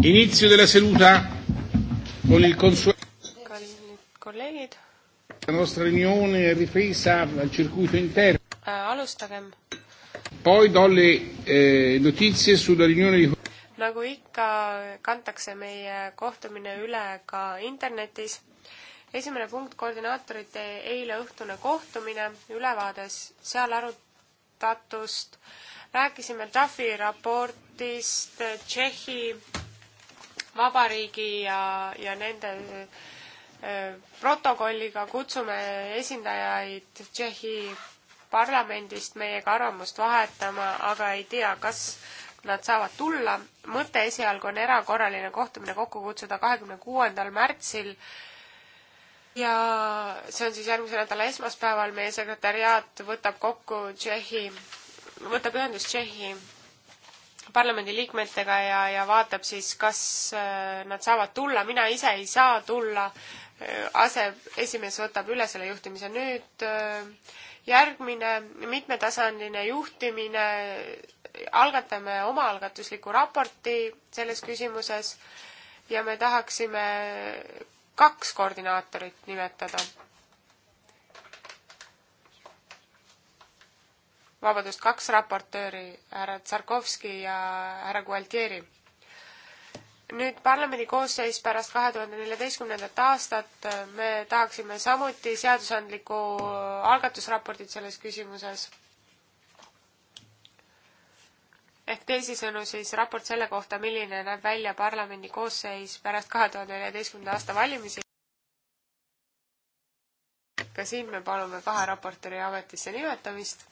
Inizio della seduta con il consueto. Colleghi. La nostra riunione è ripresa al circuito interno. Uh, alustagem. Poi do le eh, notizie sulla riunione di... nagu ikka, kantakse meie kohtumine üle ka internetis. esimene punkt, koordinaatorite eileõhtune kohtumine, ülevaades seal arutatust. rääkisime TAFi raportist, Tšehhi Vabariigi ja, ja nende äh, protokolliga kutsume esindajaid Tšehhi parlamendist meiega arvamust vahetama, aga ei tea, kas nad saavad tulla. mõte esialgu on erakorraline kohtumine kokku kutsuda kahekümne kuuendal märtsil ja see on siis järgmise nädala esmaspäeval, meie sekretäriaat võtab kokku Tšehhi, võtab ühendust Tšehhi parlamendiliikmetega ja, ja vaatab siis, kas äh, nad saavad tulla, mina ise ei saa tulla, äh, aseesimees võtab üle selle juhtimise. nüüd äh, järgmine mitmetasandiline juhtimine, algatame omaalgatusliku raporti selles küsimuses ja me tahaksime kaks koordinaatorit nimetada vabandust, kaks raportööri, härra Tsarkovski ja härra Gualtieri. nüüd parlamendi koosseis pärast kahe tuhande neljateistkümnendat aastat, me tahaksime samuti seadusandlikku algatusraportit selles küsimuses. ehk teisisõnu siis raport selle kohta, milline näeb välja parlamendi koosseis pärast kahe tuhande neljateistkümnenda aasta valimisi. ka siin me palume kahe raportööri ametisse nimetamist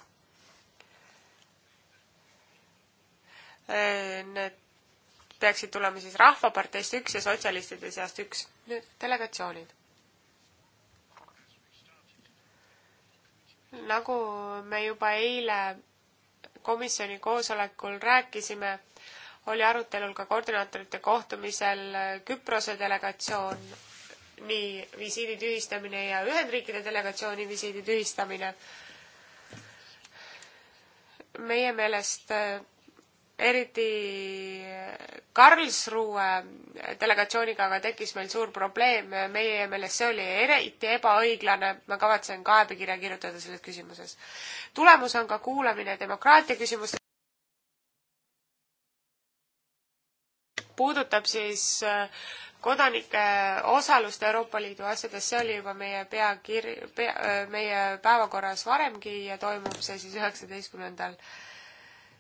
Äh, need peaksid tulema siis Rahvaparteist üks ja sotsialistide seast üks. nüüd delegatsioonid. nagu me juba eile komisjoni koosolekul rääkisime, oli arutelul ka koordinaatorite kohtumisel Küprose delegatsioon, nii visiidi tühistamine ja Ühendriikide delegatsiooni visiidi tühistamine. meie meelest äh, eriti Karlsruhe delegatsiooniga aga tekkis meil suur probleem, meie meelest see oli eriti ebaõiglane, ma kavatsen kaebekirja kirjutada selles küsimuses. tulemus on ka kuulamine demokraatia küsimustes. puudutab siis äh, kodanike osalust Euroopa Liidu asjades, see oli juba meie peakir-, pea, äh, meie päevakorras varemgi ja toimub see siis üheksateistkümnendal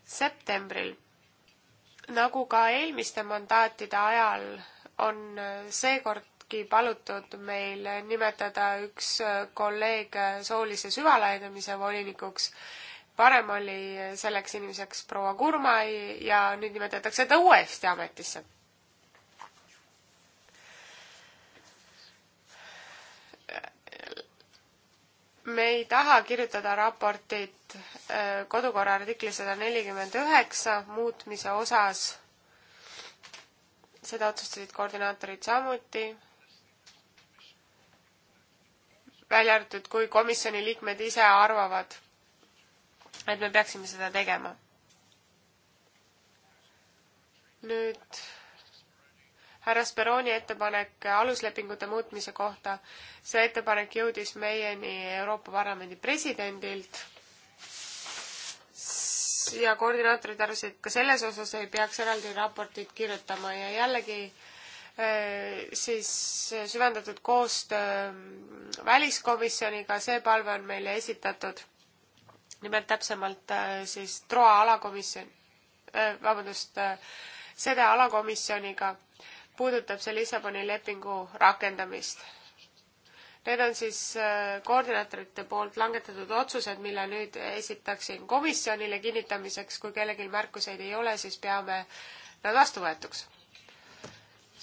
septembril nagu ka eelmiste mandaatide ajal on äh, seekordki palutud meil nimetada üks äh, kolleeg äh, soolise süvalaiendamise volinikuks. varem oli selleks inimeseks proua Kurmai ja nüüd nimetatakse ta uuesti ametisse me ei taha kirjutada raportit äh, kodukorra artikli sada nelikümmend üheksa muutmise osas. seda otsustasid koordinaatorid samuti. välja arvatud, kui komisjoni liikmed ise arvavad, et me peaksime seda tegema. nüüd härra Speroni ettepanek aluslepingute muutmise kohta. see ettepanek jõudis meieni Euroopa Parlamendi presidendilt. ja koordinaatorid arvasid, et ka selles osas ei peaks eraldi raportit kirjutama ja jällegi eh, siis süvendatud koostöö mm, väliskomisjoniga, see palve on meile esitatud. nimelt täpsemalt eh, siis TROA alakomisjon, eh, vabandust, sede alakomisjoniga puudutab see Lissaboni lepingu rakendamist. Need on siis äh, koordinaatorite poolt langetatud otsused, mille nüüd esitaksin komisjonile kinnitamiseks. kui kellelgi märkuseid ei ole, siis peame nad vastuvõetuks.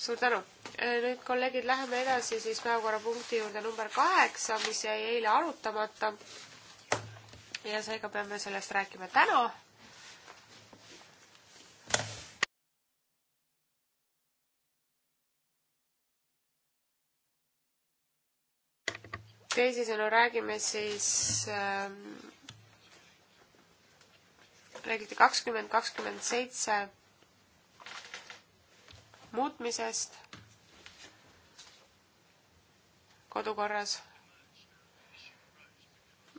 suur tänu. Äh, nüüd, kolleegid, läheme edasi siis päevakorrapunkti juurde number kaheksa, mis jäi eile arutamata. ja seega peame sellest rääkima täna teisisõnu räägime siis ähm, reeglite kakskümmend, kakskümmend seitse muutmisest kodukorras.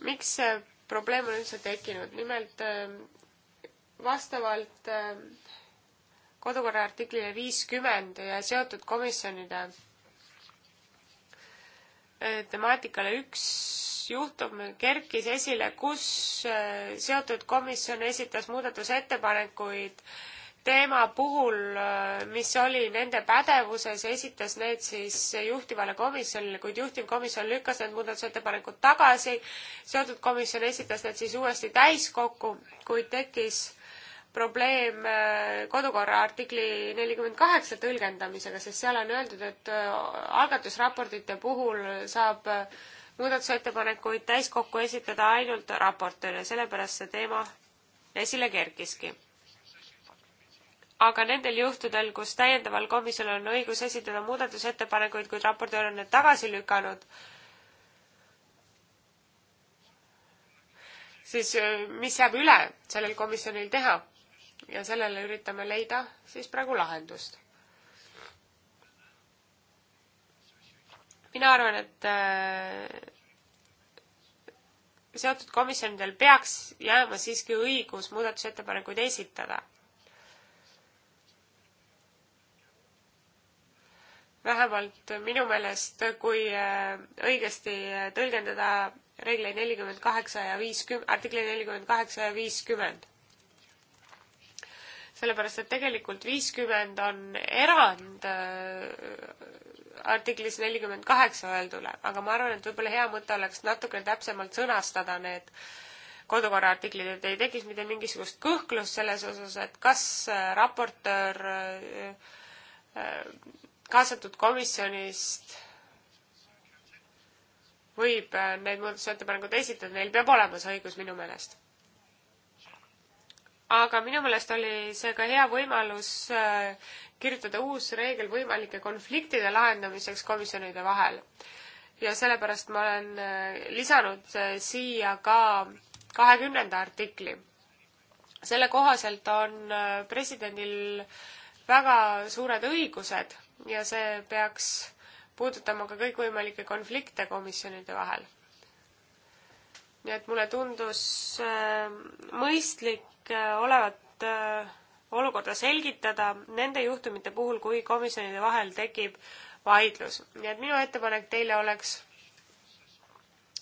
miks see probleem on üldse tekkinud? nimelt ähm, vastavalt ähm, kodukorra artiklile viiskümmend ja seotud komisjonide Äh, temaatikale üks juhtum kerkis esile, kus äh, seotud komisjon esitas muudatusettepanekuid teema puhul, äh, mis oli nende pädevuses, esitas need siis juhtivale komisjonile, kuid juhtivkomisjon lükkas need muudatusettepanekud tagasi. seotud komisjon esitas need siis uuesti täiskokku, kuid tekkis probleem äh, kodukorra artikli nelikümmend kaheksa tõlgendamisega, sest seal on öeldud, et äh, algatusraportite puhul saab äh, muudatusettepanekuid täiskokku esitada ainult raportöör ja sellepärast see teema esile kerkiski. aga nendel juhtudel, kus täiendaval komisjonil on õigus esitada muudatusettepanekuid, kuid raportöör on need tagasi lükanud, siis mis jääb üle sellel komisjonil teha? ja sellele üritame leida siis praegu lahendust. mina arvan, et äh, seotud komisjonidel peaks jääma siiski õigus muudatusettepanekuid esitada vähemalt minu meelest, kui äh, õigesti tõlgendada reegleid nelikümmend kaheksa ja viiskümmend, artikli nelikümmend kaheksa ja viiskümmend sellepärast et tegelikult viiskümmend on erand äh, artiklis nelikümmend kaheksa öeldule, aga ma arvan, et võib-olla hea mõte oleks natuke täpsemalt sõnastada need kodukorra artiklid, et ei tekiks mitte mingisugust kõhklust selles osas, et kas äh, raportöör äh, kaasatud komisjonist võib need muudatusettepanekud esitada, neil peab olema see õigus minu meelest aga minu meelest oli see ka hea võimalus äh, kirjutada uus reegel võimalike konfliktide lahendamiseks komisjonide vahel. ja sellepärast ma olen äh, lisanud äh, siia ka kahekümnenda artikli. selle kohaselt on presidendil väga suured õigused ja see peaks puudutama ka kõikvõimalikke konflikte komisjonide vahel nii et mulle tundus äh, mõistlik Äh, olevat äh, olukorda selgitada nende juhtumite puhul, kui komisjonide vahel tekib vaidlus. nii et minu ettepanek teile oleks,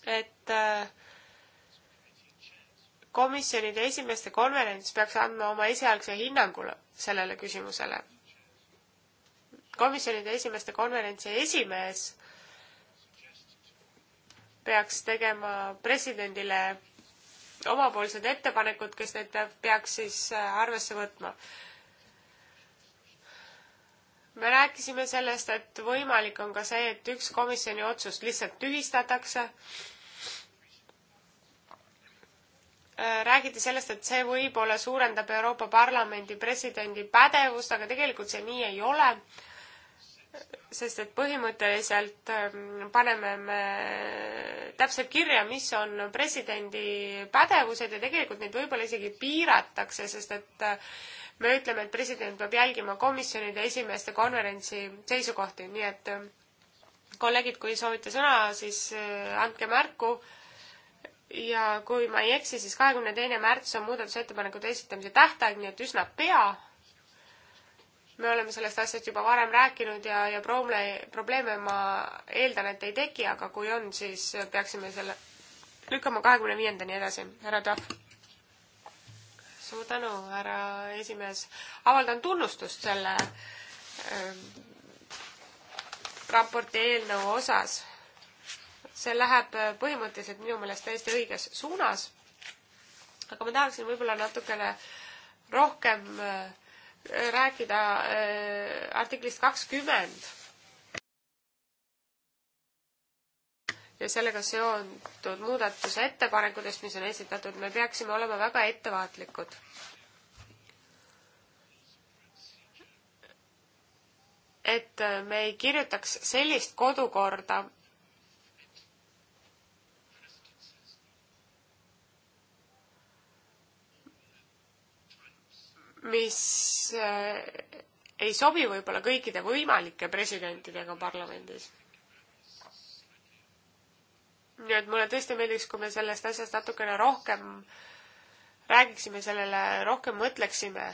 et äh, komisjonide esimeeste konverents peaks andma oma esialgse hinnangule sellele küsimusele. komisjonide esimeeste konverentsi esimees peaks tegema presidendile omapoolsed ettepanekud, kes need peaks siis äh, arvesse võtma. me rääkisime sellest, et võimalik on ka see, et üks komisjoni otsus lihtsalt tühistatakse. Äh, räägiti sellest, et see võib-olla suurendab Euroopa Parlamendi presidendi pädevust, aga tegelikult see nii ei ole sest et põhimõtteliselt ähm, paneme me täpselt kirja, mis on presidendi pädevused ja tegelikult neid võib-olla isegi piiratakse, sest et äh, me ütleme, et president peab jälgima komisjonide esimeeste konverentsi seisukohti, nii et äh, kolleegid, kui soovite sõna, siis äh, andke märku. ja kui ma ei eksi, siis kahekümne teine märts on muudatusettepanekute esitamise tähtaeg, nii et üsna pea me oleme sellest asjast juba varem rääkinud ja, ja proble-, probleeme ma eeldan, et ei teki, aga kui on, siis peaksime selle lükkama kahekümne viiendani edasi. härra Tahv. suur tänu, härra esimees. avaldan tunnustust selle äh, raporti eelnõu osas. see läheb põhimõtteliselt minu meelest täiesti õiges suunas. aga ma tahaksin võib-olla natukene rohkem äh, rääkida äh, artiklist kakskümmend ja sellega seondunud muudatuse ettepanekutest, mis on esitatud, me peaksime olema väga ettevaatlikud. et äh, me ei kirjutaks sellist kodukorda, mis eh, ei sobi võib-olla kõikide võimalike presidentidega parlamendis. nii et mulle tõesti meeldiks, kui me sellest asjast natukene rohkem räägiksime sellele, rohkem mõtleksime.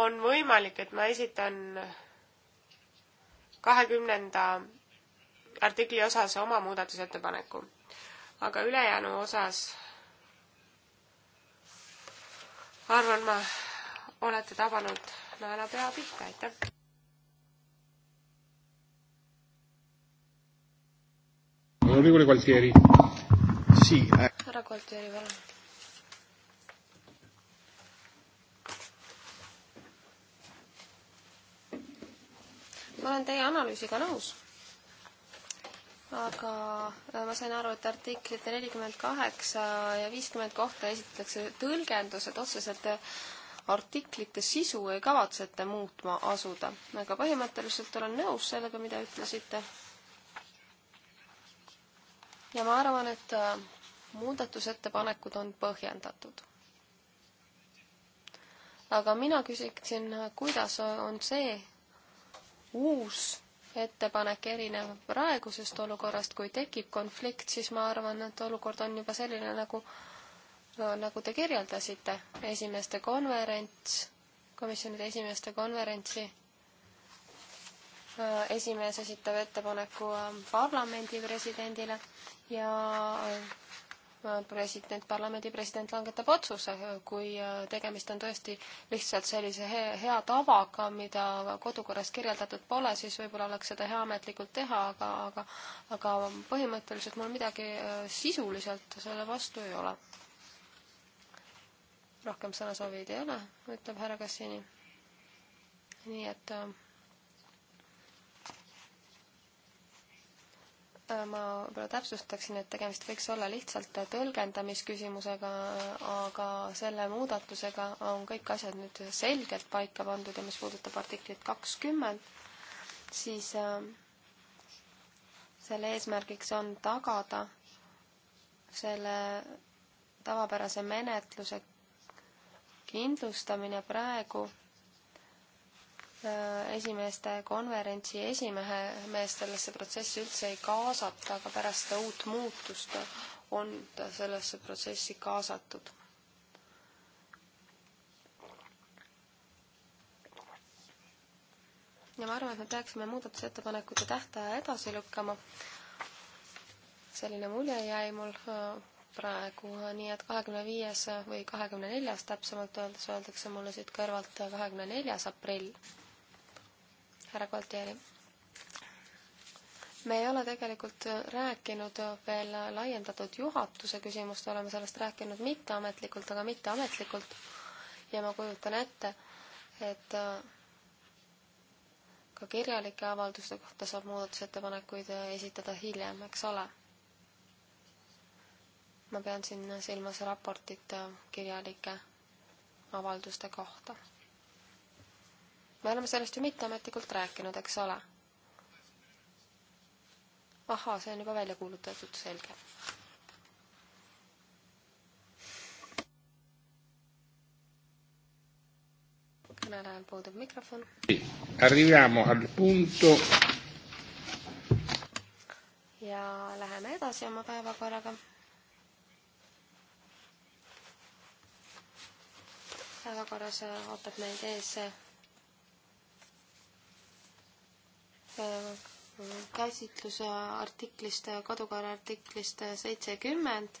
on võimalik, et ma esitan kahekümnenda artikli osas oma muudatusettepaneku, aga ülejäänu osas arvan ma, olete tabanud naelapea pihta, aitäh! Onorevole Gualtieri. Sì. Ora eh. Gualtieri, va. ma olen teie analüüsiga nõus aga äh, ma sain aru, et artiklite nelikümmend kaheksa ja viiskümmend kohta esitatakse tõlgendused otseselt äh, artiklite sisu ei kavatseta muutma asuda, aga põhimõtteliselt olen nõus sellega, mida ütlesite. ja ma arvan, et äh, muudatusettepanekud on põhjendatud. aga mina küsiksin, kuidas on see uus ettepanek erinev praegusest olukorrast, kui tekib konflikt, siis ma arvan, et olukord on juba selline, nagu, nagu te kirjeldasite, esimeste konverents, komisjonide esimeeste konverentsi äh, esimees esitab ettepaneku äh, parlamendi presidendile ja president, parlamendi president langetab otsuse, kui äh, tegemist on tõesti lihtsalt sellise hea, hea tavaga, mida kodukorras kirjeldatud pole, siis võib-olla oleks seda hea ametlikult teha, aga, aga aga põhimõtteliselt mul midagi äh, sisuliselt selle vastu ei ole. rohkem sõnasoovijaid ei ole, ütleb härra Kassini. nii et äh, ma võib-olla täpsustaksin, et tegemist võiks olla lihtsalt tõlgendamisküsimusega, aga selle muudatusega on kõik asjad nüüd selgelt paika pandud ja mis puudutab artiklit kakskümmend, siis äh, selle eesmärgiks on tagada selle tavapärase menetluse kindlustamine praegu Äh, esimeeste konverentsi esimehe meest sellesse protsessi üldse ei kaasata, aga pärast seda uut muutust on ta sellesse protsessi kaasatud. ja ma arvan, et me peaksime muudatusettepanekute tähtaja edasi lükkama. selline mulje jäi mul äh, praegu, nii et kahekümne viies või kahekümne neljas täpsemalt öeldes öeldakse mulle siit kõrvalt kahekümne neljas aprill härra Galtieri. me ei ole tegelikult rääkinud veel laiendatud juhatuse küsimust, oleme sellest rääkinud mitteametlikult, aga mitteametlikult. ja ma kujutan ette, et äh, ka kirjalike avalduste kohta saab muudatusettepanekuid äh, esitada hiljem, eks ole. ma pean siin silmas raportit äh, kirjalike avalduste kohta me oleme sellest ju mitteametlikult rääkinud, eks ole? ahaa, see on juba välja kuulutatud, selge. kõnelejal puudub mikrofon. Arriviamo al punto. ja läheme edasi oma päevakorraga päevakorras äh, ootab meid ees äh, Äh, käsitluse artiklist, kodukorra artiklist seitsekümmend,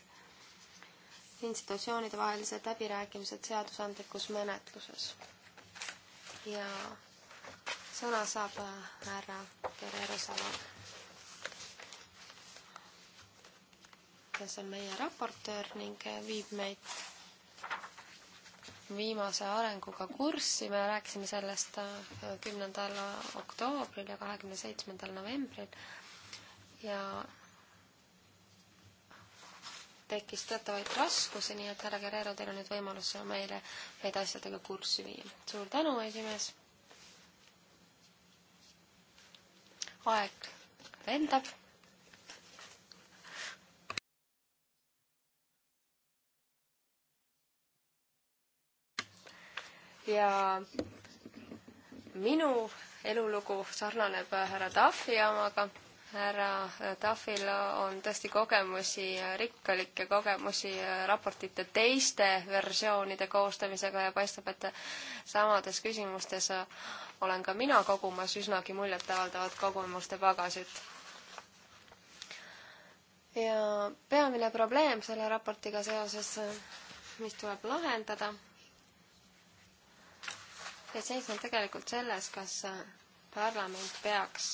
institutsioonide vahelised läbirääkimised seadusandlikus menetluses. ja sõna saab äh, härra Guerrero Salon, kes on meie raportöör ning äh, viib meid viimase arenguga kurssi, me rääkisime sellest äh, kümnendal oktoobril ja kahekümne seitsmendal novembril ja tekkis teatavaid raskusi, nii et härra Guerrero, teil on nüüd võimalus meile neid asjadega kurssi viia. suur tänu, esimees! aeg lendab ja minu elulugu sarnaneb härra Tafi omaga. härra Tafil on tõesti kogemusi, rikkalikke kogemusi raportite teiste versioonide koostamisega ja paistab, et samades küsimustes olen ka mina kogumas üsnagi muljetavaldavat kogemuste pagasit ja peamine probleem selle raportiga seoses, mis tuleb lahendada see seisneb tegelikult selles, kas äh, parlament peaks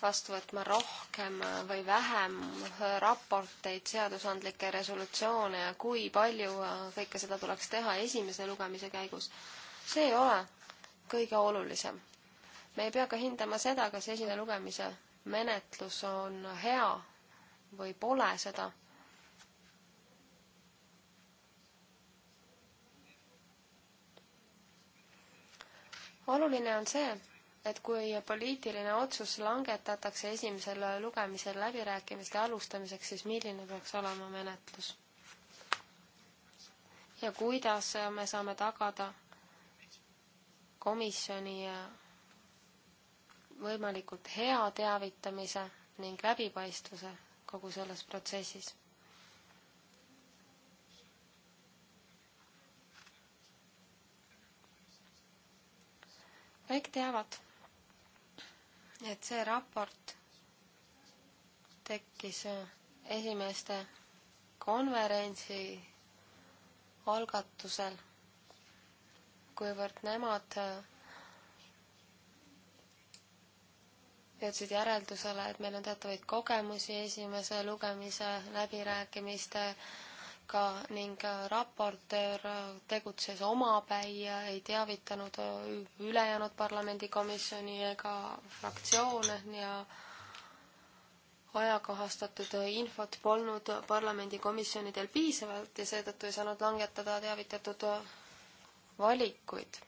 vastu võtma rohkem äh, või vähem äh, raporteid, seadusandlikke resolutsioone ja kui palju kõike seda tuleks teha esimese lugemise käigus. see ei ole kõige olulisem. me ei pea ka hindama seda, kas esimene lugemise menetlus on hea või pole seda. oluline on see, et kui poliitiline otsus langetatakse esimesel lugemisel läbirääkimiste alustamiseks, siis milline peaks olema menetlus? ja kuidas me saame tagada komisjoni võimalikult hea teavitamise ning läbipaistvuse kogu selles protsessis? kõik teavad, et see raport tekkis äh, esimeste konverentsi algatusel, kuivõrd nemad äh, jõudsid järeldusele, et meil on teatavaid kogemusi esimese lugemise läbirääkimiste ka ning äh, raportöör äh, tegutses omapäi ja äh, ei teavitanud ülejäänud parlamendikomisjoni ega fraktsioone ja ajakohastatud infot polnud parlamendikomisjonidel piisavalt ja seetõttu ei saanud langetada teavitatud valikuid.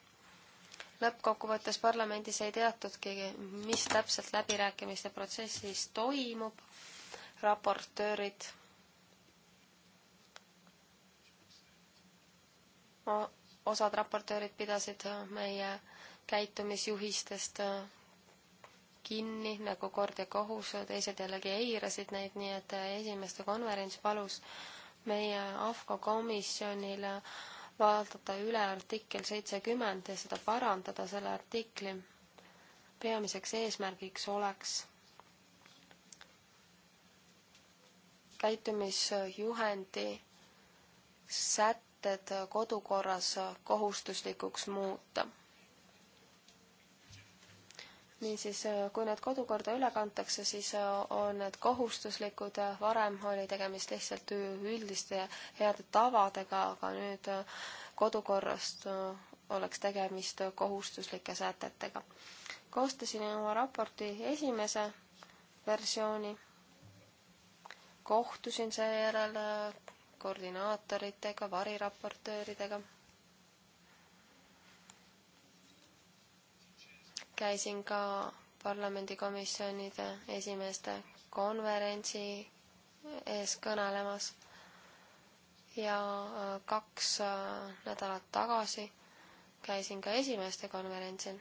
lõppkokkuvõttes parlamendis ei teatudki, mis täpselt läbirääkimiste protsessis toimub, raportöörid osad raportöörid pidasid äh, meie käitumisjuhistest äh, kinni nagu kord ja kohus, äh, teised jällegi eirasid neid, nii et esimeste konverents palus meie AFCO komisjonile vaadata üle artikkel seitsekümmend ja seda parandada, selle artikli peamiseks eesmärgiks oleks käitumisjuhendi sätt, sätted kodukorras kohustuslikuks muuta. niisiis, kui need kodukorda üle kantakse, siis on need kohustuslikud, varem oli tegemist lihtsalt üldiste heade tavadega, aga nüüd kodukorrast oleks tegemist kohustuslike sätetega. koostasin oma raporti esimese versiooni kohtusin seejärel koordinaatoritega, variraportööridega. käisin ka parlamendikomisjonide esimeeste konverentsi ees kõnelemas ja äh, kaks äh, nädalat tagasi käisin ka esimeeste konverentsil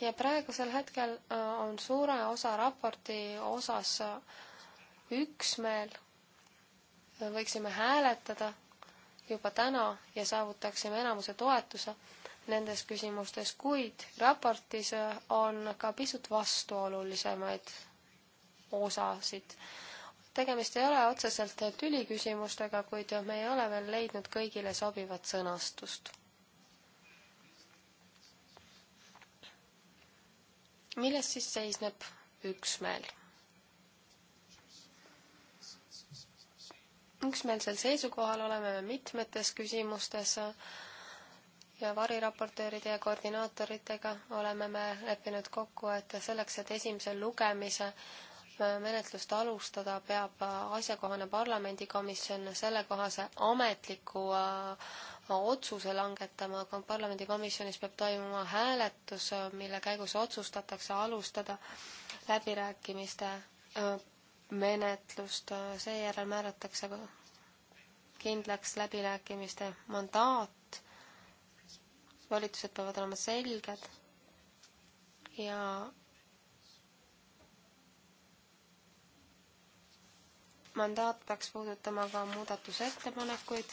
ja praegusel hetkel äh, on suure osa raporti osas äh, üksmeel, võiksime hääletada juba täna ja saavutaksime enamuse toetuse nendes küsimustes, kuid raportis äh, on ka pisut vastuolulisemaid osasid. tegemist ei ole otseselt tüliküsimustega, kuid me ei ole veel leidnud kõigile sobivat sõnastust milles siis seisneb üksmeel? üksmeelsel seisukohal oleme me mitmetes küsimustes ja variraportööride ja koordinaatoritega oleme me leppinud kokku, et selleks, et esimese lugemise Äh, menetlust alustada, peab äh, asjakohane parlamendikomisjon sellekohase ametliku äh, otsuse langetama, aga parlamendikomisjonis peab toimuma hääletus, mille käigus otsustatakse alustada läbirääkimiste menetlust, seejärel määratakse kindlaks läbirääkimiste mandaat, volitused peavad olema selged ja mandaat peaks puudutama ka muudatusettepanekuid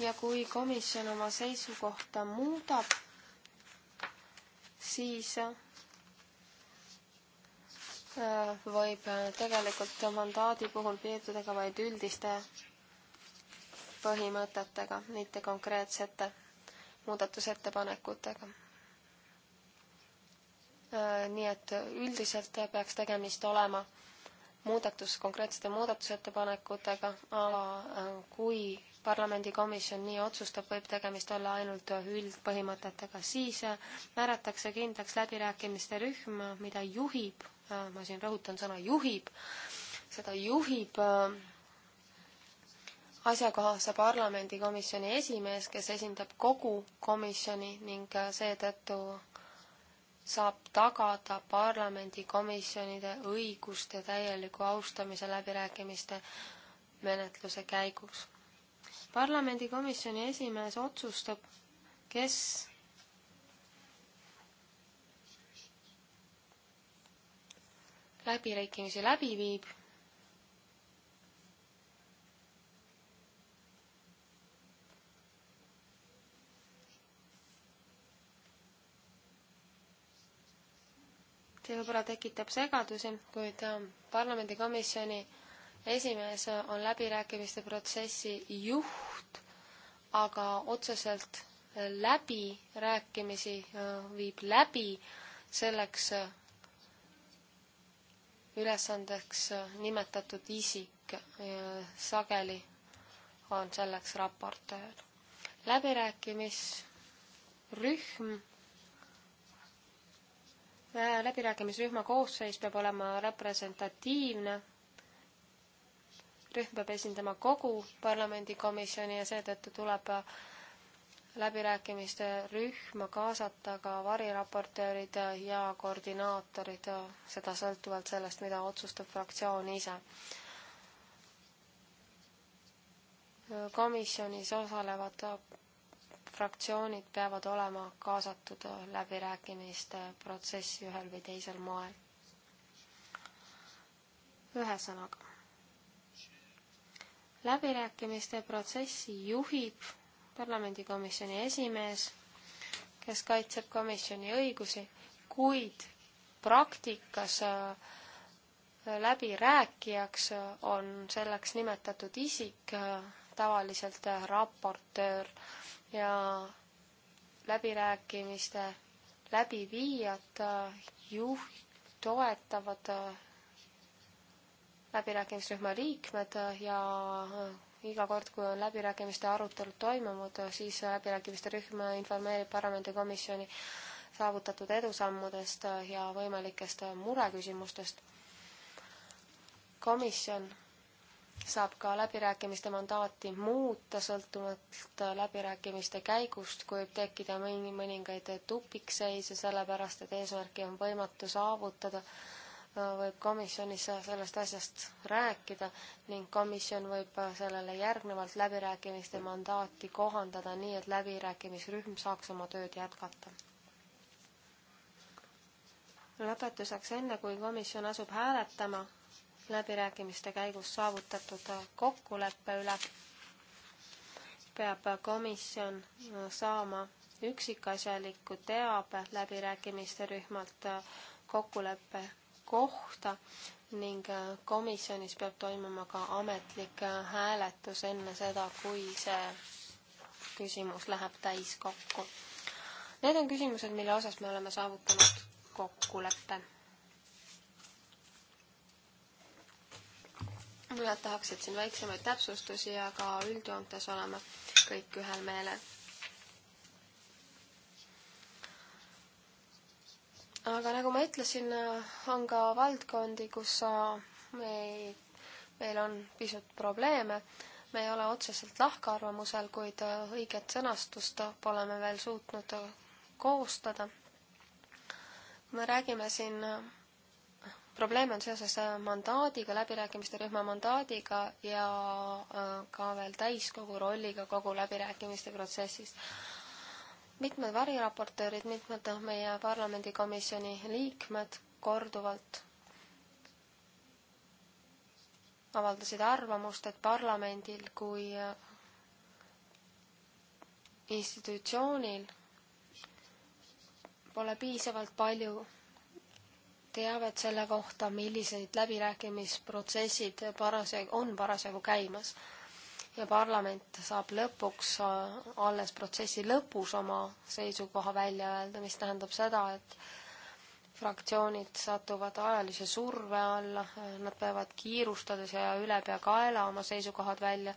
ja kui komisjon oma seisukohta muudab, siis äh, võib tegelikult mandaadi puhul piirduda ka vaid üldiste põhimõtetega, mitte konkreetsete muudatusettepanekutega. Äh, nii et üldiselt peaks tegemist olema muudatus konkreetsete muudatusettepanekutega, aga äh, kui parlamendikomisjon nii otsustab, võib tegemist olla ainult üldpõhimõtetega, siis äh, määratakse kindlaks läbirääkimiste rühm, mida juhib, äh, ma siin rõhutan sõna juhib, seda juhib asjakohase parlamendikomisjoni esimees, kes esindab kogu komisjoni ning seetõttu saab tagada parlamendikomisjonide õiguste täieliku austamise läbirääkimiste menetluse käigus. parlamendikomisjoni esimees otsustab, kes läbirääkimisi läbi viib see võib-olla tekitab segadusi, kuid äh, parlamendikomisjoni esimees on läbirääkimiste protsessi juht, aga otseselt läbirääkimisi äh, viib läbi selleks äh, ülesandeks nimetatud isik sageli on selleks raportöör. läbirääkimisrühm Äh, läbirääkimisrühma koosseis peab olema representatiivne, rühm peab esindama kogu parlamendikomisjoni ja seetõttu tuleb äh, läbirääkimiste rühma kaasata ka variraportöörid ja koordinaatorid, äh, seda sõltuvalt sellest, mida otsustab fraktsioon ise. komisjonis osalevad fraktsioonid peavad olema kaasatud läbirääkimiste protsessi ühel või teisel moel. ühesõnaga, läbirääkimiste protsessi juhib parlamendikomisjoni esimees, kes kaitseb komisjoni õigusi, kuid praktikas äh, läbirääkijaks äh, on selleks nimetatud isik, äh, tavaliselt raportöör ja läbirääkimiste läbiviijad juht, toetavad läbirääkimisrühma liikmed ja iga kord, kui on läbirääkimiste arutelud toimunud, siis läbirääkimiste rühm informeerib parlamendikomisjoni saavutatud edusammudest ja võimalikest mureküsimustest. komisjon saab ka läbirääkimiste mandaati muuta sõltuvalt läbirääkimiste käigust, kui võib tekkida mõni, mõningaid tupikseise, sellepärast et eesmärki on võimatu saavutada, võib komisjonis sellest asjast rääkida ning komisjon võib sellele järgnevalt läbirääkimiste mandaati kohandada nii, et läbirääkimisrühm saaks oma tööd jätkata. lõpetuseks, enne kui komisjon asub hääletama, läbirääkimiste käigus saavutatud kokkuleppe üle peab komisjon saama üksikasjaliku teabe läbirääkimiste rühmalt kokkuleppe kohta ning komisjonis peab toimuma ka ametlik hääletus enne seda, kui see küsimus läheb täiskokku. Need on küsimused, mille osas me oleme saavutanud kokkuleppe. mõned tahaksid siin väiksemaid täpsustusi, aga üldjoontes oleme kõik ühel meelel. aga nagu ma ütlesin, on ka valdkondi, kus äh, me ei, meil on pisut probleeme. me ei ole otseselt lahkarvamusel, kuid äh, õiget sõnastust pole me veel suutnud äh, koostada. me räägime siin probleem on seoses äh, mandaadiga, läbirääkimiste rühma mandaadiga ja äh, ka veel täiskogu rolliga kogu läbirääkimiste protsessis mitmed variraportöörid, mitmed meie parlamendikomisjoni liikmed korduvalt avaldasid arvamust, et parlamendil kui äh, institutsioonil pole piisavalt palju teavet selle kohta, millised läbirääkimisprotsessid parasjagu, on parasjagu käimas. ja parlament saab lõpuks, äh, alles protsessi lõpus oma seisukoha välja öelda, mis tähendab seda, et fraktsioonid satuvad ajalise surve alla, äh, nad peavad kiirustades ja ülepeakaela oma seisukohad välja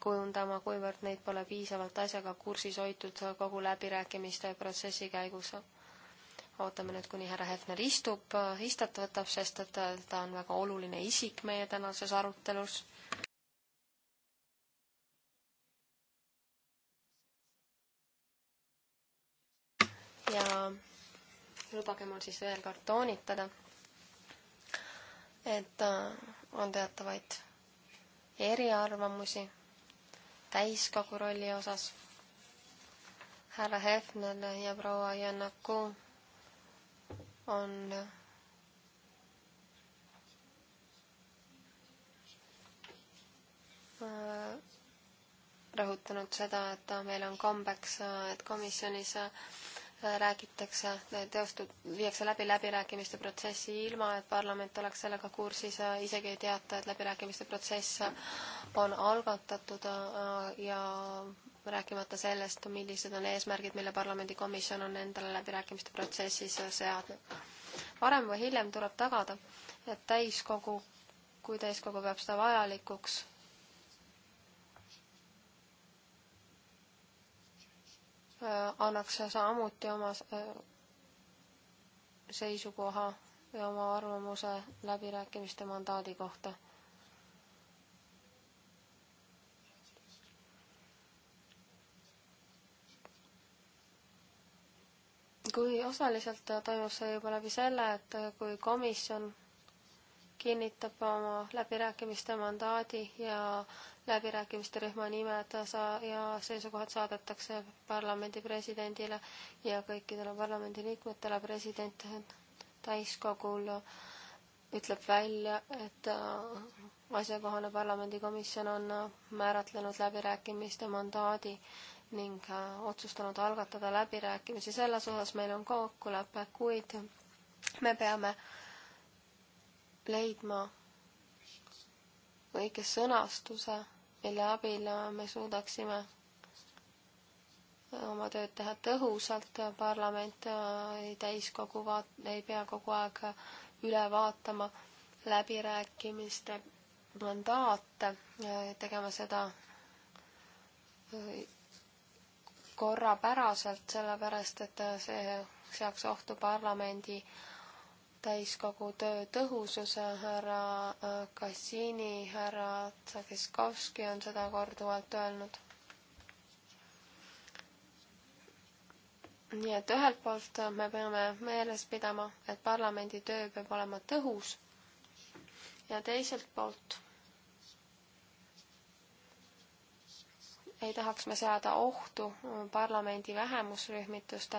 kujundama, kuivõrd neid pole piisavalt asjaga kursis hoitud kogu läbirääkimiste protsessi käigus ootame nüüd, kuni härra Hefner istub, istet võtab, sest et ta on väga oluline isik meie tänases arutelus. ja lubage mul siis veel kord toonitada, et äh, on teatavaid eriarvamusi täiskogu rolli osas. härra Hefner ja proua Jannaku on äh, rõhutanud seda, et meil on kombeks, et komisjonis äh, räägitakse, teostud, viiakse läbi läbirääkimiste protsessi ilma, et parlament oleks sellega kursis, äh, isegi ei teata, et läbirääkimiste protsess on algatatud ja rääkimata sellest, millised on eesmärgid, mille parlamendikomisjon on endale läbirääkimiste protsessis seadnud. varem või hiljem tuleb tagada, et täiskogu, kui täiskogu peab seda vajalikuks, äh, annaks samuti oma äh, seisukoha ja oma arvamuse läbirääkimiste mandaadi kohta kui osaliselt toimub see juba läbi selle, et kui komisjon kinnitab oma läbirääkimiste mandaadi ja läbirääkimiste rühma nimed sa- ja seisukohad saadetakse parlamendi presidendile ja kõikidele parlamendiliikmetele president täiskogul ütleb välja, et asjakohane parlamendikomisjon on määratlenud läbirääkimiste mandaadi ning äh, otsustanud algatada läbirääkimisi selles osas, meil on kokkulepe, kuid me peame leidma õige sõnastuse, mille abil me suudaksime äh, oma tööd teha tõhusalt, parlament äh, ei täiskogu vaat-, ei pea kogu aeg üle vaatama läbirääkimiste mandaate, tegema seda korrapäraselt, sellepärast et äh, see seaks ohtu parlamendi täiskogu töö tõhususe, härra Kassini, äh, härra Tsagiskovski on seda korduvalt öelnud. nii et ühelt poolt me peame meeles pidama, et parlamendi töö peab olema tõhus ja teiselt poolt ei tahaks me seada ohtu äh, parlamendi vähemusrühmituste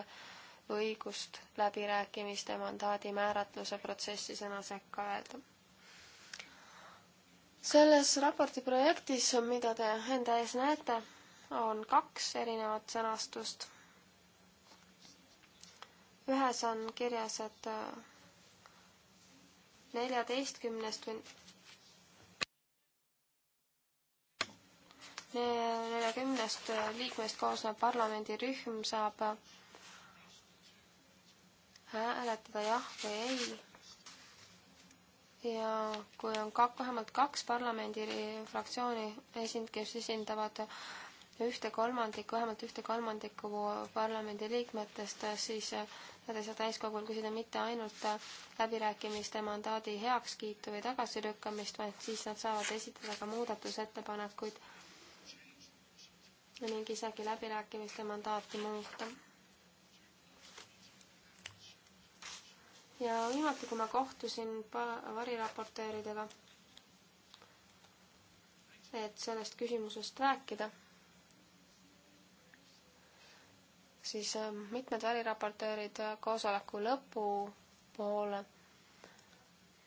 õigust läbirääkimiste mandaadi määratluse protsessi sõna sekka öelda. selles raporti projektis, mida te enda ees näete, on kaks erinevat sõnastust. ühes on kirjas, et äh, neljateistkümnest 14... või neljakümnest liikmest koosnev parlamendirühm saab hääletada jah või ei. ja kui on ka vähemalt kaks parlamendifraktsiooni esind-, kes esindavad ühte kolmandikku, vähemalt ühte kolmandikku parlamendi liikmetest, siis nad ei saa täiskogul küsida mitte ainult läbirääkimiste mandaadi heakskiitu või tagasilükkamist, vaid siis nad saavad esitada ka muudatusettepanekuid ning isegi läbirääkimiste mandaati muuta. ja viimati, kui ma kohtusin variraportööridega, et sellest küsimusest rääkida, siis ähm, mitmed variraportöörid koosoleku lõpupoole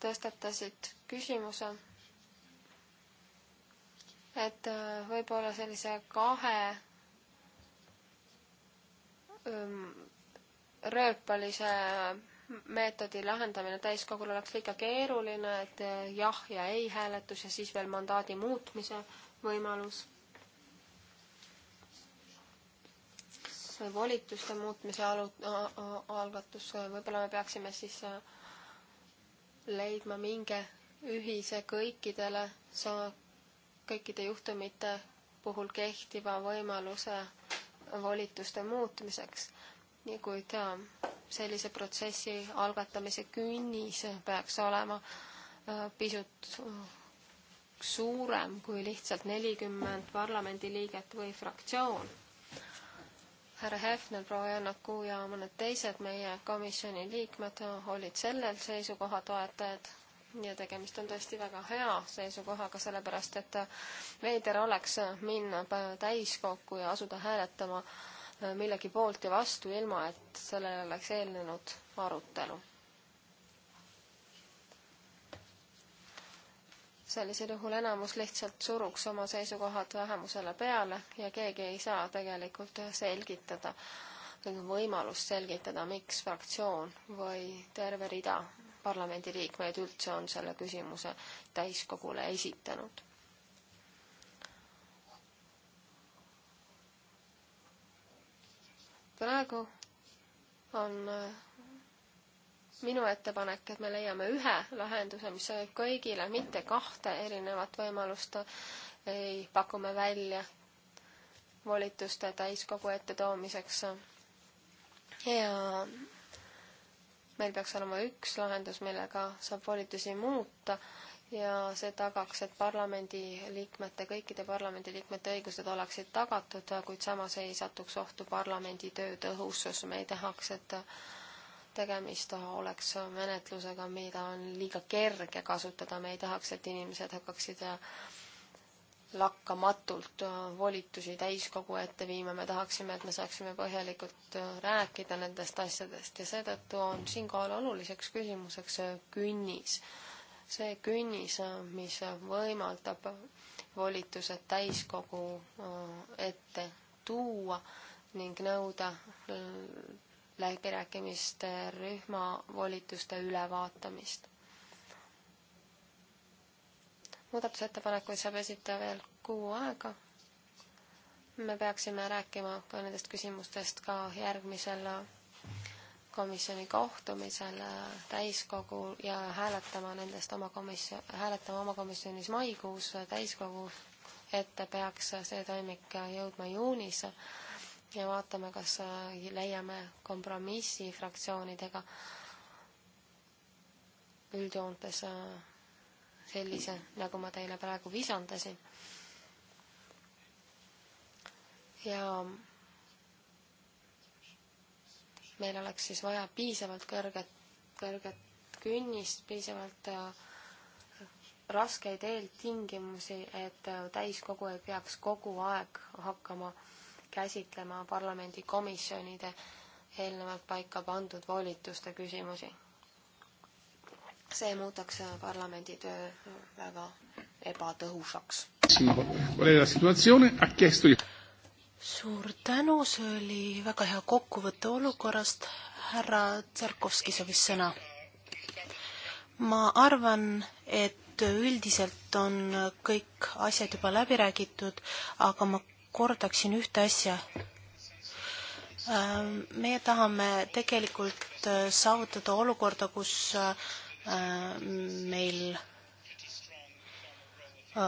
tõstatasid küsimuse et äh, võib-olla sellise kahe ähm, rööpalise meetodi lahendamine täiskogul oleks liiga keeruline, et äh, jah ja ei hääletus ja siis veel mandaadi muutmise võimalus. või volituste muutmise alu-, algatus, äh, võib-olla me peaksime siis leidma mingi ühise kõikidele sa-, kõikide juhtumite puhul kehtiva võimaluse volituste muutmiseks, nii kuid sellise protsessi algatamise künnis peaks olema äh, pisut äh, suurem kui lihtsalt nelikümmend parlamendiliiget või fraktsioon. härra Hefner, proua Jannaku ja mõned teised meie komisjoni liikmed olid sellel seisukoha toetajad ja tegemist on tõesti väga hea seisukohaga, sellepärast et veider oleks minna täiskokku ja asuda hääletama äh, millegi poolt ja vastu, ilma et sellele oleks eelnenud arutelu. sellisel juhul enamus lihtsalt suruks oma seisukohad vähemusele peale ja keegi ei saa tegelikult selgitada, võimalust selgitada, miks fraktsioon või terve rida parlamendiliikmeid üldse on selle küsimuse täiskogule esitanud. praegu on äh, minu ettepanek, et me leiame ühe lahenduse, mis sobib kõigile, mitte kahte erinevat võimalust ei paku me välja volituste täiskogu ette toomiseks. ja meil peaks olema üks lahendus, millega saab volitusi muuta ja see tagaks, et parlamendiliikmete, kõikide parlamendiliikmete õigused oleksid tagatud, kuid samas ei satuks ohtu parlamendi töö tõhusus. me ei tahaks, et tegemist oleks menetlusega, mida on liiga kerge kasutada, me ei tahaks, et inimesed hakkaksid lakkamatult äh, volitusi täiskogu ette viima, me tahaksime, et me saaksime põhjalikult äh, rääkida nendest asjadest ja seetõttu on siinkohal oluliseks küsimuseks äh, künnis. see künnis, mis võimaldab volitused täiskogu ette tuua ning nõuda läbirääkimiste rühma volituste ülevaatamist muudatusettepanekuid saab esita veel kuu aega. me peaksime rääkima ka nendest küsimustest ka järgmisel komisjoni kohtumisel täiskogul ja hääletama nendest oma komisjon, hääletama oma komisjonis maikuus täiskogul, et peaks see toimik jõudma juunis ja vaatame, kas leiame kompromissi fraktsioonidega üldjoontes sellise, nagu ma teile praegu visandasin. ja meil oleks siis vaja piisavalt kõrget, kõrget künnist, piisavalt äh, raskeid eeltingimusi, et äh, täiskogu ei peaks kogu aeg hakkama käsitlema parlamendikomisjonide eelnevalt paika pandud volituste küsimusi see muudaks parlamendi töö väga ebatõhusaks. suur tänu, see oli väga hea kokkuvõte olukorrast. härra Tsarkovski soovis sõna. ma arvan, et üldiselt on kõik asjad juba läbi räägitud, aga ma kordaksin ühte asja äh, meie tahame tegelikult äh, saavutada olukorda, kus äh, Äh, meil äh,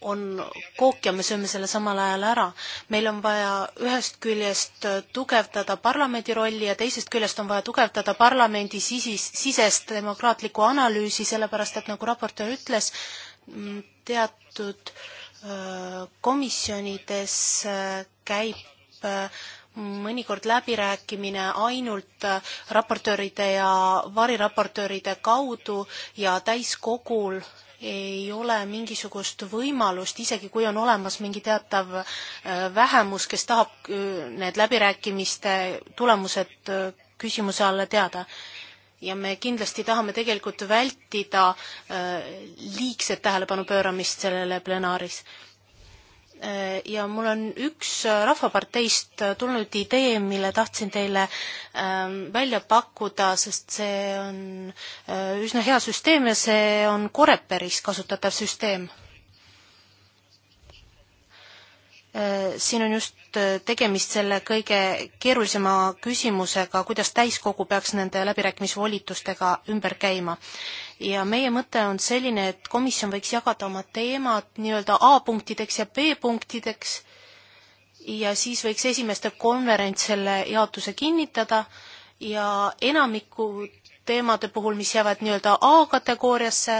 on kook ja me sööme selle samal ajal ära. meil on vaja ühest küljest äh, tugevdada parlamendi rolli ja teisest küljest on vaja tugevdada parlamendi sisis, sisest demokraatlikku analüüsi, sellepärast et nagu raportöör ütles, mm, teatud komisjonides käib mõnikord läbirääkimine ainult äh, raportööride ja variraportööride kaudu ja täiskogul ei ole mingisugust võimalust, isegi kui on olemas mingi teatav äh, vähemus, kes tahab äh, need läbirääkimiste tulemused küsimuse alla teada. ja me kindlasti tahame tegelikult vältida liigset tähelepanu pööramist sellele plenaaris Äh, ja mul on üks äh, Rahvaparteist äh, tulnud idee, mille tahtsin teile ähm, välja pakkuda, sest see on üsna hea süsteem ja see on Coreperis kasutatav süsteem. siin on just tegemist selle kõige keerulisema küsimusega, kuidas täiskogu peaks nende läbirääkimisvolitustega ümber käima ja meie mõte on selline, et komisjon võiks jagada oma teemad nii-öelda A-punktideks ja B-punktideks ja siis võiks esimeste konverents selle jaotuse kinnitada ja enamiku teemade puhul, mis jäävad nii-öelda A-kategooriasse,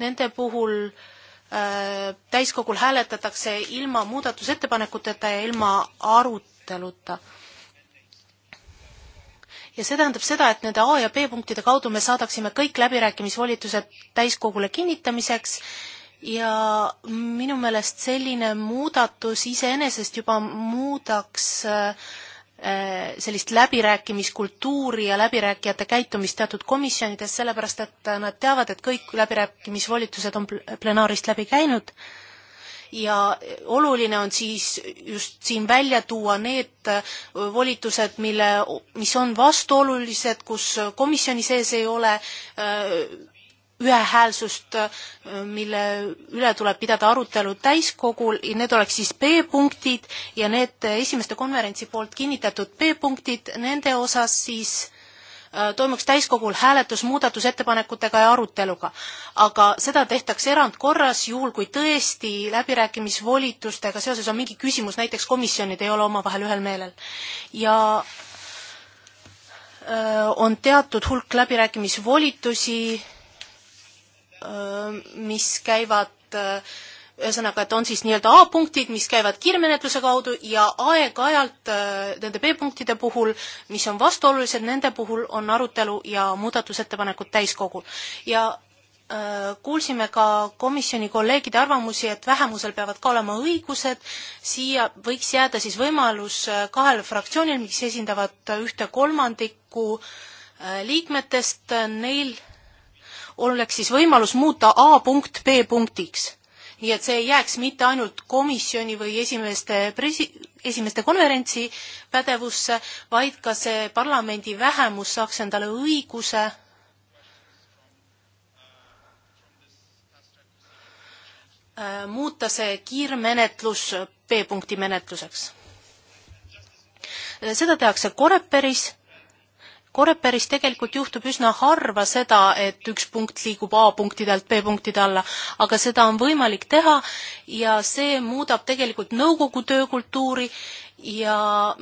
nende puhul äh, täiskogul hääletatakse ilma muudatusettepanekuteta ja ilma aruteluta ja see tähendab seda, et nende A ja B punktide kaudu me saadaksime kõik läbirääkimisvolitused täiskogule kinnitamiseks ja minu meelest selline muudatus iseenesest juba muudaks äh, sellist läbirääkimiskultuuri ja läbirääkijate käitumist teatud komisjonides, sellepärast et nad teavad, et kõik läbirääkimisvolitused on plenaarist läbi käinud ja oluline on siis just siin välja tuua need äh, volitused, mille, mis on vastuolulised, kus komisjoni sees ei ole äh, ühehäälsust, äh, mille üle tuleb pidada arutelu täiskogul ja need oleks siis B-punktid ja need esimeste konverentsi poolt kinnitatud B-punktid, nende osas siis Äh, toimuks täiskogul hääletus muudatusettepanekutega ja aruteluga. aga seda tehtakse erandkorras, juhul kui tõesti läbirääkimisvolitustega seoses on mingi küsimus, näiteks komisjonid ei ole omavahel ühel meelel. ja äh, on teatud hulk läbirääkimisvolitusi, äh, mis käivad ühesõnaga, et on siis nii-öelda A-punktid, mis käivad kiirmenetluse kaudu ja aeg-ajalt äh, nende B-punktide puhul, mis on vastuolulised, nende puhul on arutelu ja muudatusettepanekud täiskogul. ja äh, kuulsime ka komisjoni kolleegide arvamusi, et vähemusel peavad ka olema õigused, siia võiks jääda siis võimalus äh, kahel fraktsioonil, mis esindavad ühte kolmandikku liikmetest, neil oleks siis võimalus muuta A punkt B punktiks nii et see ei jääks mitte ainult komisjoni või esimeste presi-, esimeste konverentsi pädevusse, vaid ka see parlamendi vähemus saaks endale õiguse äh, muuta see kiirmenetlus B-punkti menetluseks. seda tehakse Koreperis Koreperis tegelikult juhtub üsna harva seda, et üks punkt liigub A punktidelt B punktide alla, aga seda on võimalik teha ja see muudab tegelikult nõukogu töökultuuri ja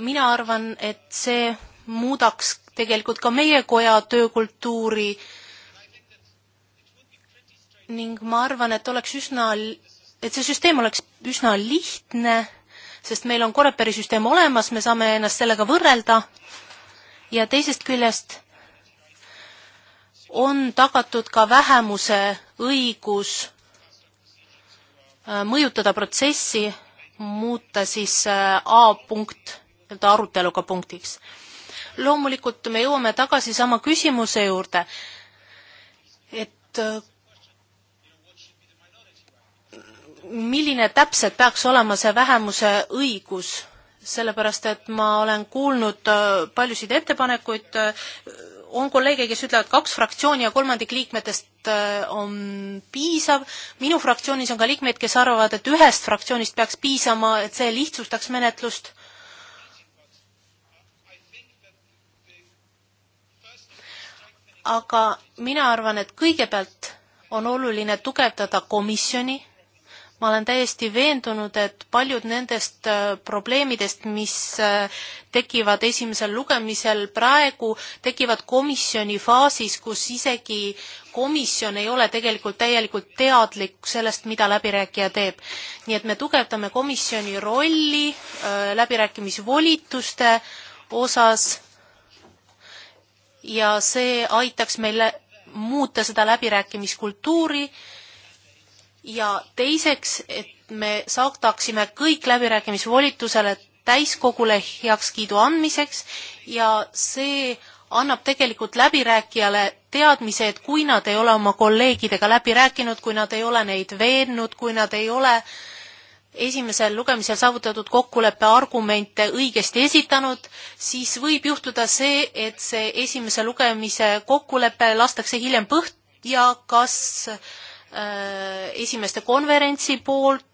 mina arvan, et see muudaks tegelikult ka meie koja töökultuuri ning ma arvan, et oleks üsna, et see süsteem oleks üsna lihtne, sest meil on Koreperi süsteem olemas, me saame ennast sellega võrrelda ja teisest küljest on tagatud ka vähemuse õigus äh, mõjutada protsessi, muuta siis äh, A punkt nii-öelda aruteluga punktiks. loomulikult me jõuame tagasi sama küsimuse juurde, et äh, milline täpselt peaks olema see vähemuse õigus sellepärast et ma olen kuulnud äh, paljusid ettepanekuid, äh, on kolleege, kes ütlevad, kaks fraktsiooni ja kolmandik liikmetest äh, on piisav, minu fraktsioonis on ka liikmeid, kes arvavad, et ühest fraktsioonist peaks piisama, et see lihtsustaks menetlust. aga mina arvan, et kõigepealt on oluline tugevdada komisjoni ma olen täiesti veendunud, et paljud nendest äh, probleemidest, mis äh, tekivad esimesel lugemisel praegu, tekivad komisjoni faasis, kus isegi komisjon ei ole tegelikult täielikult teadlik sellest, mida läbirääkija teeb. nii et me tugevdame komisjoni rolli äh, läbirääkimisvolituste osas ja see aitaks meile muuta seda läbirääkimiskultuuri ja teiseks, et me saadaksime kõik läbirääkimisvolitusele täiskogule heakskiidu andmiseks ja see annab tegelikult läbirääkijale teadmise, et kui nad ei ole oma kolleegidega läbi rääkinud, kui nad ei ole neid veennud, kui nad ei ole esimesel lugemisel saavutatud kokkuleppe argumente õigesti esitanud, siis võib juhtuda see, et see esimese lugemise kokkulepe lastakse hiljem põhja ja kas äh, Äh, esimeste konverentsi poolt,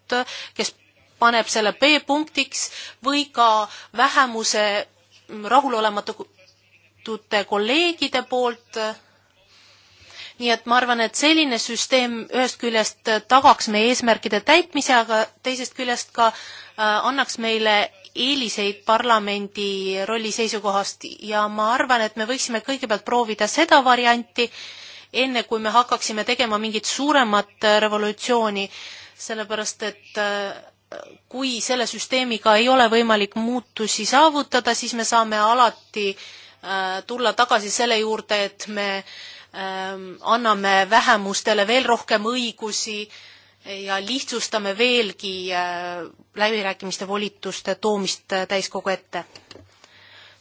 kes paneb selle B-punktiks või ka vähemuse rahulolematute kolleegide poolt. nii et ma arvan, et selline süsteem ühest küljest tagaks meie eesmärkide täitmise, aga teisest küljest ka äh, annaks meile eeliseid parlamendi rolli seisukohast ja ma arvan, et me võiksime kõigepealt proovida seda varianti, enne kui me hakkaksime tegema mingit suuremat äh, revolutsiooni, sellepärast et äh, kui selle süsteemiga ei ole võimalik muutusi saavutada, siis me saame alati äh, tulla tagasi selle juurde, et me ähm, anname vähemustele veel rohkem õigusi ja lihtsustame veelgi läbirääkimiste volituste toomist täiskogu ette.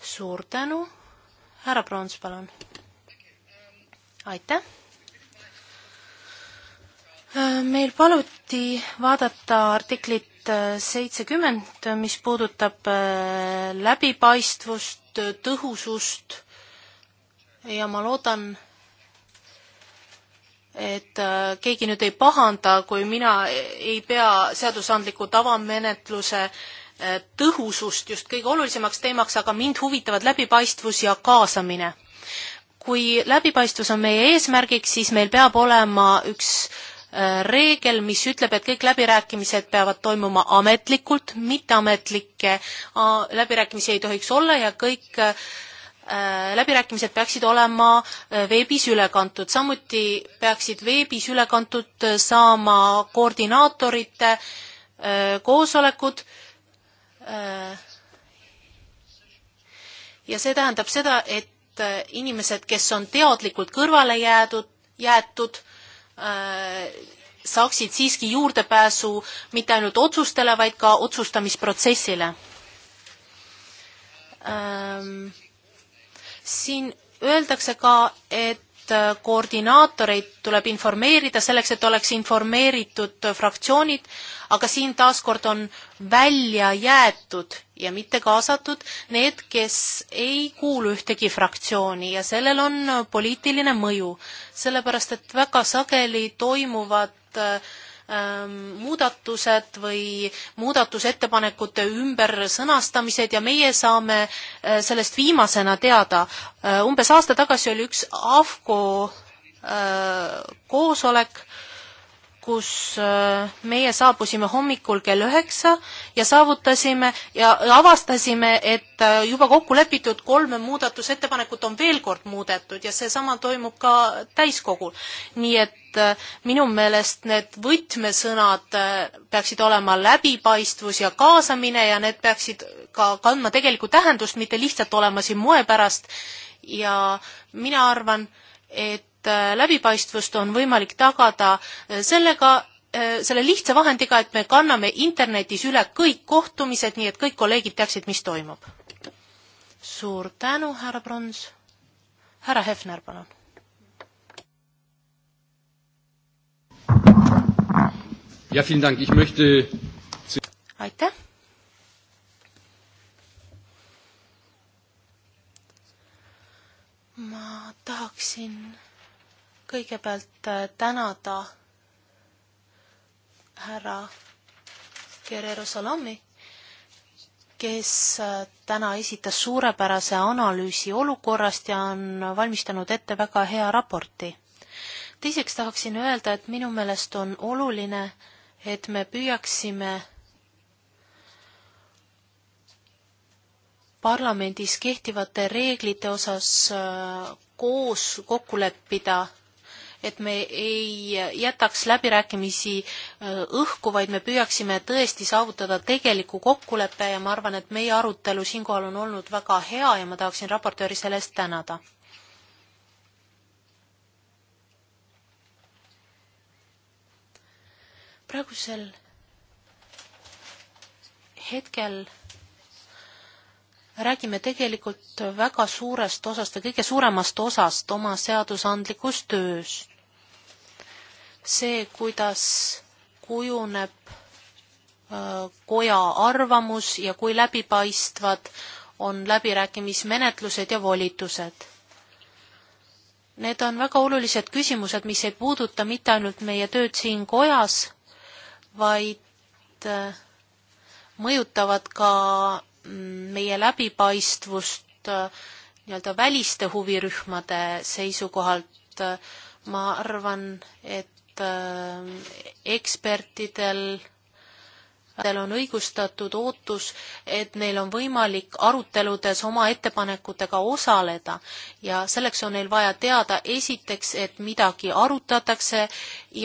suur tänu, härra Prons, palun aitäh! Äh, meil paluti vaadata artiklit äh, seitsekümmend, mis puudutab äh, läbipaistvust, tõhusust ja ma loodan, et keegi nüüd ei pahanda, kui mina ei pea seadusandliku tavamenetluse tõhusust just kõige olulisemaks teemaks, aga mind huvitavad läbipaistvus ja kaasamine kui läbipaistvus on meie eesmärgiks, siis meil peab olema üks äh, reegel, mis ütleb, et kõik läbirääkimised peavad toimuma ametlikult, mitteametlikke läbirääkimisi ei tohiks olla ja kõik äh, läbirääkimised peaksid olema äh, veebis üle kantud, samuti peaksid veebis üle kantud saama koordinaatorite koosolekud. ja see tähendab seda, et et äh, inimesed, kes on teadlikult kõrvale jäädud, jäetud, äh, saaksid siiski juurdepääsu mitte ainult otsustele, vaid ka otsustamisprotsessile. Ähm, siin öeldakse ka, et et äh, koordinaatoreid tuleb informeerida selleks, et oleks informeeritud äh, fraktsioonid, aga siin taaskord on välja jäetud ja mitte kaasatud need, kes ei kuulu ühtegi fraktsiooni ja sellel on äh, poliitiline mõju, sellepärast et väga sageli toimuvad äh, Ähm, muudatused või muudatusettepanekute ümbersõnastamised ja meie saame äh, sellest viimasena teada. Äh, umbes aasta tagasi oli üks AFCO äh, koosolek kus äh, meie saabusime hommikul kell üheksa ja saavutasime ja avastasime, et äh, juba kokku lepitud kolme muudatusettepanekut on veel kord muudetud ja seesama toimub ka täiskogul. nii et äh, minu meelest need võtmesõnad peaksid olema läbipaistvus ja kaasamine ja need peaksid ka kandma tegelikku tähendust, mitte lihtsalt olema siin moe pärast ja mina arvan, et et äh, läbipaistvust on võimalik tagada äh, sellega, äh, selle lihtsa vahendiga, et me kanname internetis üle kõik kohtumised, nii et kõik kolleegid teaksid, mis toimub. suur tänu, härra Brons. härra Hefner, palun. Ja, vielen Dank. Ich möchte aitäh! ma tahaksin kõigepealt äh, tänada härra Guerrero Salami, kes äh, täna esitas suurepärase analüüsi olukorrast ja on valmistanud ette väga hea raporti. teiseks tahaksin öelda, et minu meelest on oluline, et me püüaksime parlamendis kehtivate reeglite osas äh, koos kokku leppida et me ei jätaks läbirääkimisi äh, õhku, vaid me püüaksime tõesti saavutada tegeliku kokkuleppe ja ma arvan, et meie arutelu siinkohal on olnud väga hea ja ma tahaksin raportööri selle eest tänada. praegusel hetkel räägime tegelikult väga suurest osast või kõige suuremast osast oma seadusandlikust tööst see, kuidas kujuneb äh, koja arvamus ja kui läbipaistvad on läbirääkimismenetlused ja volitused. Need on väga olulised küsimused, mis ei puuduta mitte ainult meie tööd siin kojas, vaid äh, mõjutavad ka mm, meie läbipaistvust äh, nii-öelda väliste huvirühmade seisukohalt. ma arvan, et Äh, ekspertidel on õigustatud ootus, et neil on võimalik aruteludes oma ettepanekutega osaleda ja selleks on neil vaja teada esiteks, et midagi arutatakse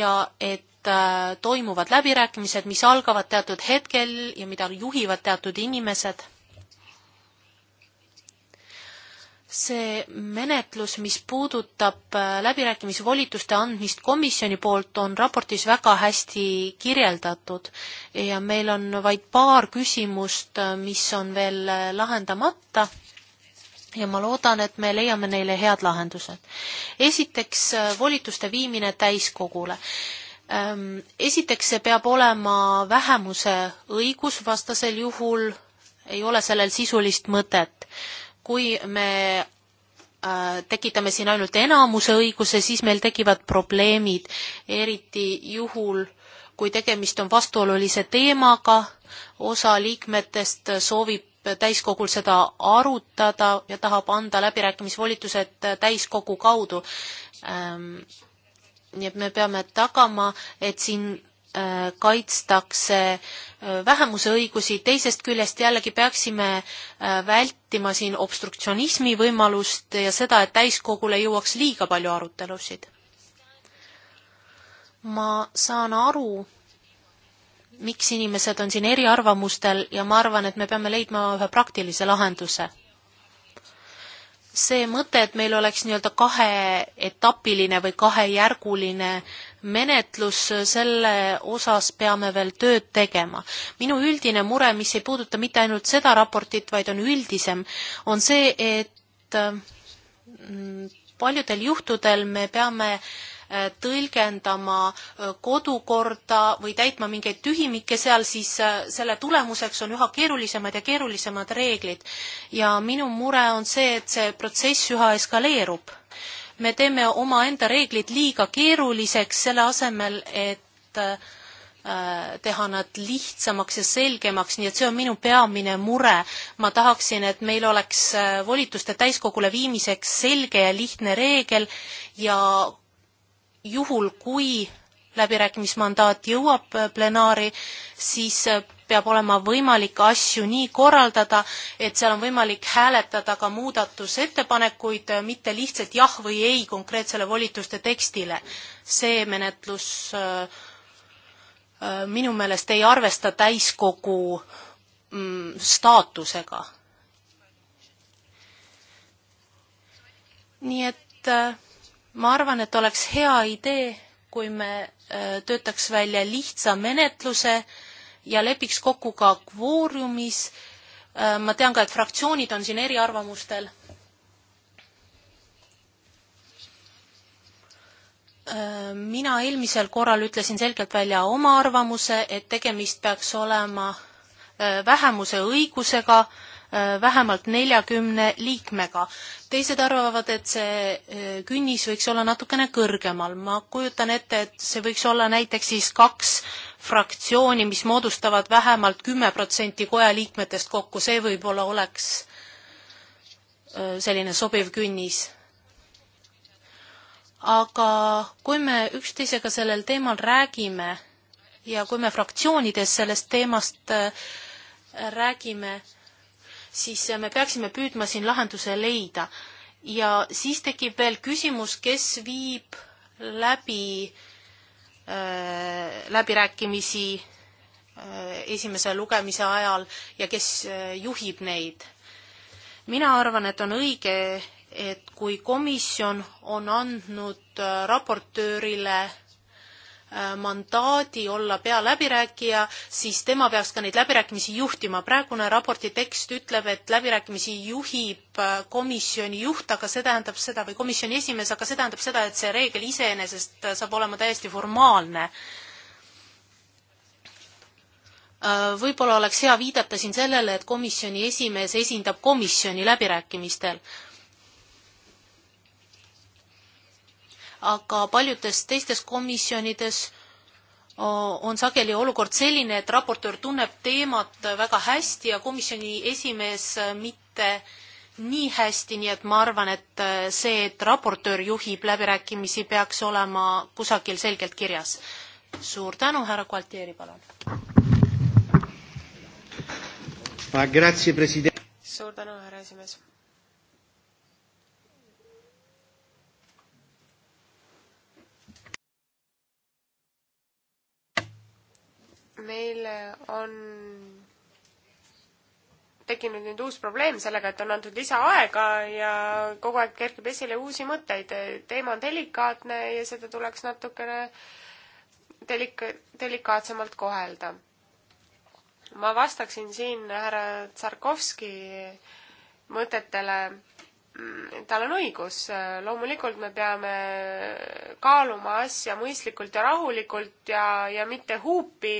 ja et äh, toimuvad läbirääkimised, mis algavad teatud hetkel ja mida juhivad teatud inimesed. see menetlus, mis puudutab äh, läbirääkimisvolituste andmist komisjoni poolt, on raportis väga hästi kirjeldatud ja meil on vaid paar küsimust, äh, mis on veel äh, lahendamata ja ma loodan, et me leiame neile head lahendused. esiteks, volituste viimine täiskogule ähm, esiteks, see peab olema vähemuse õigus, vastasel juhul ei ole sellel sisulist mõtet kui me äh, tekitame siin ainult enamuse õiguse, siis meil tekivad probleemid, eriti juhul, kui tegemist on vastuolulise teemaga, osa liikmetest soovib täiskogul seda arutada ja tahab anda läbirääkimisvolitused täiskogu kaudu. Ähm, nii et me peame tagama, et siin Äh, kaitstakse äh, vähemuse õigusi, teisest küljest jällegi peaksime äh, vältima siin obstruktsionismi võimalust ja seda, et täiskogule jõuaks liiga palju arutelusid. ma saan aru, miks inimesed on siin eriarvamustel ja ma arvan, et me peame leidma ühe praktilise lahenduse. see mõte, et meil oleks nii-öelda kaheetapiline või kahejärguline äh, menetlus, äh, selle osas peame veel tööd tegema. minu üldine mure, mis ei puuduta mitte ainult seda raportit, vaid on üldisem, on see, et äh, mm, paljudel juhtudel me peame äh, tõlgendama kodukorda või täitma mingeid tühimikke seal, siis selle tulemuseks on üha keerulisemad ja keerulisemad reeglid. ja minu mure on see, et see protsess üha eskaleerub me teeme omaenda reeglid liiga keeruliseks, selle asemel, et äh, teha nad lihtsamaks ja selgemaks, nii et see on minu peamine mure. ma tahaksin, et meil oleks äh, volituste täiskogule viimiseks selge ja lihtne reegel ja juhul, kui läbirääkimismandaat jõuab äh, plenaari, siis peab olema võimalik asju nii korraldada, et seal on võimalik hääletada ka muudatusettepanekuid, mitte lihtsalt jah või ei konkreetsele volituste tekstile. see menetlus äh, äh, minu meelest ei arvesta täiskogu mm, staatusega. nii et äh, ma arvan, et oleks hea idee, kui me töötaks välja lihtsa menetluse äh, ja lepiks kokku ka kvoorumis. Äh, ma tean ka, et fraktsioonid on siin eriarvamustel. Äh, mina eelmisel korral ütlesin selgelt välja oma arvamuse, et tegemist peaks olema äh, vähemuse õigusega vähemalt neljakümne liikmega. teised arvavad, et see künnis võiks olla natukene kõrgemal. ma kujutan ette, et see võiks olla näiteks siis kaks fraktsiooni, mis moodustavad vähemalt kümme protsenti koja liikmetest kokku, see võib-olla oleks selline sobiv künnis. aga kui me üksteisega sellel teemal räägime ja kui me fraktsioonides sellest teemast räägime, siis me peaksime püüdma siin lahenduse leida ja siis tekib veel küsimus, kes viib läbi Äh, läbirääkimisi äh, esimese lugemise ajal ja kes äh, juhib neid. mina arvan, et on õige, et kui komisjon on andnud raportöörile Äh, mandaadi olla pealäbirääkija, siis tema peaks ka neid läbirääkimisi juhtima. praegune raporti tekst ütleb, et läbirääkimisi juhib äh, komisjoni juht, aga see tähendab seda, või komisjoni esimees, aga see tähendab seda, et see reegel iseenesest äh, saab olema täiesti formaalne. võib-olla oleks hea viidata siin sellele, et komisjoni esimees esindab komisjoni läbirääkimistel aga paljudes teistes komisjonides on sageli olukord selline, et raportöör tunneb teemat väga hästi ja komisjoni esimees mitte nii hästi, nii et ma arvan, et e, see, et raportöör juhib läbirääkimisi, peaks olema kusagil selgelt kirjas. suur tänu, härra Gualtieri, palun. suur tänu, härra esimees meil on tekkinud nüüd uus probleem sellega, et on antud lisaaega ja kogu aeg kerkib esile uusi mõtteid. teema on delikaatne ja seda tuleks natukene delika-, delikaatsemalt kohelda. ma vastaksin siin härra Tsarkovski mõtetele Mm, tal on õigus, loomulikult me peame kaaluma asja mõistlikult ja rahulikult ja, ja mitte huupi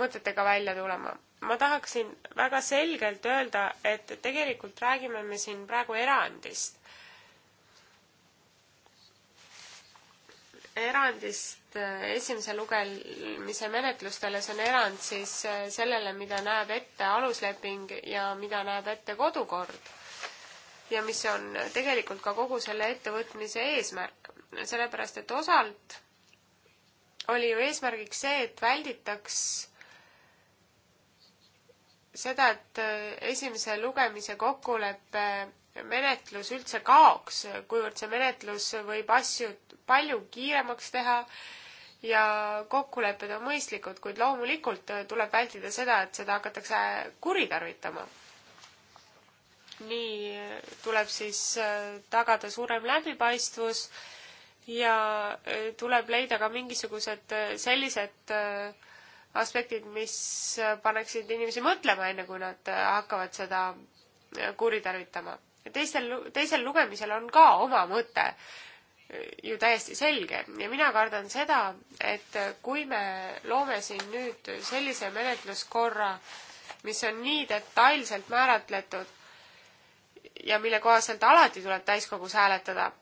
mõtetega välja tulema. ma tahaksin väga selgelt öelda, et tegelikult räägime me siin praegu erandist. erandist eh, esimese lugemise menetlustele, see on erand siis eh, sellele, mida näeb ette alusleping ja mida näeb ette kodukord ja mis on tegelikult ka kogu selle ettevõtmise eesmärk. sellepärast, et osalt oli ju eesmärgiks see, et välditaks seda, et esimese lugemise kokkuleppe menetlus üldse kaoks, kuivõrd see menetlus võib asju palju kiiremaks teha ja kokkulepped on mõistlikud, kuid loomulikult tuleb vältida seda, et seda hakatakse kuritarvitama nii tuleb siis äh, tagada suurem läbipaistvus ja äh, tuleb leida ka mingisugused äh, sellised aspektid, mis paneksid inimesi mõtlema, enne kui nad hakkavad seda kuritarvitama. teisel, teisel lugemisel on ka oma mõte ju täiesti selge ja mina kardan seda, et kui me loome siin nüüd sellise menetluskorra, mis on nii detailselt määratletud, ja mille kohaselt alati tuleb täiskogus hääletada,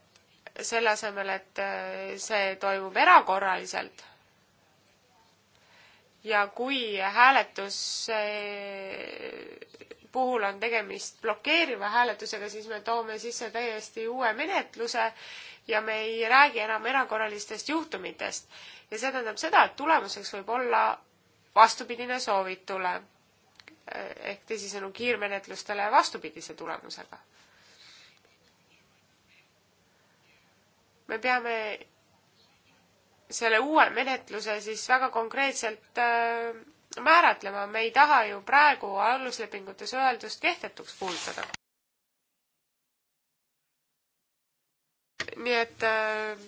selle asemel, et äh, see toimub erakorraliselt. ja kui hääletus äh, puhul on tegemist blokeeriva hääletusega, siis me toome sisse täiesti uue menetluse ja me ei räägi enam erakorralistest juhtumitest. ja see tähendab seda, et tulemuseks võib olla vastupidine soovitule äh, ehk teisisõnu kiirmenetlustele vastupidise tulemusega. me peame selle uue menetluse siis väga konkreetselt äh, määratlema, me ei taha ju praegu aluslepingutes öeldust kehtetuks kuulutada. nii et äh,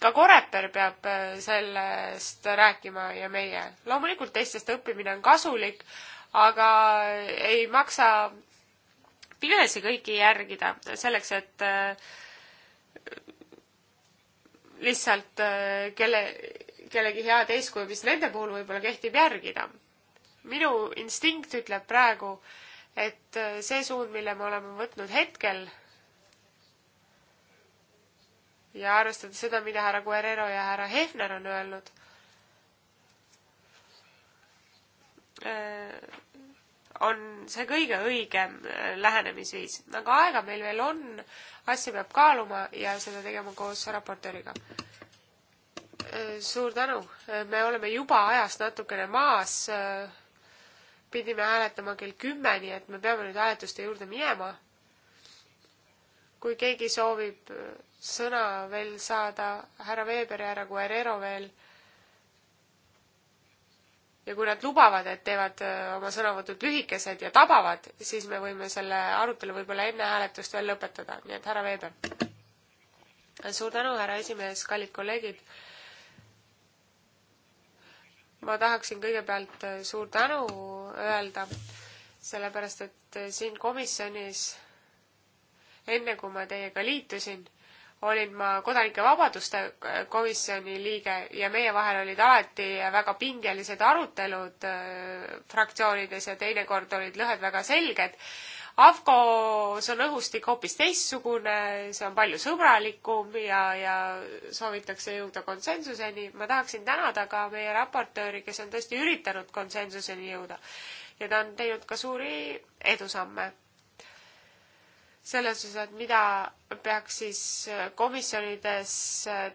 ka Koreper peab äh, sellest rääkima ja meie. loomulikult teistest õppimine on kasulik, aga ei maksa pimesi kõiki järgida selleks, et lihtsalt äh, kelle, kellegi head eeskuju, mis nende puhul võib-olla kehtib järgida. minu instinkt ütleb praegu, et äh, see suund, mille me oleme võtnud hetkel ja arvestades seda, mida härra Guerrero ja härra Hefner on öelnud, äh, on see kõige õigem äh, lähenemisviis. aga aega meil veel on, asja peab kaaluma ja seda tegema koos raportööriga. Äh, suur tänu, äh, me oleme juba ajast natukene maas. pidime hääletama kell kümme, nii et me peame nüüd hääletuste juurde minema. kui keegi soovib sõna veel saada, härra Veeber ja härra Guerrero veel ja kui nad lubavad, et teevad äh, oma sõnavõtud lühikesed ja tabavad, siis me võime selle arutelu võib-olla enne hääletust veel lõpetada, nii et härra Veeber. suur tänu, härra esimees, kallid kolleegid. ma tahaksin kõigepealt äh, suur tänu öelda, sellepärast et äh, siin komisjonis enne kui ma teiega liitusin olin ma kodanike vabaduste komisjoni liige ja meie vahel olid alati väga pingelised arutelud äh, fraktsioonides ja teinekord olid lõhed väga selged. AFCO-s on õhustik hoopis teistsugune, see on palju sõbralikum ja, ja soovitakse jõuda konsensuseni. ma tahaksin tänada ka meie raportööri, kes on tõesti üritanud konsensuseni jõuda ja ta on teinud ka suuri edusamme selles osas, et mida peaks siis komisjonides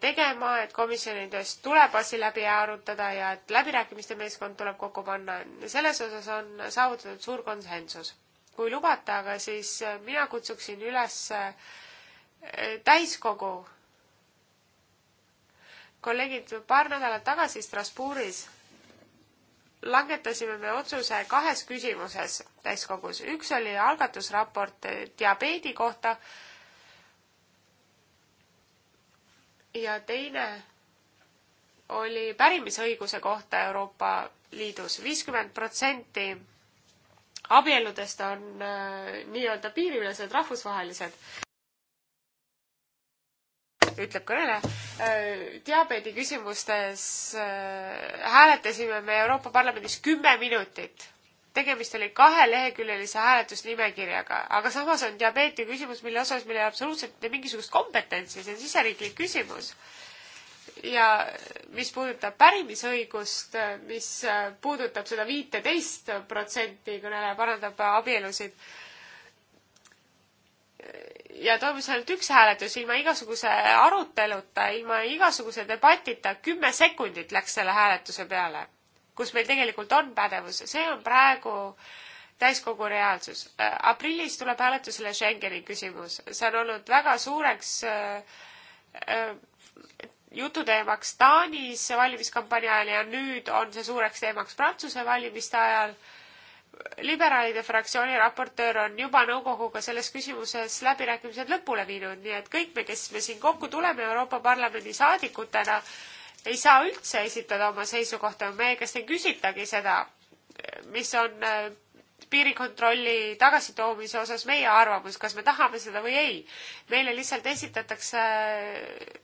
tegema, et komisjonides tuleb asi läbi arutada ja et läbirääkimiste meeskond tuleb kokku panna. selles osas on saavutatud suur konsensus. kui lubate, aga siis mina kutsuksin üles eh, täiskogu. kolleegid, paar nädalat tagasi Strasbourgis langetasime me otsuse kahes küsimuses täiskogus. üks oli algatusraport diabeedi kohta ja teine oli pärimisõiguse kohta Euroopa Liidus. viiskümmend protsenti abielludest on äh, nii-öelda piiriülesed, rahvusvahelised ütleb kõneleja. Äh, diabeedi küsimustes äh, hääletasime me Euroopa Parlamendis kümme minutit. tegemist oli kaheleheküljelise hääletusnimekirjaga, aga samas on diabeeti küsimus, mille osas meil ei ole absoluutselt mitte mingisugust kompetentsi, see on siseriiklik küsimus ja mis puudutab pärimisõigust, mis puudutab seda viiteist protsenti, kõneleja parandab abielusid ja toimus ainult üks hääletus ilma igasuguse aruteluta, ilma igasuguse debatita, kümme sekundit läks selle hääletuse peale, kus meil tegelikult on pädevus, see on praegu täiskogu reaalsus. Äh, aprillis tuleb hääletusele Schengeni küsimus, see on olnud väga suureks äh, äh, jututeemaks Taanis valimiskampaania ajal ja nüüd on see suureks teemaks Prantsuse valimiste ajal liberaalide fraktsiooni raportöör on juba nõukoguga selles küsimuses läbirääkimised lõpule viinud, nii et kõik me, kes me siin kokku tuleme Euroopa Parlamendi saadikutena, ei saa üldse esitada oma seisukohta, meie käest ei küsitagi seda, mis on äh, piirikontrolli tagasitoomise osas meie arvamus, kas me tahame seda või ei. meile lihtsalt esitatakse äh,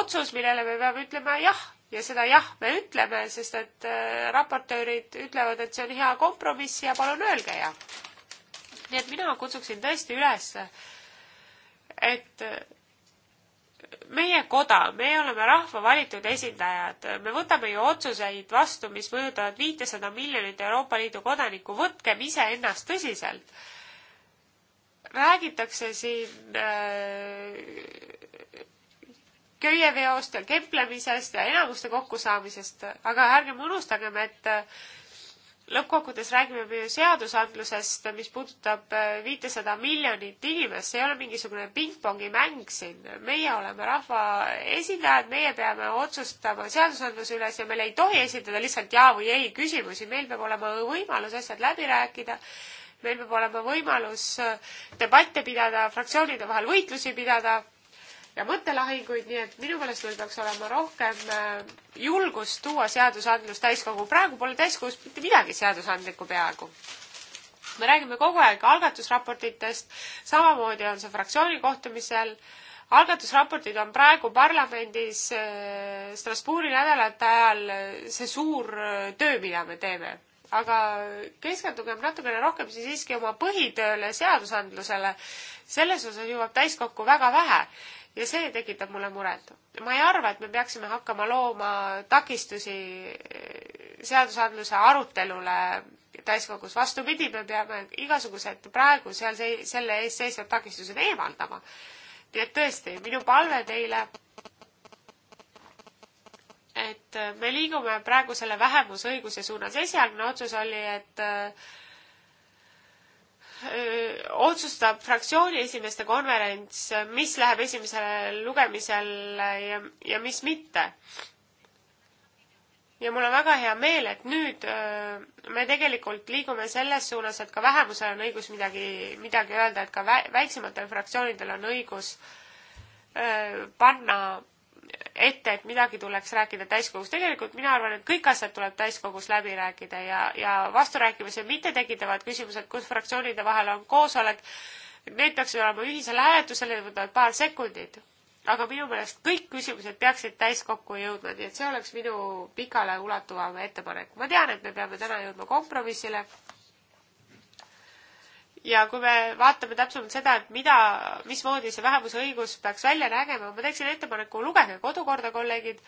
otsus, millele me peame ütlema jah ja seda jah, me ütleme, sest et äh, raportöörid ütlevad, et see on hea kompromiss ja palun öelge ja. nii et mina kutsuksin tõesti üles, et äh, meie koda, me oleme rahva valitud esindajad, me võtame ju otsuseid vastu, mis mõjutavad viitesada miljonit Euroopa Liidu kodanikku, võtkem iseennast tõsiselt. räägitakse siin äh, köieveost ja kemplemisest ja enamuste kokkusaamisest, aga ärgem unustagem, et äh, lõppkokkuvõttes räägime me ju seadusandlusest, mis puudutab äh, viitesada miljonit inimest, see ei ole mingisugune pingpongi mäng siin. meie oleme rahvaesindajad, meie peame otsustama seadusandluse üles ja meil ei tohi esitada lihtsalt jaa või ei küsimusi, meil peab olema võimalus asjad läbi rääkida. meil peab olema võimalus äh, debatte pidada, fraktsioonide vahel võitlusi pidada ja mõttelahinguid, nii et minu meelest meil peaks olema rohkem äh, julgust tuua seadusandlus täiskogu. praegu pole täiskogus mitte midagi seadusandlikku peaaegu. me räägime kogu aeg algatusraportitest, samamoodi on see fraktsiooni kohtumisel algatusraportid on praegu parlamendis äh, Strasbourgi nädalate ajal äh, see suur töö, mida me teeme. aga keskendugem natukene rohkem siis siiski oma põhitööle, seadusandlusele. selles osas jõuab täiskokku väga vähe ja see tekitab mulle muret. ma ei arva, et me peaksime hakkama looma takistusi eh, seadusandluse arutelule täiskogus, vastupidi, me peame igasugused praegu seal see, selle ees seisvad takistused eemaldama. nii et tõesti, minu palve teile, et me liigume praegu selle vähemusõiguse suunas, esialgne otsus oli, et äh, otsustab fraktsiooni esimeeste konverents, mis läheb esimesele lugemisele ja, ja mis mitte. ja mul on väga hea meel, et nüüd öö, me tegelikult liigume selles suunas, et ka vähemusel on õigus midagi, midagi öelda, et ka vä väiksematel fraktsioonidel on õigus öö, panna ette, et midagi tuleks rääkida täiskogus. tegelikult mina arvan, et kõik asjad tuleb täiskogus läbi rääkida ja, ja vasturääkimise mittetekitavad küsimused, kus fraktsioonide vahel on koosolek, need peaksid olema ühisel hääletusel, need võtavad paar sekundit. aga minu meelest kõik küsimused peaksid täiskokku jõudma, nii et see oleks minu pikale ulatuvam ettepanek. ma tean, et me peame täna jõudma kompromissile ja kui me vaatame täpsemalt seda, et mida, mismoodi see vähemusõigus peaks välja nägema, ma teeksin ettepaneku, lugege kodukorda, kolleegid,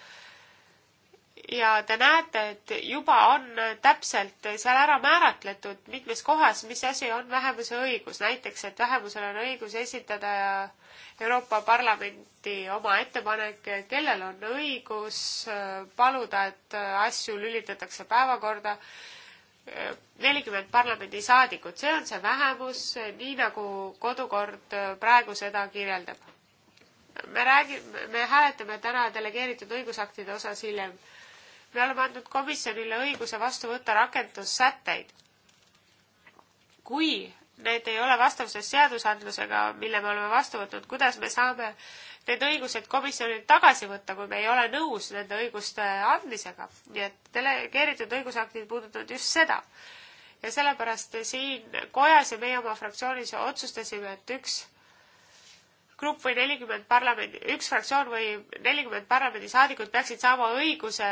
ja te näete, et juba on täpselt seal ära määratletud mitmes kohas, mis asi on vähemuse õigus. näiteks, et vähemusel on õigus esitada Euroopa Parlamenti oma ettepanek, kellel on õigus paluda, et asju lülitatakse päevakorda nelikümmend parlamendisaadikut, see on see vähemus, nii nagu kodukord äh, praegu seda kirjeldab. me räägime, me hääletame täna delegeeritud õigusaktide osas hiljem. me oleme andnud komisjonile õiguse vastu võtta rakendussätteid. kui need ei ole vastavuses seadusandlusega, mille me oleme vastu võtnud, kuidas me saame need õigused komisjonil tagasi võtta, kui me ei ole nõus nende õiguste andmisega. nii et delegeeritud õigusaktid puudutavad just seda. ja sellepärast siin kojas ja meie oma fraktsioonis otsustasime, et üks grupp või nelikümmend parlamendi, üks fraktsioon või nelikümmend parlamendisaadikut peaksid saama õiguse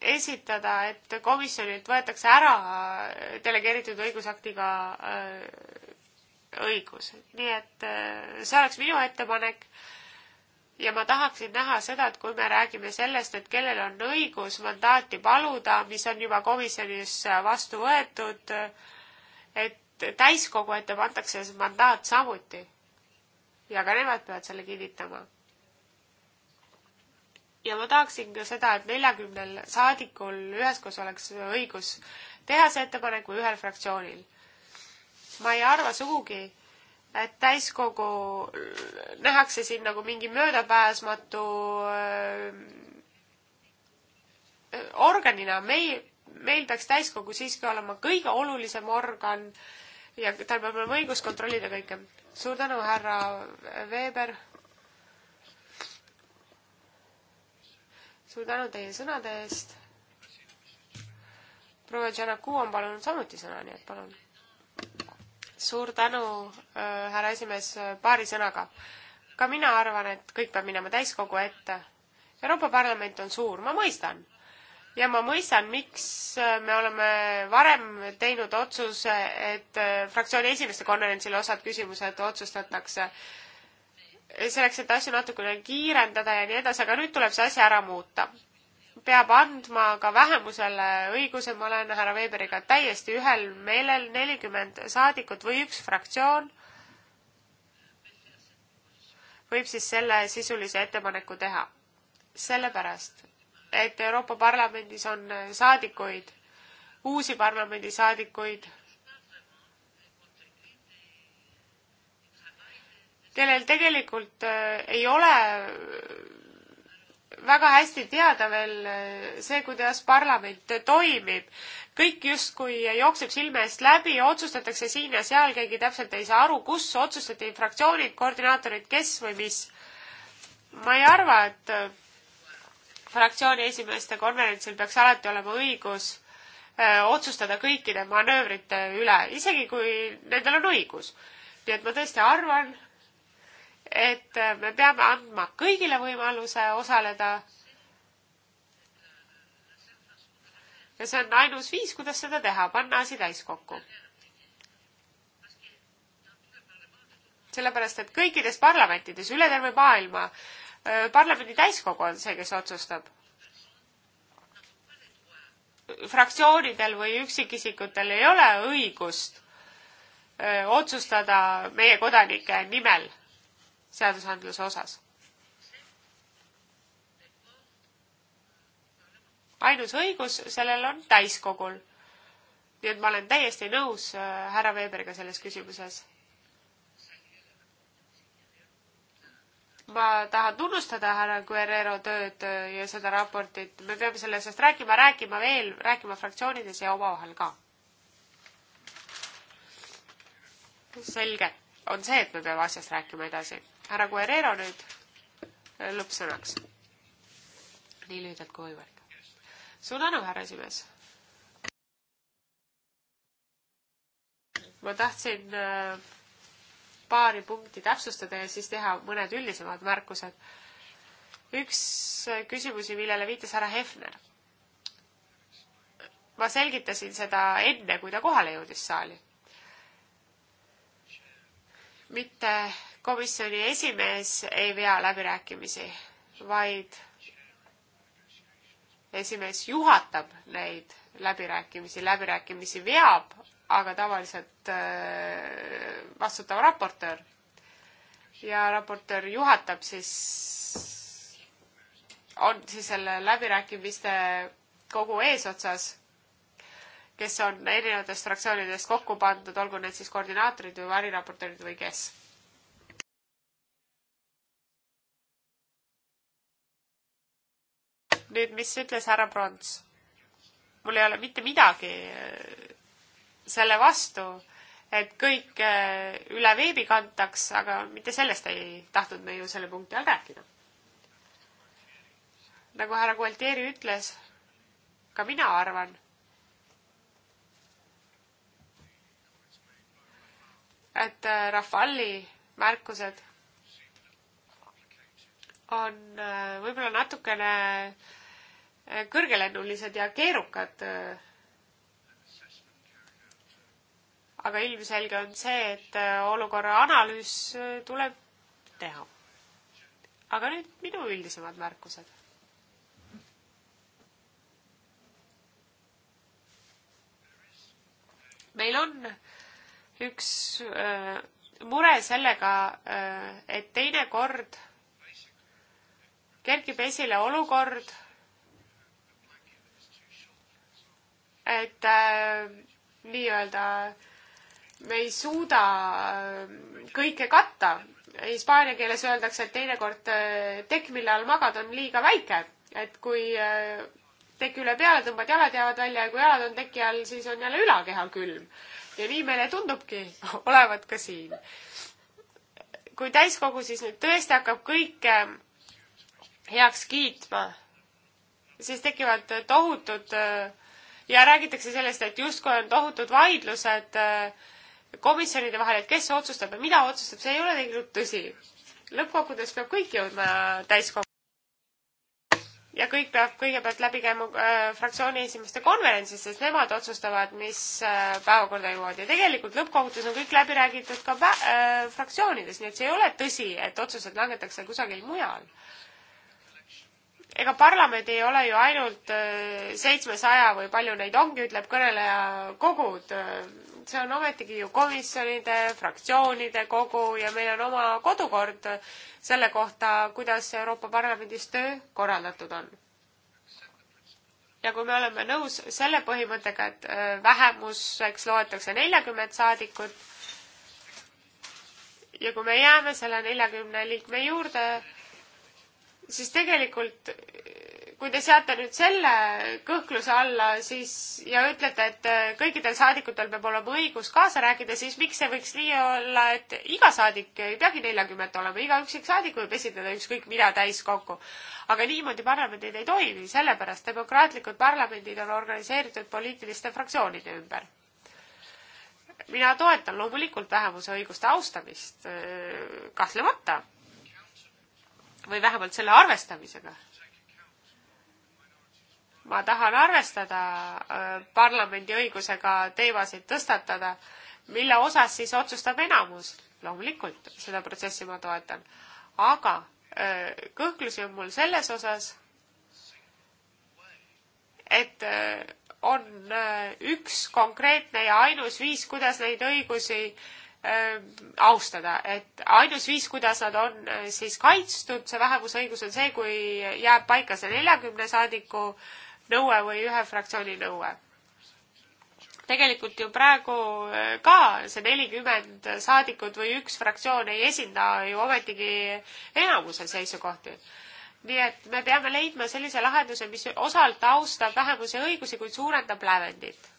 esitada, et komisjonilt võetakse ära delegeeritud õigusaktiga äh, õigus. nii et äh, see oleks minu ettepanek ja ma tahaksin näha seda, et kui me räägime sellest, et kellel on õigus mandaati paluda, mis on juba komisjonis vastu võetud, et täiskogu ette pandakse see mandaat samuti. ja ka nemad peavad selle kinnitama. ja ma tahaksin ka seda, et neljakümnel saadikul üheskoos oleks õigus teha see ettepanek või ühel fraktsioonil. ma ei arva sugugi, et täiskogu nähakse siin nagu mingi möödapääsmatu äh, organina. meil, meil peaks täiskogu siiski olema kõige olulisem organ ja tal peab olema õigus kontrollida kõike. suur tänu, härra Veber. suur tänu teie sõnade eest. proua Tšernaku on palunud samuti sõna, nii et palun suur tänu äh,, härra esimees, äh, paari sõnaga. ka mina arvan, et kõik peab minema täiskogu ette. Euroopa Parlament on suur, ma mõistan. ja ma mõistan, miks äh, me oleme varem teinud otsuse, et äh, fraktsiooni esimeeste konverentsil osad küsimused otsustatakse selleks, et asju natukene kiirendada ja nii edasi, aga nüüd tuleb see asi ära muuta peab andma ka vähemusele õiguse, ma olen härra Weberiga täiesti ühel meelel, nelikümmend saadikut või üks fraktsioon võib siis selle sisulise ettepaneku teha. sellepärast, et Euroopa Parlamendis on saadikuid, uusi parlamendisaadikuid, kellel tegelikult äh, ei ole väga hästi teada veel eh, see, kuidas parlament toimib. kõik justkui jookseb silme eest läbi, otsustatakse siin ja seal, keegi täpselt ei saa aru, kus otsustati fraktsioonid, koordinaatorid, kes või mis. ma ei arva, et eh, fraktsiooni esimeeste konverentsil peaks alati olema õigus öö, eh, otsustada kõikide manöövrite üle, isegi kui nendel on õigus. nii et ma tõesti arvan, et äh, me peame andma kõigile võimaluse osaleda. ja see on ainus viis, kuidas seda teha, panna asi täiskokku. sellepärast, et kõikides parlamentides üle terve maailma äh, parlamendi täiskogu on see, kes otsustab fraktsioonidel või üksikisikutel ei ole õigust öö, äh, otsustada meie kodanike nimel seadusandluse osas. ainus õigus sellel on täiskogul. nii et ma olen täiesti nõus äh, härra Weberiga selles küsimuses. ma tahan tunnustada härra Guerrero tööd äh, ja seda raportit. me peame sellest rääkima, rääkima veel, rääkima fraktsioonides ja omavahel ka. selge on see, et me peame asjast rääkima edasi härra Guerrero nüüd äh, lõppsõnaks. nii lühidalt kui võimalik. suur tänu, härra esimees. ma tahtsin äh, paari punkti täpsustada ja siis teha mõned üldisemad märkused. üks äh, küsimusi, millele viitas härra Hefner. ma selgitasin seda enne, kui ta kohale jõudis saali. mitte komisjoni esimees ei vea läbirääkimisi, vaid esimees juhatab neid läbirääkimisi, läbirääkimisi veab, aga tavaliselt äh, vastutav raportöör. ja raportöör juhatab siis, on siis selle läbirääkimiste kogu eesotsas, kes on erinevatest fraktsioonidest kokku pandud, olgu need siis koordinaatorid või variraportöörid või kes nüüd, mis ütles härra Prons? mul ei ole mitte midagi äh, selle vastu, et kõik äh, üle veebi kantaks, aga mitte sellest ei tahtnud me ju selle punkti all rääkida. nagu härra Gualtieri ütles, ka mina arvan, et äh, Rafali märkused on äh, võib-olla natukene äh, kõrgelennulised ja keerukad. Äh. aga ilmselge on see, et olukorra analüüs tuleb teha. aga nüüd minu üldisemad märkused. meil on üks äh, mure sellega äh,, et teinekord äh, kerkib esile olukord, et äh, nii-öelda me ei suuda äh, kõike katta. Hispaania keeles öeldakse, et teinekord äh, tekk, mille all magad, on liiga väike, et kui äh, teki üle peale tõmbad, jalad jäävad välja ja kui jalad on teki all, siis on jälle ülakeha külm. ja nii meile tundubki olevat ka siin. kui täiskogu siis nüüd tõesti hakkab kõike heaks kiitma, siis tekivad tohutud ja räägitakse sellest, et justkui on tohutud vaidlused äh, komisjonide vahel, et kes otsustab ja mida otsustab, see ei ole tegelikult tõsi. lõppkokkuvõttes peab kõik jõudma täiskogu ja kõik peab kõigepealt läbi käima äh, fraktsiooni esimeeste konverentsis, sest nemad otsustavad, mis äh, päevakorda jõuavad ja tegelikult lõppkokkuvõttes on kõik läbi räägitud ka äh, fraktsioonides, nii et see ei ole tõsi, et otsused langetatakse kusagil mujal ega parlament ei ole ju ainult äh, seitsmesaja või palju neid ongi, ütleb kõneleja, kogud. see on ometigi ju komisjonide, fraktsioonide kogu ja meil on oma kodukord selle kohta, kuidas Euroopa Parlamendis töö korraldatud on. ja kui me oleme nõus selle põhimõttega, et äh, vähemuseks loetakse neljakümmet saadikut ja kui me jääme selle neljakümne liikme juurde, siis tegelikult kui te seate nüüd selle kõhkluse alla, siis ja ütlete, et äh, kõikidel saadikutel peab olema õigus kaasa rääkida, siis miks ei võiks nii olla, et iga saadik ei peagi neljakümmet olema, iga üksik saadik võib esitada ükskõik mida täis kokku. aga niimoodi parlamendid ei toimi, sellepärast demokraatlikud parlamendid on organiseeritud poliitiliste fraktsioonide ümber mina toetan loomulikult vähemuse õiguste austamist, äh, kahtlemata või vähemalt selle arvestamisega. ma tahan arvestada äh, parlamendi õigusega teemasid tõstatada, mille osas siis otsustab enamus. loomulikult seda protsessi ma toetan, aga äh, kõhklusi on mul selles osas, et äh, on üks konkreetne ja ainus viis, kuidas neid õigusi äh, Ähm, austada, et ainus viis, kuidas nad on äh, siis kaitstud, see vähemusõigus on see, kui jääb paika see neljakümne saadiku nõue või ühe fraktsiooni nõue. tegelikult ju praegu äh, ka see nelikümmend saadikut või üks fraktsioon ei esinda ju ometigi enamuse seisukohti nii et me peame leidma sellise lahenduse, mis osalt austab vähemuse õigusi, kuid suurendab lävendit.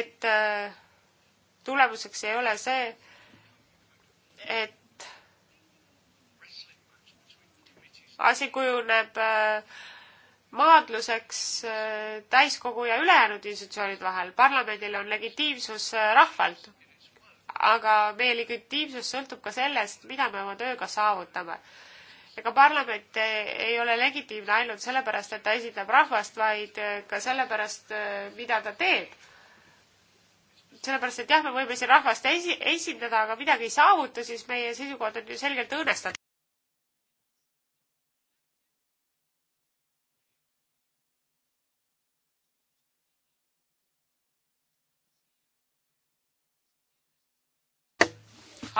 et äh, tulemuseks ei ole see, et asi kujuneb äh, maadluseks äh, täiskogu ja ülejäänud institutsioonid vahel. parlamendil on legitiimsus äh, rahvalt. aga meie legitiimsus sõltub ka sellest, mida me oma tööga saavutame ega parlament ei ole legitiimne ainult sellepärast, et ta esindab rahvast, vaid ka sellepärast, mida ta teeb sellepärast, et jah, me võime siin rahvast esi-, esindada, aga midagi ei saavuta, siis meie seisukohad on ju selgelt õõnestatud.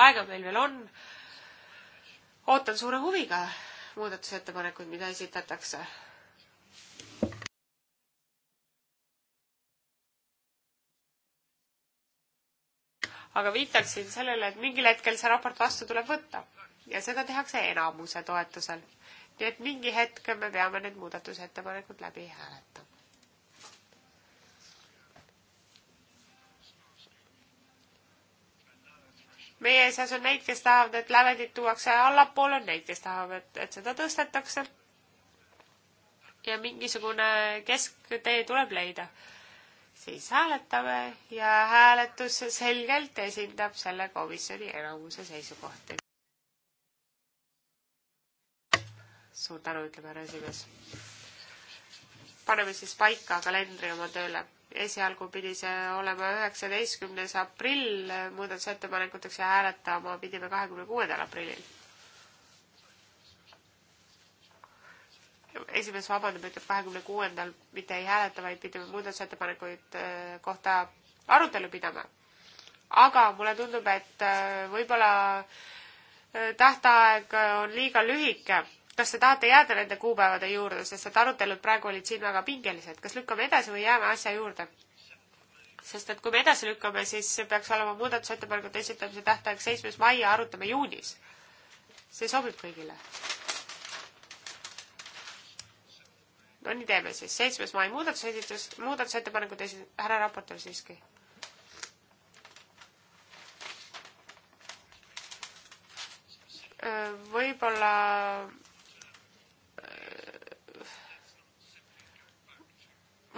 aega meil veel on. ootan suure huviga muudatusettepanekuid, mida esitatakse aga viitaksin sellele, et mingil hetkel see raport vastu tuleb võtta ja seda tehakse enamuse toetusel. nii et mingi hetk me peame need muudatusettepanekud läbi hääletama. meie seas on neid, kes tahavad, et lävendid tuuakse allapoole, on neid, kes tahavad, et seda tõstetakse. ja mingisugune kesktee tuleb leida siis hääletame ja hääletus selgelt esindab selle komisjoni enamuse seisukohti. suur tänu, ütleb härra esimees. paneme siis paika kalendri oma tööle. esialgu pidi see olema üheksateistkümnes aprill muudatusettepanekuteks ja hääletama pidime kahekümne kuuendal aprillil esimees vabandab, ütleb kahekümne kuuendal mitte ei hääleta, vaid pidime muudatusettepanekuid äh, kohta arutelu pidama. aga mulle tundub, et äh, võib-olla äh, tähtaeg on liiga lühike. kas te tahate jääda nende kuupäevade juurde, sest et arutelud praegu olid siin väga pingelised, kas lükkame edasi või jääme asja juurde? sest et kui me edasi lükkame, siis peaks olema muudatusettepanekute esitamise tähtaeg seitsmes mai ja arutame juunis. see sobib kõigile no nii teeme siis, seitsmes mai muudatusesitus, muudatusettepanekud esi-, härra raportöör siiski. Äh, võib-olla äh,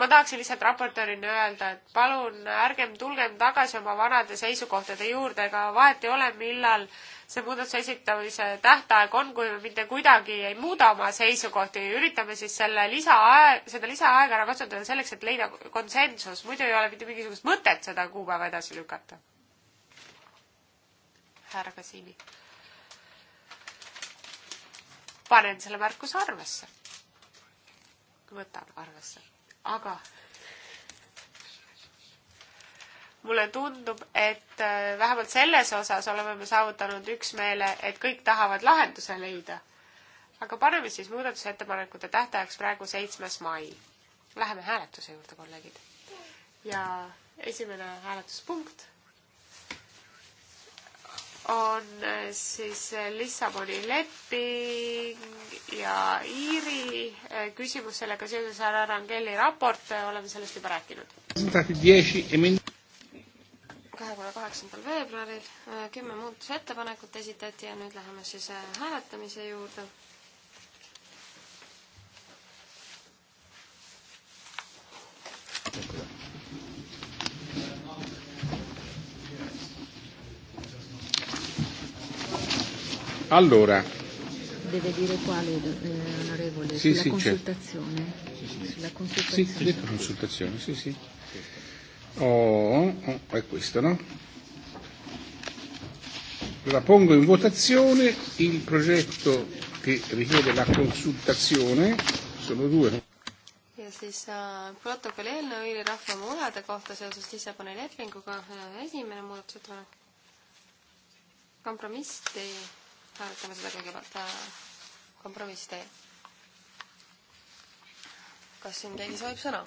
ma tahaksin lihtsalt raportöörina öelda, et palun ärgem tulgem tagasi oma vanade seisukohtade juurde, ega vahet ei ole, millal äh, see muudatuse esitamise tähtaeg on, kui me mitte kuidagi ei muuda oma seisukohti, üritame siis selle lisaaeg, seda lisaaega ära kasutada selleks, et leida konsensus, muidu ei ole mitte mingisugust mõtet seda kuupäeva edasi lükata. härra Kasiini. panen selle märkuse arvesse. võtan arvesse, aga mulle tundub, et äh, vähemalt selles osas oleme me saavutanud üksmeele, et kõik tahavad lahenduse leida. aga paneme siis muudatusettepanekute tähtajaks praegu seitsmes mai. Läheme hääletuse juurde, kolleegid. ja esimene hääletuspunkt on äh, siis äh, Lissaboni leping ja Iiri küsimus sellega seoses härra Rangeli raport, oleme sellest juba rääkinud kahekümne kaheksandal veebruaril. Äh, kümme muudatusettepanekut esitati ja nüüd läheme siis äh, hääletamise juurde. Allora. Deve dire quale, eh, onorevole, sì, sulla sì, consultazione. Certo. Sì, sì. Sulla consultazione. Sì, consultazione, sì, sì. Oh, oh, oh, è questo, no? Allora pongo in votazione il progetto che richiede la consultazione, sono due. ja siis äh, protokolli eelnõu Iiri rahva murede kohta seoses Lissaboni lepinguga äh,, esimene muudatusettepanek. kompromiss tee, hääletame seda kõigepealt äh,, kompromiss tee. kas siin keegi soovib sõna?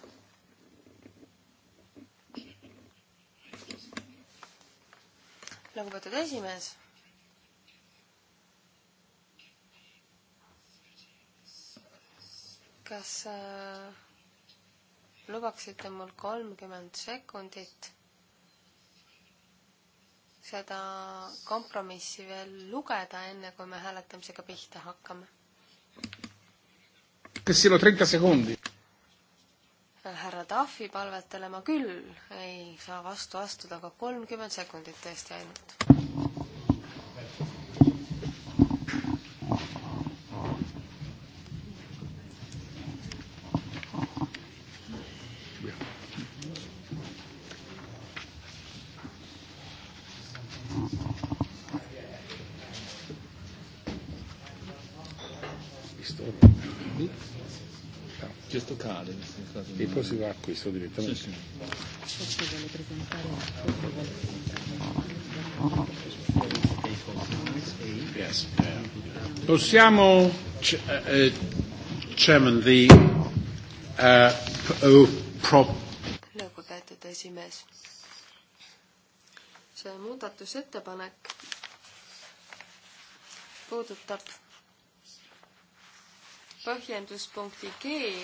lugupeetud esimees. kas äh, lubaksite mul kolmkümmend sekundit seda kompromissi veel lugeda, enne kui me hääletamisega pihta hakkame? kas siin on trenta sekundit? härra Tahvi palvetele ma küll ei saa vastu astuda, aga kolmkümmend sekundit tõesti ainult. presentato. E poi si va a questo direttamente. Sì, sì. vuole presentare Yes. Possiamo, uh, eh, eh, Chairman, the uh, oh, uh, prop... lugupeetud esimees, see muudatusettepanek puudutab põhjenduspunkti G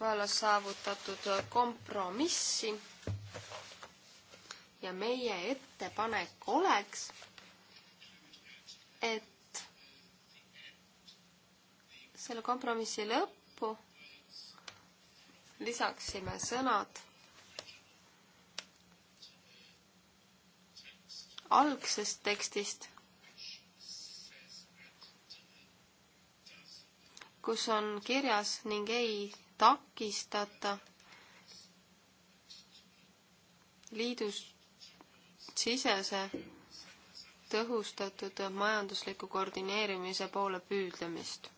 vallas saavutatud kompromissi. ja meie ettepanek oleks, et selle kompromissi lõppu lisaksime sõnad algsest tekstist, kus on kirjas ning ei takistata liidus sisese tõhustatud majandusliku koordineerimise poole püüdlemist.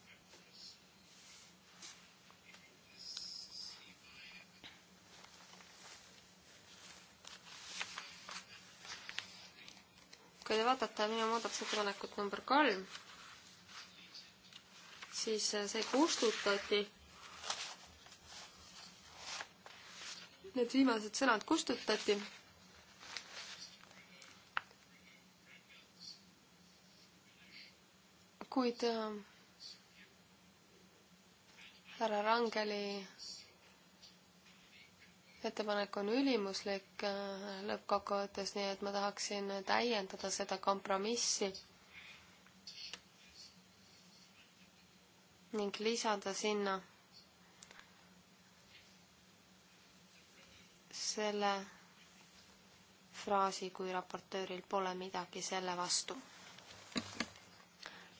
kui te vaatate minu muudatusettepanekut number kolm, siis see kustutati need viimased sõnad kustutati. kuid äh, härra Rangeli ettepanek on ülimuslik äh, lõppkokkuvõttes, nii et ma tahaksin täiendada seda kompromissi ning lisada sinna selle fraasi, kui raportööril pole midagi selle vastu.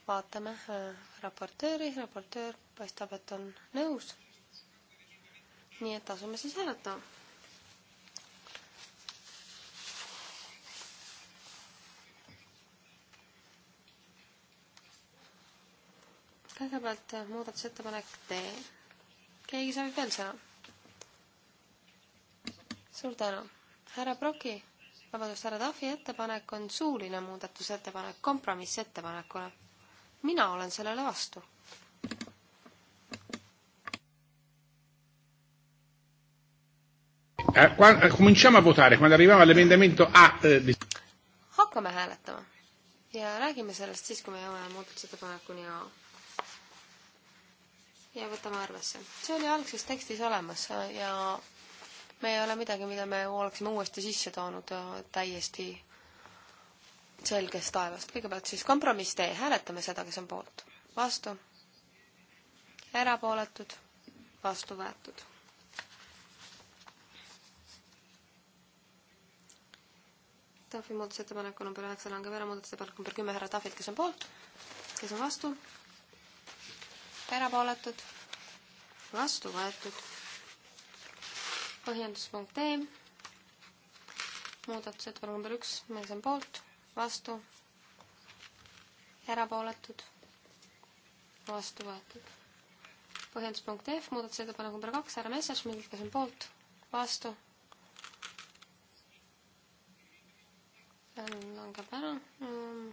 vaatame äh, raportööri, raportöör paistab, et on nõus. nii et asume siis hääletama. kõigepealt äh, muudatusettepanek D. keegi soovib veel sõna? suur tänu. härra Proki, vabandust, härra Tahvi ettepanek on suuline muudatusettepanek kompromissettepanekule. mina olen sellele vastu. Eh, eh, eh, hakkame hääletama ja räägime sellest siis, kui me jõuame muudatusettepanekuni A ja võtame arvesse. see oli algses tekstis olemas ja me ei ole midagi, mida me oleksime uuesti sisse toonud äh, täiesti selgest taevast. kõigepealt siis kompromiss tee, hääletame seda, kes on poolt. vastu, erapooletud, vastu võetud. Tahvi muudatusettepaneku number üheksa langeb ära, muudatusettepanek number kümme, härra Tahvilt, kes on poolt, kes on vastu, erapooletud, vastu võetud põhjenduspunkt E, muudatusettepanek number üks, mees on poolt, vastu, erapooletud, vastu võetud. põhjenduspunkt F, muudatusettepanek number kaks, härra Messerschmidt, kes on poolt, vastu, langeb ära, mm,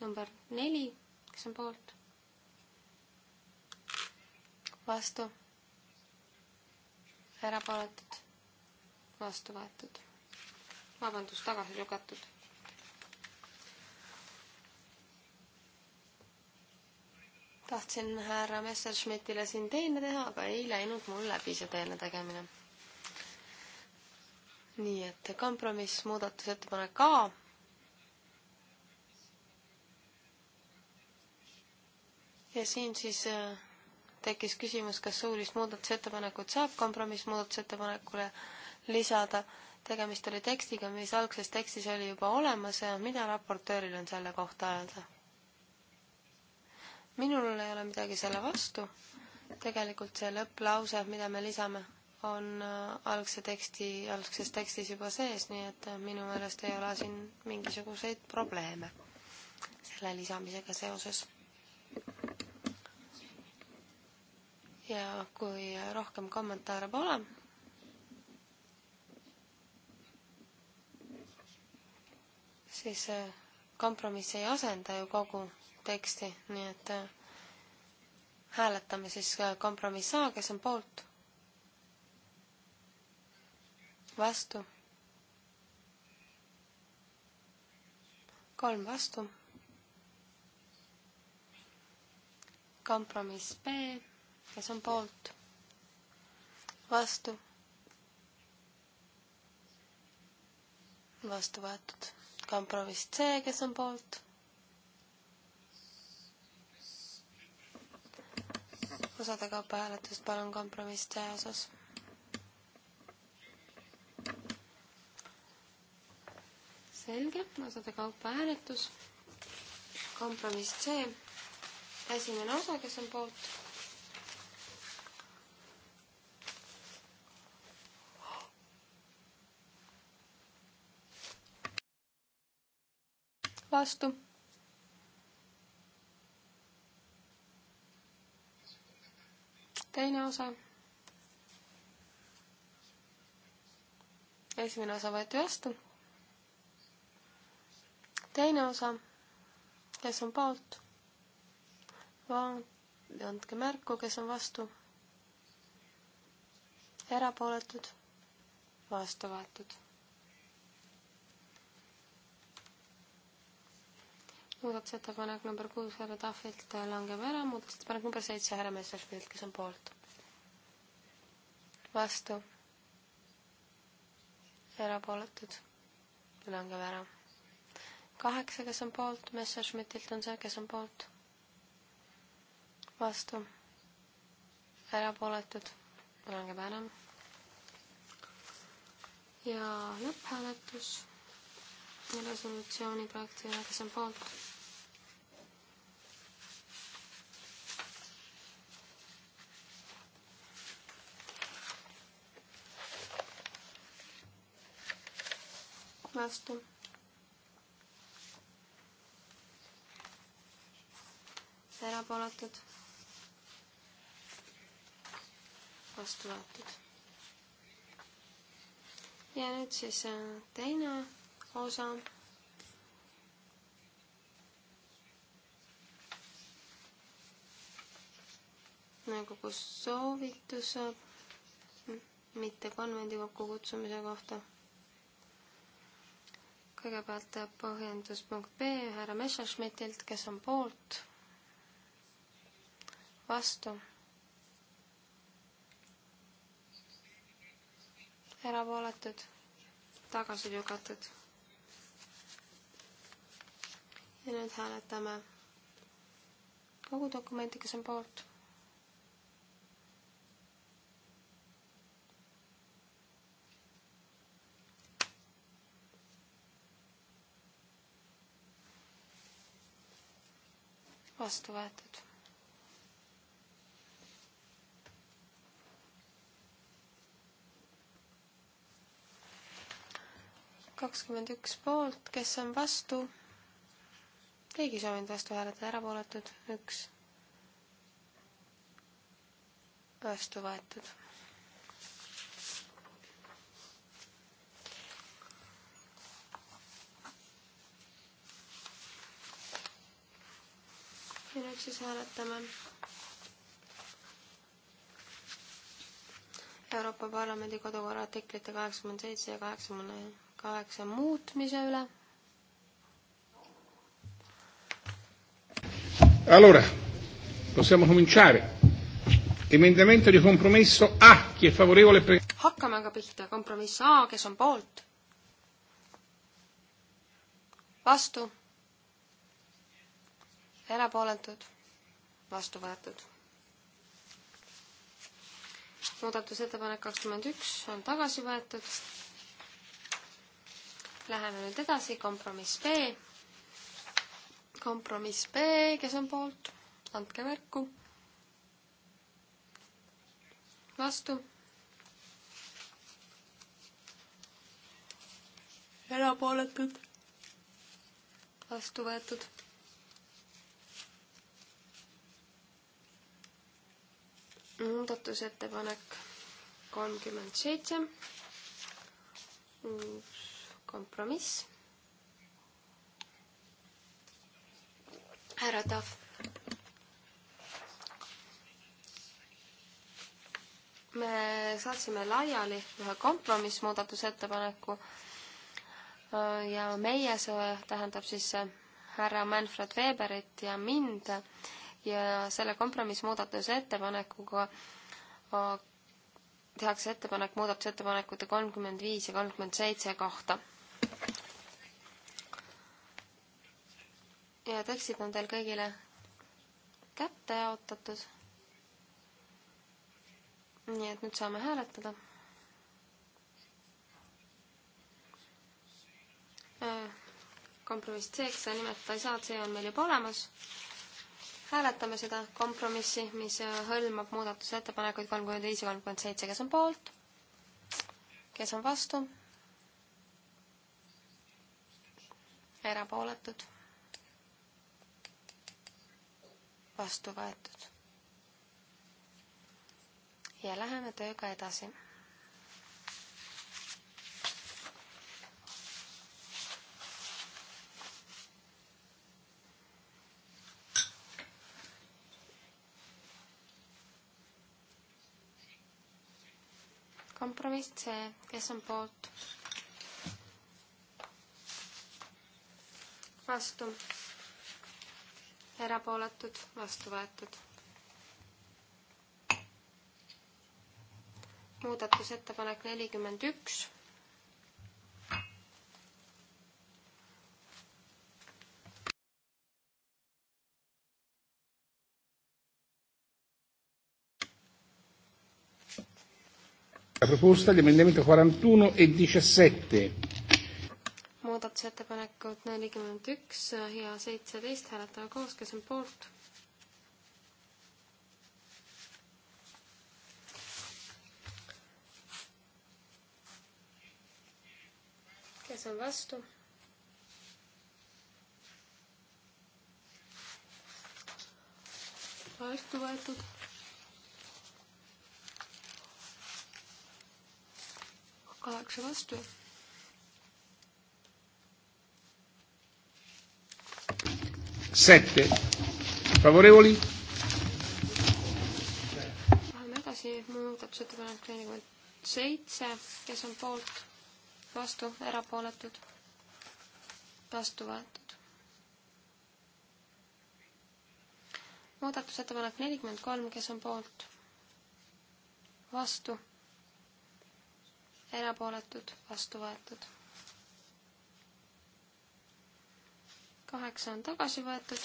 number neli, kes on poolt, vastu, erapooletud vastu võetud. vabandust, tagasi lükatud. tahtsin härra Messerschmittile siin teene teha, aga ei läinud mul läbi see teene tegemine. nii et kompromiss, muudatusettepanek A ja siin siis äh, tekkis küsimus, kas suulist muudatusettepanekut saab kompromissmuudatusettepanekule lisada. tegemist oli tekstiga, mis algses tekstis oli juba olemas ja mida raportööril on selle kohta öelda? minul ei ole midagi selle vastu. tegelikult see lõpplause, mida me lisame, on äh, algse teksti, algses tekstis juba sees, nii et äh, minu meelest ei ole siin mingisuguseid probleeme selle lisamisega seoses ja kui äh, rohkem kommentaare pole, siis äh, kompromiss ei asenda ju kogu teksti, nii et äh, hääletame siis äh, kompromiss A, kes on poolt, vastu, kolm vastu, kompromiss B, kes on poolt, vastu, vastu võetud kompromiss C, kes on poolt? osade kaupa hääletust palun kompromiss C osas. selge, osade kaupa hääletus. kompromiss C, esimene osa, kes on poolt vastu. teine osa. esimene osa võeti vastu. teine osa, kes on poolt? andke märku, kes on vastu. erapooletud, vastu võetud muudatusettepanek number kuus härra Tahvilt langeb ära, muudatusettepanek number seitse härra Messerschmidt, kes on poolt. vastu. erapooletud. langeb ära. kaheksa, kes on poolt, Messerschmidtilt on see, kes on poolt. vastu. erapooletud. langeb ära. ja lõpphääletus resolutsiooni projekti üle, kes on poolt vastu. erapooletud. vastu võetud. ja nüüd siis äh, teine osa nõukogu soovitus äh, mitte konvendi kokkukutsumise kohta kõigepealt põhjendus punkt B härra Messerschmittilt, kes on poolt, vastu, erapooletud, tagasi lükatud. ja nüüd hääletame kogu dokumenti, kes on poolt vastu võetud. kakskümmend üks poolt, kes on vastu? keegi ei soovinud vastu hääletada, erapooletud üks. vastu võetud lõplik siis hääletame. Euroopa Parlamendi kodukorra artiklite kaheksakümmend seitse ja kaheksakümne kaheksa muutmise üle. Allora, possiamo cominciare. Emendamento di compromesso A, chi è favorevole pre... hakkame aga pihta, kompromiss A, kes on poolt? vastu erapooletud, vastu võetud. muudatusettepanek kakskümmend üks on tagasi võetud. Läheme nüüd edasi, kompromiss B. kompromiss B, kes on poolt, andke märku. vastu. erapooletud. vastu võetud muudatusettepanek kolmkümmend seitse, kompromiss. härra Tahv. me saatsime laiali ühe kompromissmuudatusettepaneku ja meie, see tähendab siis härra Manfred Weberit ja mind ja selle kompromissmuudatuse ettepanekuga äh, tehakse ettepanek muudatusettepanekute kolmkümmend viis ja kolmkümmend seitse kohta. ja tekstid on teil kõigile kätte jaotatud. nii et nüüd saame hääletada. Äh, kompromiss C-ks sa nimetada ei saa, see on meil juba olemas hääletame seda kompromissi, mis hõlmab muudatusettepanekuid kolmkümmend viis ja kolmkümmend seitse, kes on poolt, kes on vastu, erapooletud, vastu võetud. ja läheme tööga edasi kompromiss C, kes on poolt? vastu. erapooletud, vastu võetud. muudatusettepanek nelikümmend üks La proposta gli emendamenti 41 e 17. muudatusettepanekud nelikümmend üks ja seitseteist hääletame koos, kes on poolt. kes on vastu? vastu võetud kaheksa vastu. Sette favorevoli. Läheme edasi muudatusettepanek nelikümmend seitse, kes on poolt, vastu, erapooletud, vastu võetud. muudatusettepanek nelikümmend kolm, kes on poolt, vastu erapooletud, vastu võetud. kaheksa on tagasi võetud.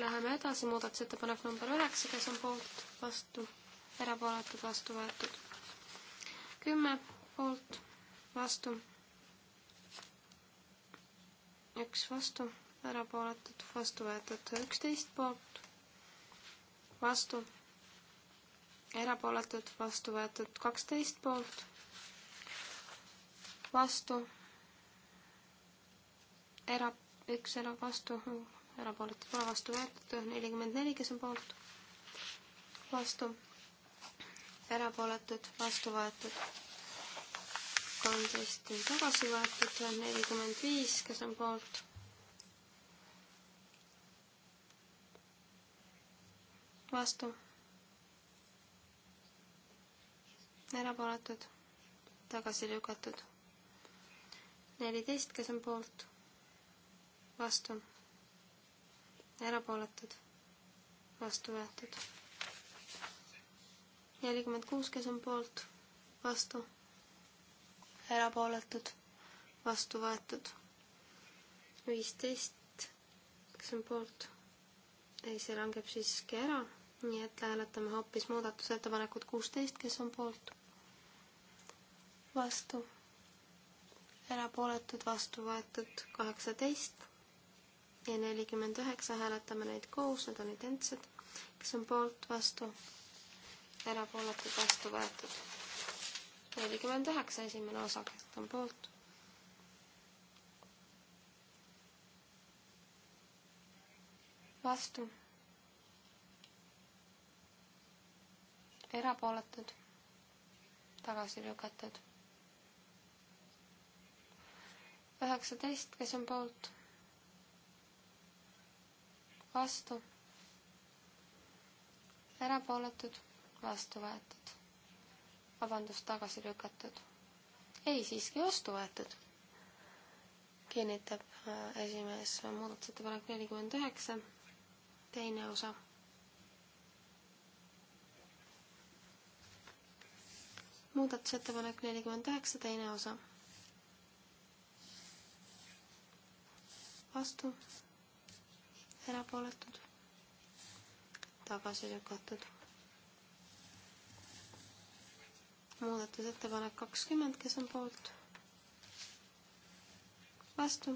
Läheme edasi, muudatusettepanek number üheksa, kes on poolt, vastu, erapooletud, vastu võetud. kümme poolt, vastu. üks vastu, erapooletud, vastu võetud, üksteist poolt, vastu erapooletud, vastu võetud kaksteist poolt, vastu, era-, üks elab vastu, erapooletu pole vastu võetud, nelikümmend neli, kes on poolt, vastu, erapooletud, vastu võetud, kolmteist on tagasi võetud, nelikümmend viis, kes on poolt, vastu, erapooletud, tagasi lükatud neliteist, kes on poolt, vastu, erapooletud, vastu võetud. nelikümmend kuus, kes on poolt, vastu, erapooletud, vastu võetud. viisteist, kes on poolt, ei, see langeb siiski ära, nii et hääletame hoopis muudatusettepanekut kuusteist, kes on poolt, vastu erapooletud, vastu võetud kaheksateist ja nelikümmend üheksa, hääletame neid koos, need on identsed, kes on poolt, vastu, erapooletud, vastu võetud. nelikümmend üheksa, esimene osa, kes on poolt. vastu. erapooletud, tagasi lükatud üheksateist, kes on poolt? vastu. erapooletud, vastu võetud. vabandust, tagasi lükatud. ei, siiski vastu võetud. kinnitab äh, esimees muudatusettepanek nelikümmend üheksa, teine osa muudatusettepanek nelikümmend üheksa, teine osa vastu, erapooletud, tagasi lükatud. muudatusettepanek kakskümmend, kes on poolt, vastu,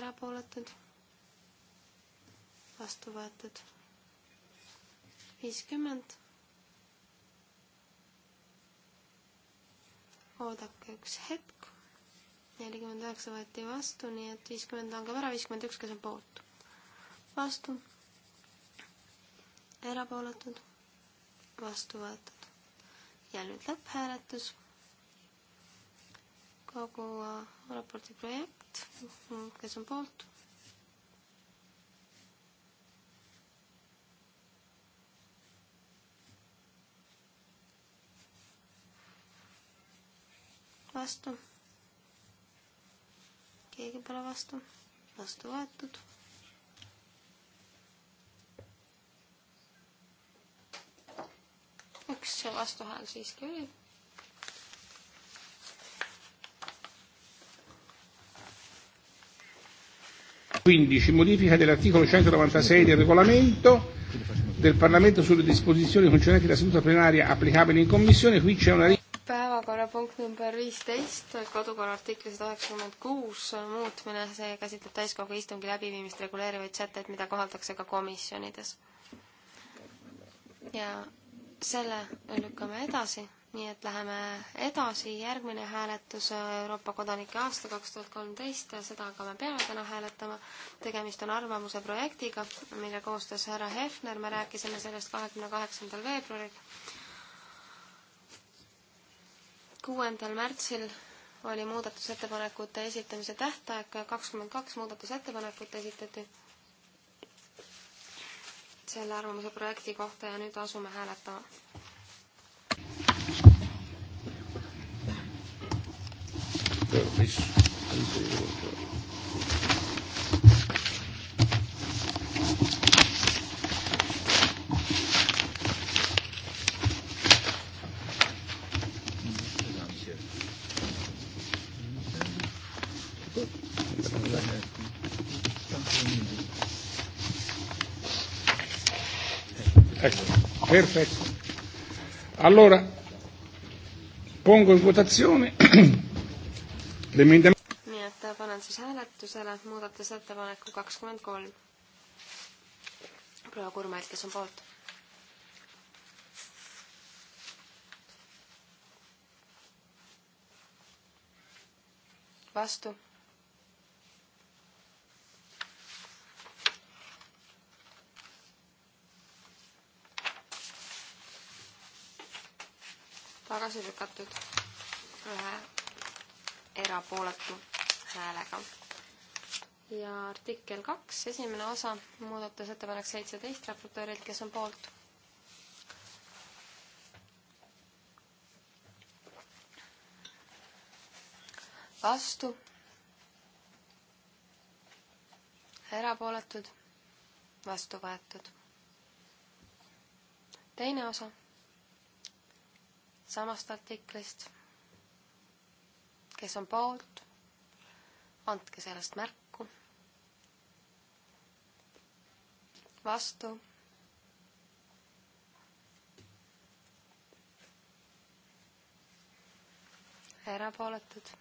erapooletud, vastu võetud, viiskümmend oodake üks hetk nelikümmend üheksa võeti vastu, nii et viiskümmend langeb ära, viiskümmend üks, kes on poolt. vastu. erapooletud. vastu võetud. ja nüüd lõpphääletus. kogu äh, raporti projekt, mm, kes on poolt vastu keegi pole vastu, vastu võetud. üks vastuhääl siiski oli quindici modifica dell'articolo 196 del regolamento del Parlamento sulle disposizioni concernenti la seduta plenaria applicabile in Commissione. Qui c'è una päevakorrapunkt number viisteist, kodukorra artikli sada üheksakümmend kuus muutmine, see käsitleb täiskogu istungi läbiviimist reguleerivaid sätteid, mida kohaldatakse ka komisjonides. ja selle lükkame edasi, nii et läheme edasi, järgmine hääletus Euroopa kodanike aasta kaks tuhat kolmteist, seda hakkame peale täna hääletama. tegemist on arvamuse projektiga, mille koostas härra Hefner, me rääkisime sellest kahekümne kaheksandal veebruaril kuuendal märtsil oli muudatusettepanekute esitamise tähtaeg, kakskümmend kaks muudatusettepanekut esitati selle arvamuse projekti kohta ja nüüd asume hääletama. Mis? Perfetto. Allora, pongo in votazione l'emendamento. nii et panen siis hääletusele muudatusettepaneku kakskümmend kolm. proua Kurmelt, kes on poolt? vastu tagasi lükatud ühe erapooletu häälega. ja artikkel kaks, esimene osa, muudatusettepanek seitseteist raportöörilt, kes on poolt vastu, erapooletud, vastu võetud. teine osa samast artiklist. kes on poolt, andke sellest märku. vastu. erapooletud.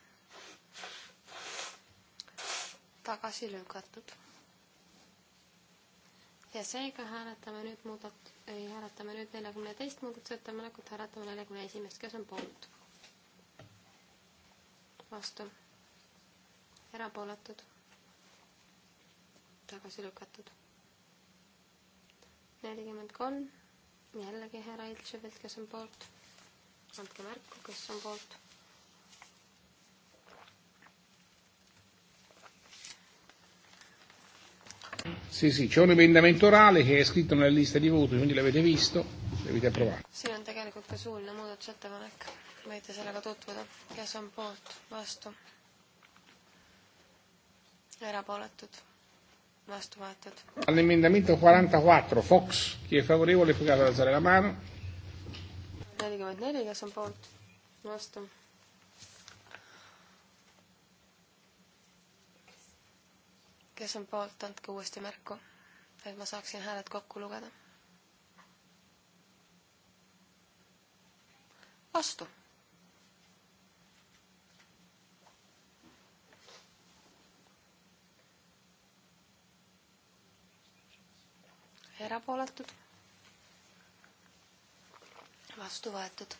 tagasi lükatud. ja seega hääletame nüüd muudatust hääletame nüüd neljakümne teist muudatusettepanekut, hääletame neljakümne esimest, kes on poolt? vastu? erapooletud? tagasi lükatud? nelikümmend kolm, jällegi härra Iltševilt, kes on poolt? andke märku, kes on poolt Sì, sì, c'è un emendamento orale che è scritto nella lista di voti, quindi l'avete visto, l'avete approvato. Sì, on tegelikult ka suuline muudatusettepanek, võite sellega tutvuda, kes on poolt, vastu, erapooletud, vastu võetud. All'emendamento 44, Fox, chi è favorevole può alzare la mano. nelikümmend neli, kes on poolt, vastu kes on poolt, andke uuesti märku, et ma saaksin hääled kokku lugeda. vastu. erapooletud. vastu võetud.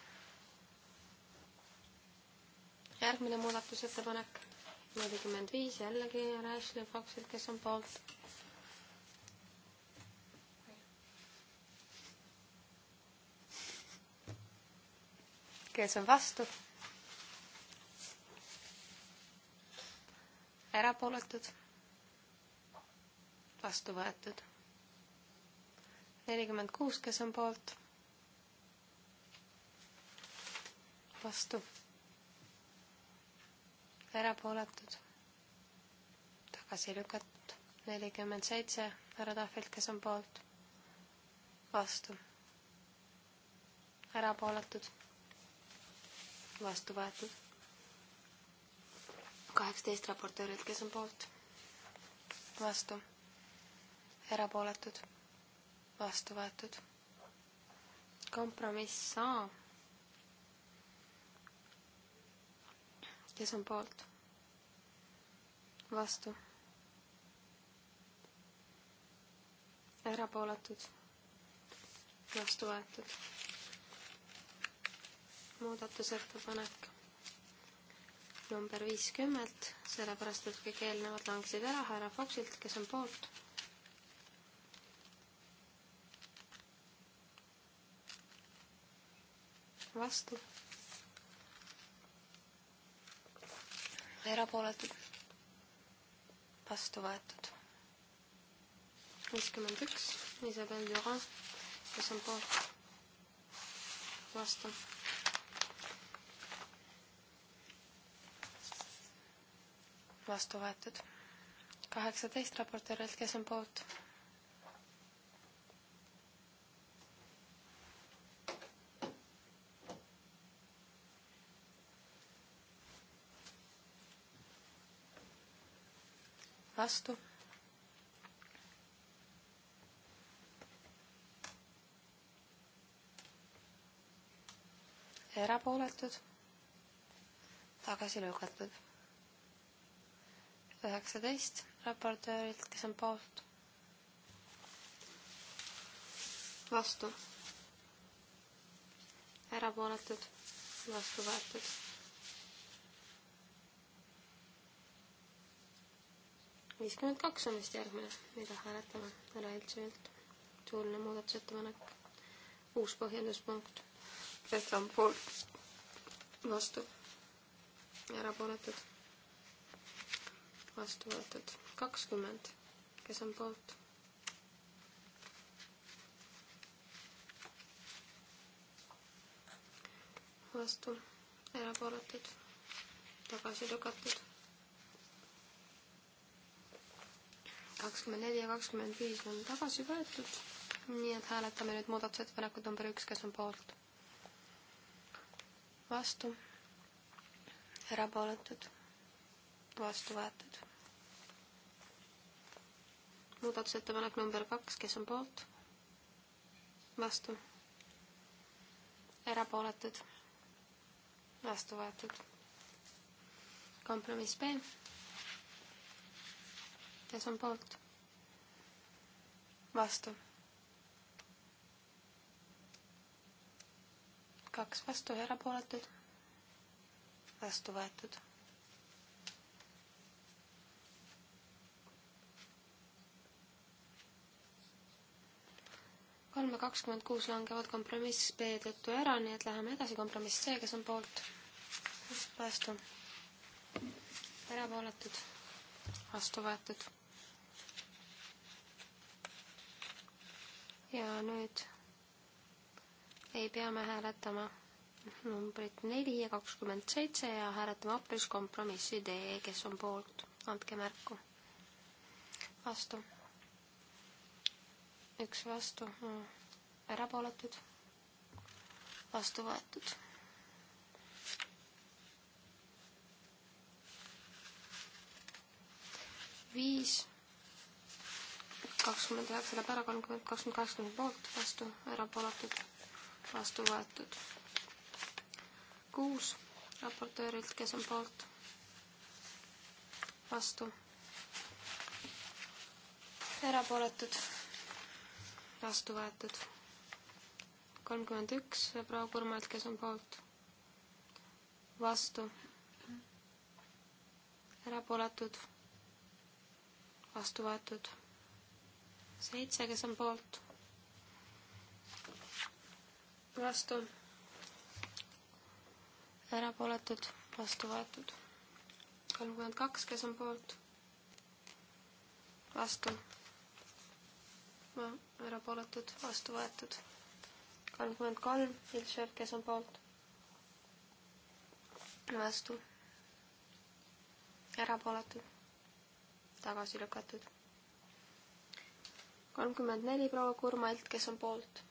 järgmine muudatusettepanek nelikümmend viis jällegi Ashley Foxilt, kes on poolt. kes on vastu? erapooletud? vastu võetud. nelikümmend kuus, kes on poolt? vastu erapooletud, tagasi lükatud, nelikümmend seitse härra Tahvilt, kes on poolt, vastu, erapooletud, vastu võetud, kaheksateist raportöörilt, kes on poolt, vastu, erapooletud, vastu võetud, kompromiss A kes on poolt? vastu. erapooletud, vastu võetud. muudatusettepanek number viiskümmend, sellepärast et kõik eelnevad langesid ära härra Foxilt, kes on poolt. vastu erapooletud, vastu võetud. viiskümmend üks, Isabel Duran, kes on poolt, vastu. vastu võetud. kaheksateist raportöörilt, kes on poolt vastu. erapooletud, tagasi lükatud. üheksateist raportöörilt, kes on poolt. vastu. erapooletud, vastu võetud viiskümmend kaks on vist järgmine, mida hääletame härra Eltsilt. suuline muudatusettepanek, uus põhjenduspunkt. kes on poolt? vastu. erapooletud. vastu võetud. kakskümmend, kes on poolt? vastu, erapooletud, tagasi lükatud kakskümmend neli ja kakskümmend viis on tagasi võetud, nii et hääletame nüüd muudatusettepanekut number üks, kes on poolt. vastu, erapooletud, vastu võetud. muudatusettepanek number kaks, kes on poolt, vastu, erapooletud, vastu võetud. kompromiss B kes on poolt? vastu. kaks vastu ja erapooletud. vastu võetud. kolm ja kakskümmend kuus langevad kompromiss B tõttu ära, nii et läheme edasi, kompromiss C, kes on poolt? vastu. erapooletud. vastu võetud ja nüüd ei pea me hääletama numbrit neli ja kakskümmend seitse ja hääletame hoopis kompromissi D, kes on poolt, andke märku. vastu. üks vastu, erapooletud, vastu võetud. viis kakskümmend üheksa läheb ära, kolmkümmend, kakskümmend, kaheksakümmend poolt, vastu, erapooletud, vastu võetud. kuus raportöörilt, kes on poolt, vastu, erapooletud, vastu võetud. kolmkümmend üks proua Kurmalt, kes on poolt, vastu, erapooletud, vastu võetud seitse, kes on poolt, vastu, erapooletud, vastu võetud. kolmkümmend kaks, kes on poolt, vastu, erapooletud, vastu võetud. kolmkümmend kolm, Ilšev, kes on poolt, vastu, erapooletud, tagasi lükatud kolmkümmend neli proua Kurmalt, kes on poolt?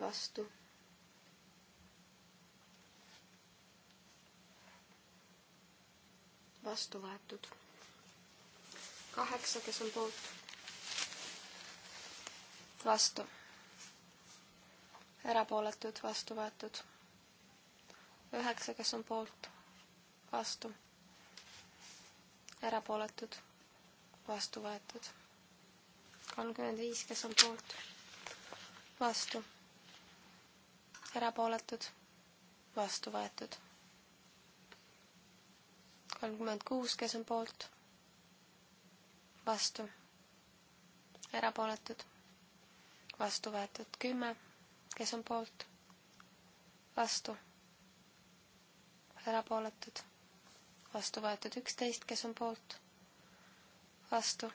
vastu. vastu võetud. kaheksa, kes on poolt? vastu. erapooletud, vastu võetud. üheksa, kes on poolt? vastu, erapooletud, vastu võetud. kolmkümmend viis, kes on poolt, vastu, erapooletud, vastu võetud. kolmkümmend kuus, kes on poolt, vastu, erapooletud, vastu võetud. kümme, kes on poolt, vastu erapooletud, vastu võetud üksteist, kes on poolt, vastu,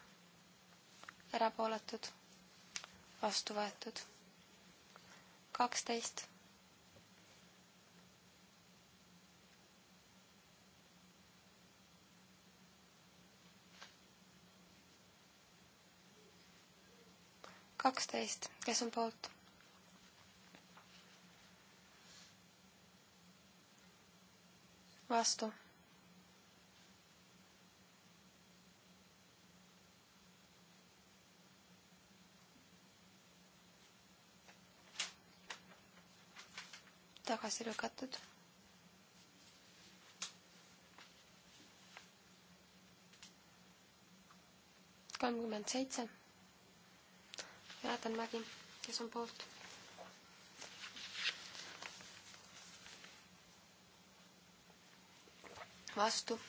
erapooletud, vastu võetud kaksteist. kaksteist, kes on poolt? vastu tagasi lükatud. kolmkümmend seitse. Jonathan Mägi, kes on poolt vastu.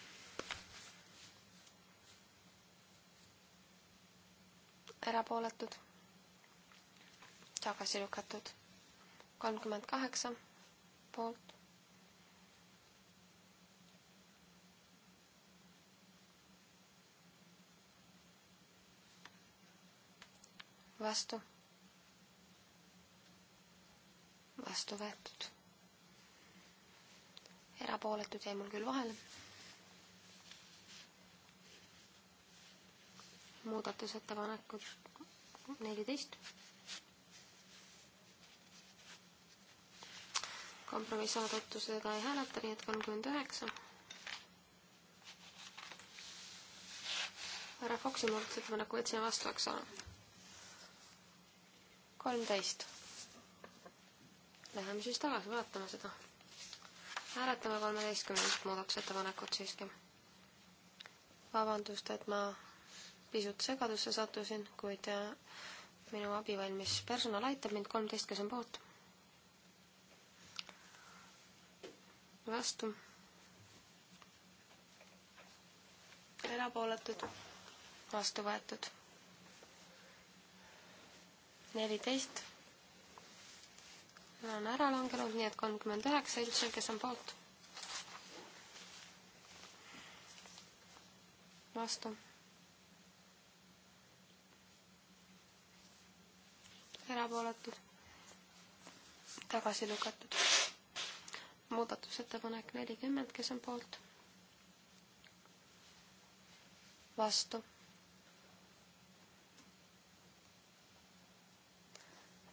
erapooletud, tagasi lükatud, kolmkümmend kaheksa poolt. vastu. vastu võetud. erapooletud jäi mul küll vahele. muudatusettepanekud neliteist kompromiss A tõttu seda ei hääleta, nii et kolmkümmend üheksa. härra Foxi muudatusettepaneku võtsin vastu, eks ole. kolmteist. Läheme siis tagasi, vaatame seda. hääletame kolmeteistkümnendat muudatusettepanekut siiski. vabandust, et ma pisut segadusse sattusin, kuid äh, minu abivalmis personal aitab mind, kolmteist, kes on poolt vastu, erapooletud, vastu võetud. neliteist on ära langenud, nii et kolmkümmend üheksa üldse, kes on poolt. vastu. erapooletud. tagasi lükatud muudatusettepanek nelikümmend, kes on poolt? vastu.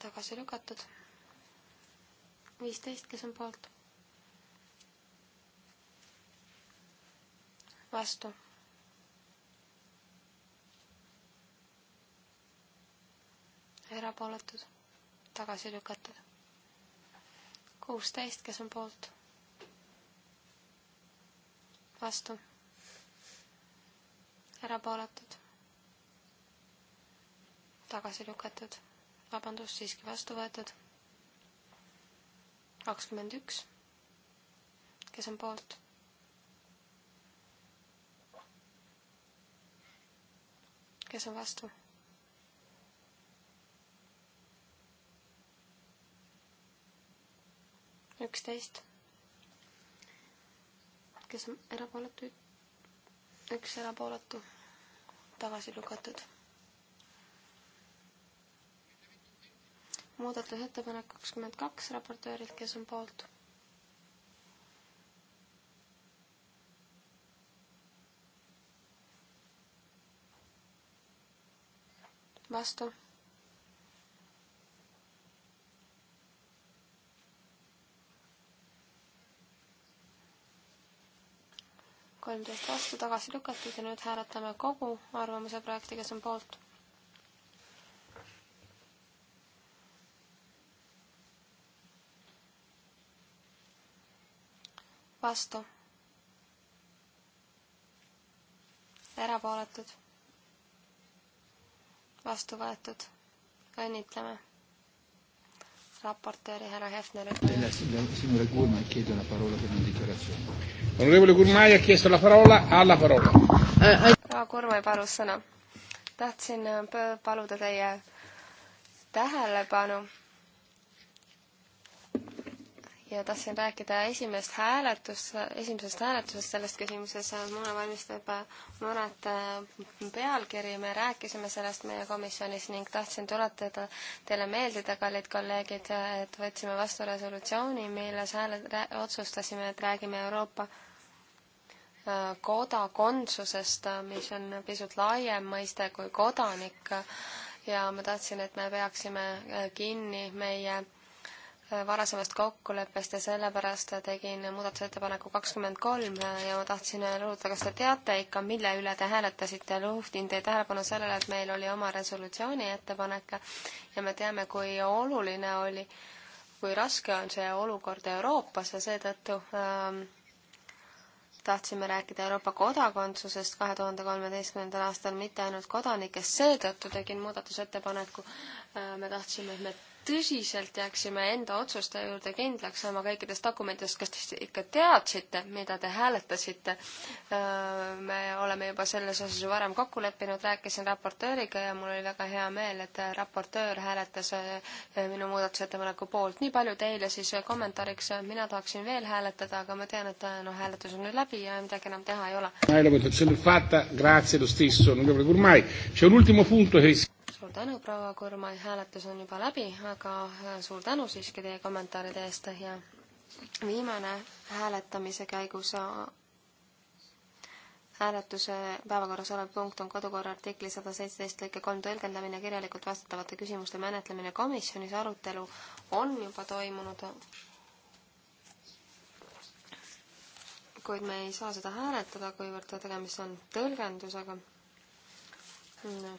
tagasi lükatud. viisteist, kes on poolt? vastu. erapooletud, tagasi lükatud kuusteist, kes on poolt? vastu. erapooletud. tagasi lükatud. vabandust, siiski vastu võetud. kakskümmend üks. kes on poolt? kes on vastu? üksteist. kes on erapooletuid? üks erapooletu, tagasi lükatud. muudatusettepanek kakskümmend kaks raportöörilt, kes on poolt? vastu kolmteist vastu tagasi lükatud ja nüüd hääletame kogu arvamuse projekti, kes on poolt. vastu. erapooletud. vastu võetud. õnnitleme raportööri härra Hefnerit. Onorevole Gurmai ha chiesto la parola, ha la parola. proua Gurmai palus sõna. tahtsin äh, paluda teie tähelepanu ja tahtsin rääkida esimest hääletust, esimesest hääletusest selles küsimuses, mulle valmistab äh, muret äh, pealkiri, me rääkisime sellest meie komisjonis ning tahtsin tuletada teile meeldida, kallid kolleegid, et võtsime vastu resolutsiooni, milles hääle-, otsustasime, et räägime Euroopa äh, kodakondsusest, mis on pisut laiem mõiste kui kodanik ja ma tahtsin, et me peaksime kinni meie varasemast kokkuleppest ja sellepärast tegin muudatusettepaneku kakskümmend kolm ja ma tahtsin rõhutada, kas te teate ikka, mille üle te hääletasite, juhtin teie tähelepanu sellele, et meil oli oma resolutsiooni ettepanek ja me teame, kui oluline oli, kui raske on see olukord Euroopas ja seetõttu ähm, tahtsime rääkida Euroopa kodakondsusest kahe tuhande kolmeteistkümnendal aastal, mitte ainult kodanikest, seetõttu tegin muudatusettepaneku. Äh, me tahtsime, et me tõsiselt jääksime enda otsuste juurde kindlaks oma kõikidest dokumentidest, kas te ikka teadsite, mida te hääletasite? me oleme juba selles osas ju varem kokku leppinud, rääkisin raportööriga ja mul oli väga hea meel, et raportöör hääletas minu muudatusettepaneku poolt. nii palju teile siis kommentaariks, mina tahaksin veel hääletada, aga ma tean, et noh, hääletus on nüüd läbi ja midagi enam teha ei ole. Grazie lo stesso, non dovrei ormai. C'è un ultimo punto che suur tänu, proua Kurmai, hääletus on juba läbi, aga äh, suur tänu siiski teie kommentaaride eest ja viimane hääletamise käigus äh, hääletuse päevakorras olev punkt on kodukorra artikli sada seitseteist lõike kolm tõlgendamine, kirjalikult vastatavate küsimuste menetlemine komisjonis, arutelu on juba toimunud. kuid me ei saa seda hääletada, kuivõrd tegemist on tõlgendusega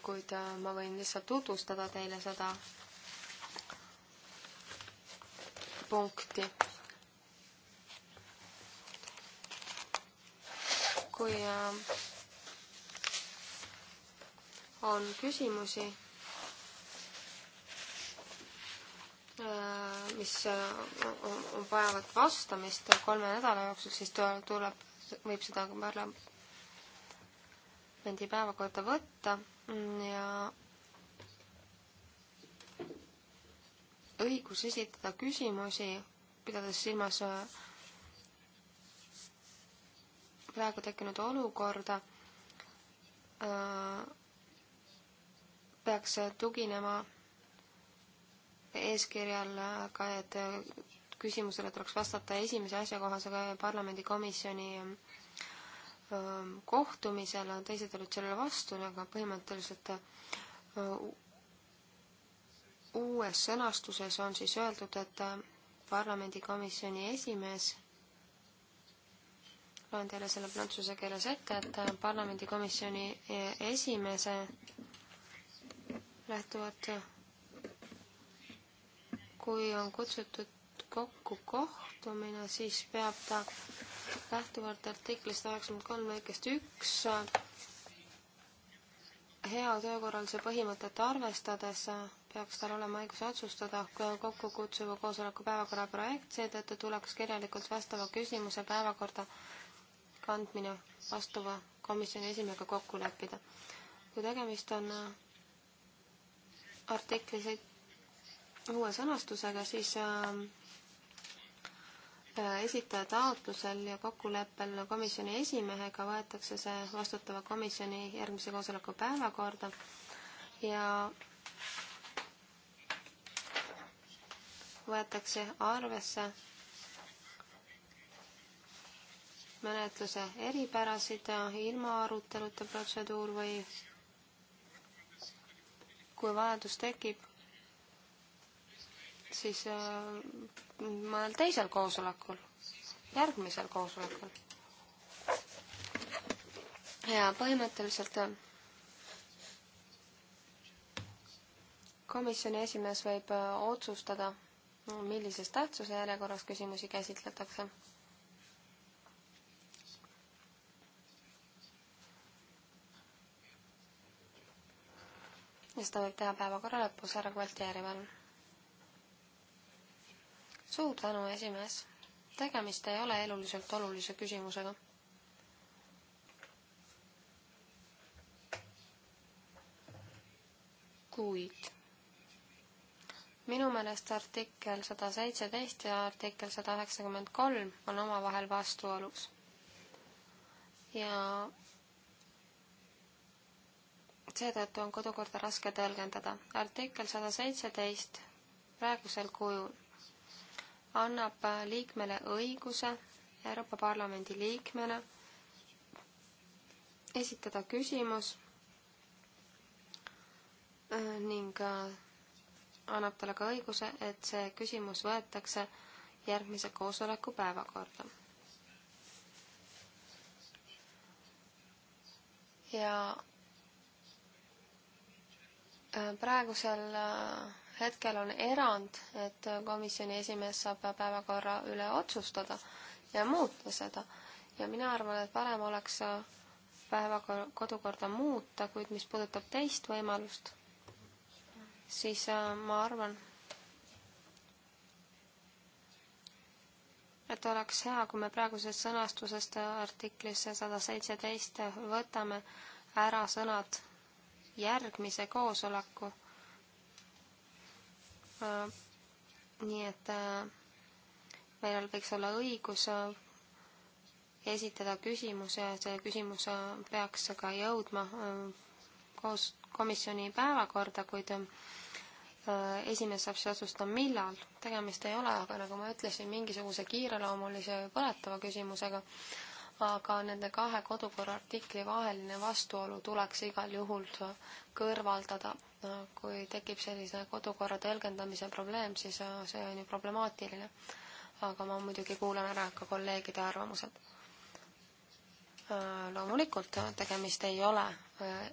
kuid äh, ma võin lihtsalt tutvustada teile seda punkti. kui äh, on küsimusi, äh, mis vajavad vastamist kolme nädala jooksul, siis tuleb, võib seda parlamendi päevakorda võtta ja õigus esitada küsimusi, pidades silmas äh, praegu tekkinud olukorda, äh, peaks tuginema eeskirjal ka, et äh, küsimusele tuleks vastata esimese asjakohase parlamendikomisjoni ähm, Äh, kohtumisel, teised olid sellele vastu, aga põhimõtteliselt äh, uues sõnastuses on siis öeldud, et äh, parlamendikomisjoni esimees loen teile selle prantsuse keeles ette, et parlamendikomisjoni e, esimese lähtuvalt kui on kutsutud kokku kohtumine, siis peab ta lähtuvalt artiklist kaheksakümmend kolm lõikest üks hea töökorralduse põhimõtet arvestades peaks tal olema õigus otsustada kokkukutsuva koosoleku päevakorra projekt, seetõttu tuleks kirjalikult vastava küsimuse päevakorda kandmine vastuva komisjoni esimehega kokku leppida. kui tegemist on äh, artikli uue sõnastusega, siis äh, esitaja taotlusel ja kokkuleppel komisjoni esimehega võetakse see vastutava komisjoni järgmise koosoleku päevakorda ja võetakse arvesse menetluse eripärasid ilma aruteluta protseduur või kui vajadus tekib, siis äh, mõnel teisel koosolekul, järgmisel koosolekul. ja põhimõtteliselt äh, komisjoni esimees võib äh, otsustada, millises tähtsuse järjekorras küsimusi käsitletakse. ja seda võib teha päevakorra lõpus, härra Gvaltieri, palun suur tänu, esimees. tegemist ei ole eluliselt olulise küsimusega. kuid minu meelest artikkel sada seitseteist ja artikkel sada üheksakümmend kolm on omavahel vastuolus. ja seetõttu on kodukorda raske tõlgendada. artikkel sada seitseteist praegusel kujul annab äh, liikmele õiguse Euroopa Parlamendi liikmena esitada küsimus äh, ning äh, annab talle ka õiguse, et see küsimus võetakse järgmise koosoleku päevakorda. ja praegusel hetkel on erand, et komisjoni esimees saab päevakorra üle otsustada ja muuta seda. ja mina arvan, et parem oleks päevakorra, kodukorda muuta, kuid mis puudutab teist võimalust, siis äh, ma arvan, et oleks hea, kui me praegusest sõnastusest artiklisse sada seitseteist võtame ära sõnad järgmise koosoleku Äh, nii et äh, meil võiks olla õigus äh, esitada küsimus ja see küsimus peaks ka jõudma koos komisjoni päevakorda, kuid esimees saab siis otsustama, millal. tegemist ei ole aga, nagu ma ütlesin, mingisuguse kiireloomulise põletava küsimusega, aga nende kahe kodukorra artikli vaheline vastuolu tuleks igal juhul kõrvaldada. kui tekib sellise kodukorra tõlgendamise probleem, siis äh, see on ju problemaatiline. aga ma muidugi kuulan ära ka kolleegide arvamused. Äh, loomulikult äh, tegemist ei ole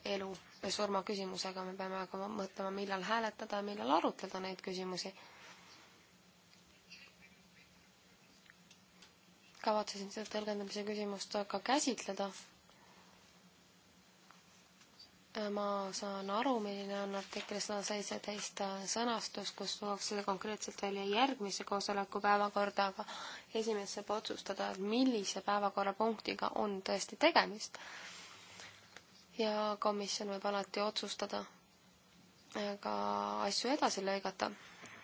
elu või surma küsimusega, me peame aga mõtlema, millal hääletada ja millal arutleda neid küsimusi kavatsesin seda tõlgendamise küsimust ka käsitleda. ma saan aru, milline on artikli sada seitseteist sõnastus, kus tuuakse konkreetselt välja järgmise koosoleku päevakorda, aga esimees saab otsustada, et millise päevakorrapunktiga on tõesti tegemist. ja komisjon võib alati otsustada ka asju edasi lõigata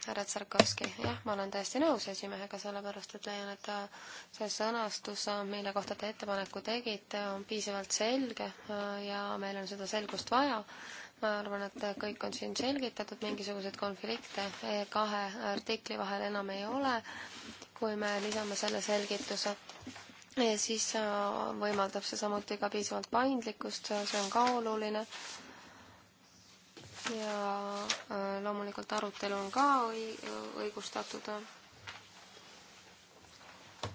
härra Tsarkovski, jah, ma olen täiesti nõus esimehega, sellepärast et leian, et äh, see sõnastus, äh, mille kohta te ettepaneku tegite, on piisavalt selge äh, ja meil on seda selgust vaja. ma arvan, et kõik on siin selgitatud, mingisuguseid konflikte kahe artikli vahel enam ei ole, kui me lisame selle selgituse ja siis võimaldab see samuti ka piisavalt paindlikkust, see on ka oluline ja äh, loomulikult arutelu on ka õigustatud.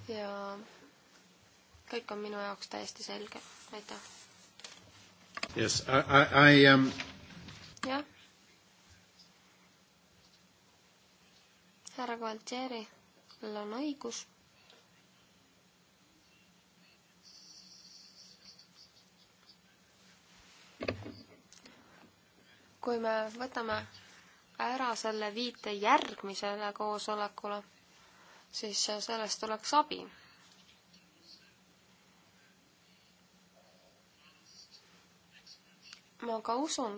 ja kõik on minu jaoks täiesti selge, aitäh. Yes, I, I, I um... jah. härra Gualtieri, teil on õigus kui me võtame ära selle viite järgmisele koosolekule, siis sellest oleks abi. ma ka usun,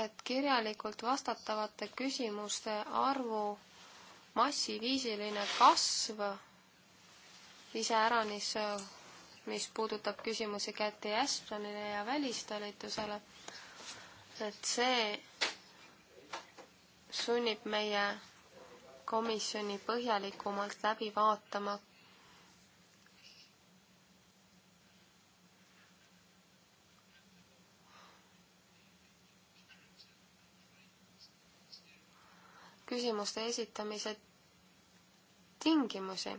et kirjalikult vastatavate küsimuste arvu massiviisiline kasv iseäranis mis puudutab küsimusi Käti Ashtonile ja välistalitusele, et see sunnib meie komisjoni põhjalikumalt läbi vaatama küsimuste esitamise tingimusi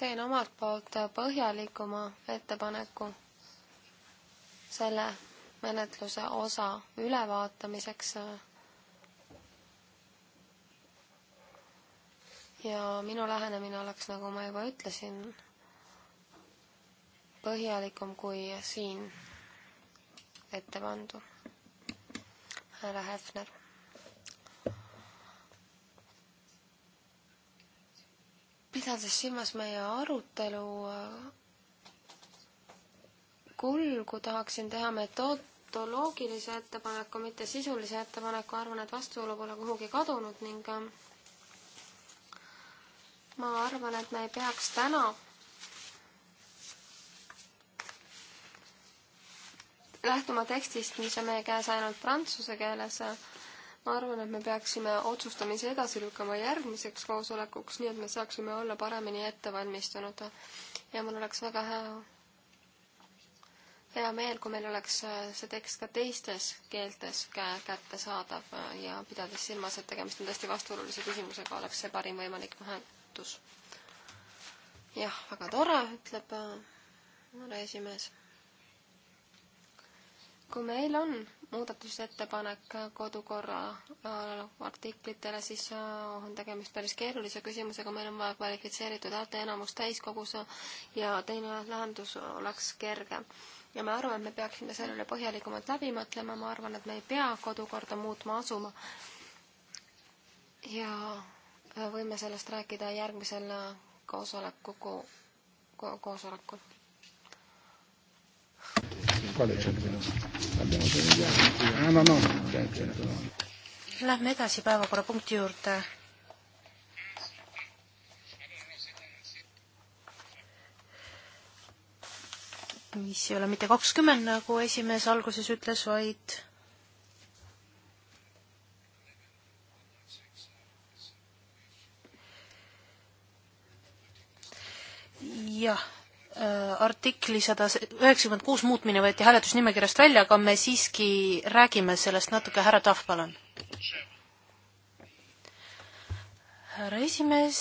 teen omalt poolt põhjalikuma ettepaneku selle menetluse osa ülevaatamiseks. ja minu lähenemine oleks, nagu ma juba ütlesin, põhjalikum kui siin ette pandu. härra Häfner pidades silmas meie arutelu äh, kulgu, tahaksin teha metodoloogilise ettepaneku, mitte sisulise ettepaneku, arvan, et vastuolu pole kuhugi kadunud ning äh, ma arvan, et me ei peaks täna lähtuma tekstist, mis on meie käes ainult prantsuse keeles äh, ma arvan, et me peaksime otsustamise edasi lükkama järgmiseks koosolekuks, nii et me saaksime olla paremini ette valmistunud. ja mul oleks väga hea, hea meel, kui meil oleks äh, see tekst ka teistes keeltes kättesaadav äh, ja pidades silmas, et tegemist on tõesti vastuolulise küsimusega, oleks see parim võimalik lahendus. jah, väga tore, ütleb äh, härra esimees. kui meil on muudatusettepanek kodukorra äh, artiklitele, siis äh, on tegemist päris keerulise küsimusega, meil on vaja kvalifitseeritud häälteenamus täiskogus ja teine lahendus oleks kergem. ja ma arvan, et me peaksime selle üle põhjalikumalt läbi mõtlema, ma arvan, et me ei pea kodukorda muutma asuma. ja äh, võime sellest rääkida järgmisel koosoleku ko, ko, koosolekul quale 190? Abbiamo Ah no, no, 190. Lähme edasi päevakorrapunkti juurde. mis ei ole mitte kakskümmend, nagu esimees alguses ütles, vaid jah Äh, artikli sada üheksakümmend kuus muutmine võeti hääletusnimekirjast välja, aga me siiski räägime sellest natuke, härra Tahv, palun. härra esimees.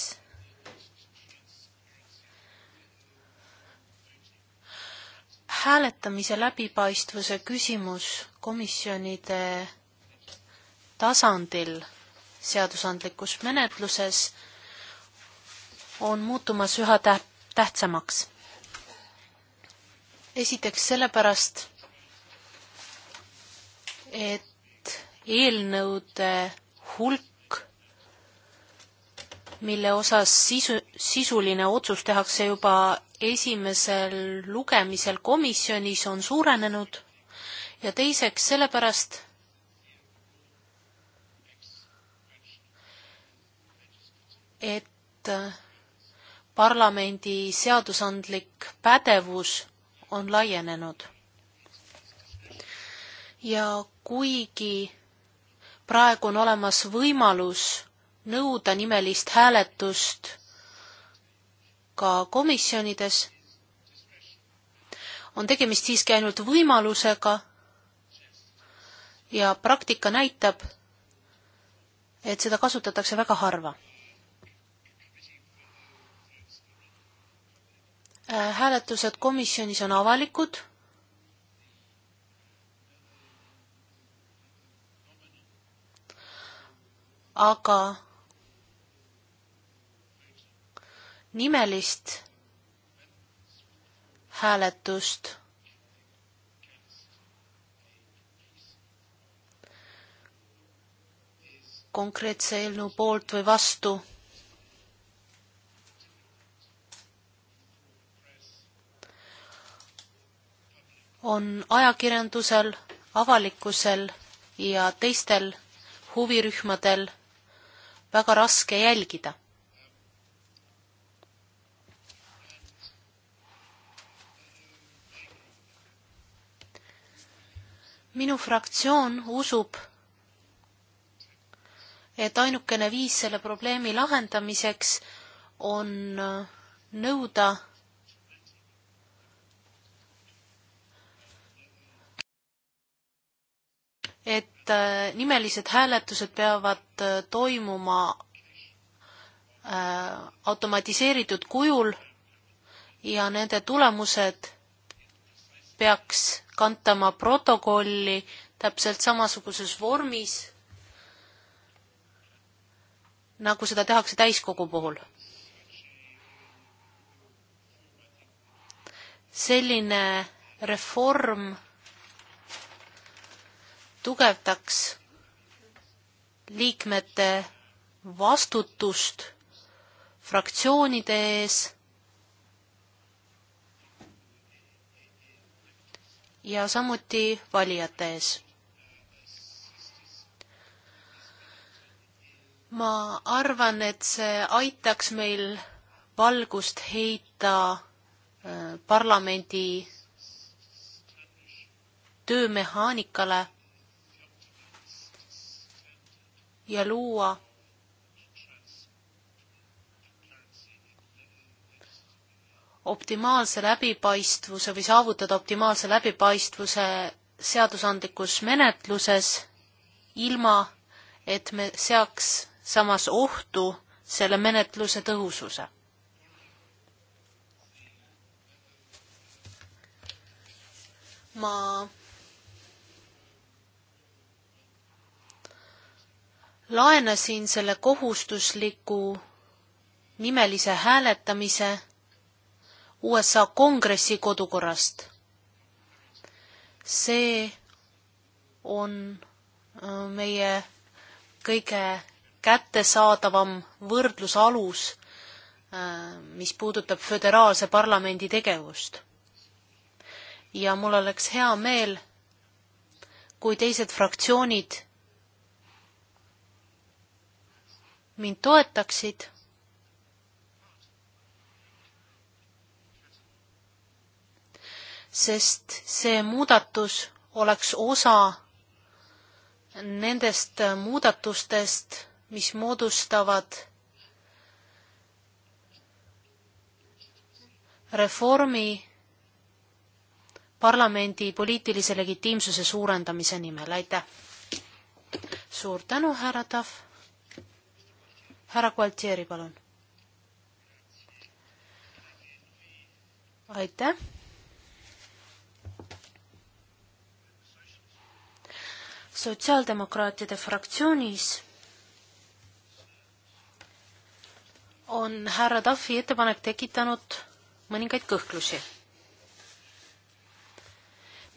hääletamise läbipaistvuse küsimus komisjonide tasandil seadusandlikus menetluses on muutumas üha tähtsamaks esiteks sellepärast, et eelnõude hulk, mille osas sisu, sisuline otsus tehakse juba esimesel lugemisel komisjonis, on suurenenud ja teiseks sellepärast, et parlamendi seadusandlik pädevus on laienenud. ja kuigi praegu on olemas võimalus nõuda nimelist hääletust ka komisjonides, on tegemist siiski ainult võimalusega ja praktika näitab, et seda kasutatakse väga harva Äh, hääletused komisjonis on avalikud. aga nimelist hääletust konkreetse eelnõu poolt või vastu on ajakirjandusel, avalikkusel ja teistel huvirühmadel väga raske jälgida. minu fraktsioon usub, et ainukene viis selle probleemi lahendamiseks on nõuda et äh, nimelised hääletused peavad äh, toimuma äh, automatiseeritud kujul ja nende tulemused peaks kantama protokolli täpselt samasuguses vormis, nagu seda tehakse täiskogu puhul. selline reform tugevdaks liikmete vastutust fraktsioonide ees ja samuti valijate ees. ma arvan, et see aitaks meil valgust heita äh, parlamendi töömehaanikale ja luua optimaalse läbipaistvuse või saavutada optimaalse läbipaistvuse seadusandlikus menetluses, ilma et me seaks samas ohtu selle menetluse tõhususe. ma laenasin selle kohustusliku nimelise hääletamise USA kongressi kodukorrast. see on äh, meie kõige kättesaadavam võrdlusalus, äh, mis puudutab föderaalse parlamendi tegevust. ja mul oleks hea meel, kui teised fraktsioonid mind toetaksid. sest see muudatus oleks osa nendest muudatustest, mis moodustavad reformi parlamendi poliitilise legitiimsuse suurendamise nimel, aitäh! suur tänu, härra Tahv! härra Gualtieri, palun. aitäh. sotsiaaldemokraatide fraktsioonis on härra Tafi ettepanek tekitanud mõningaid kõhklusi.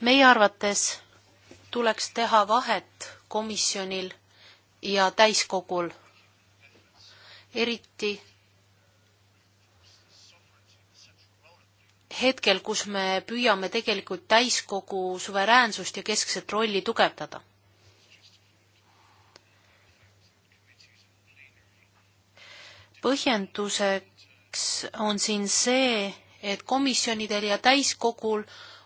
meie arvates tuleks teha vahet komisjonil ja täiskogul eriti hetkel, kus me püüame tegelikult täiskogu suveräänsust ja keskset rolli tugevdada. põhjenduseks on siin see, et komisjonidel ja täiskogul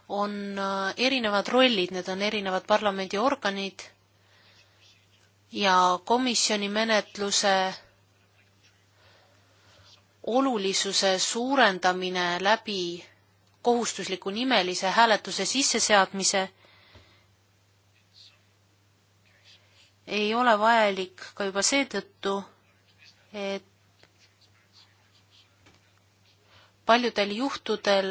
on äh, erinevad rollid, need on erinevad parlamendiorganid ja komisjoni menetluse olulisuse suurendamine läbi kohustusliku nimelise hääletuse sisseseadmise ei ole vajalik ka juba seetõttu, et paljudel juhtudel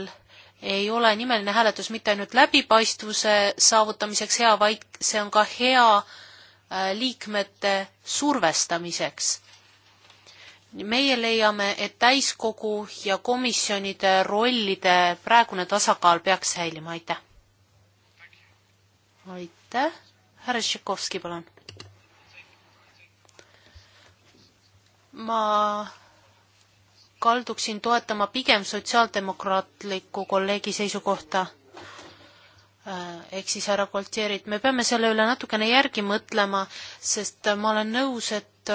ei ole nimeline hääletus mitte ainult läbipaistvuse saavutamiseks hea, vaid see on ka hea äh, liikmete survestamiseks meie leiame, et täiskogu ja komisjonide rollide praegune tasakaal peaks säilima, aitäh. aitäh, härra Tšikovski, palun. ma kalduksin toetama pigem sotsiaaldemokraatliku kolleegi seisukohta ehk siis härra Koltierit, me peame selle üle natukene järgi mõtlema, sest ma olen nõus, et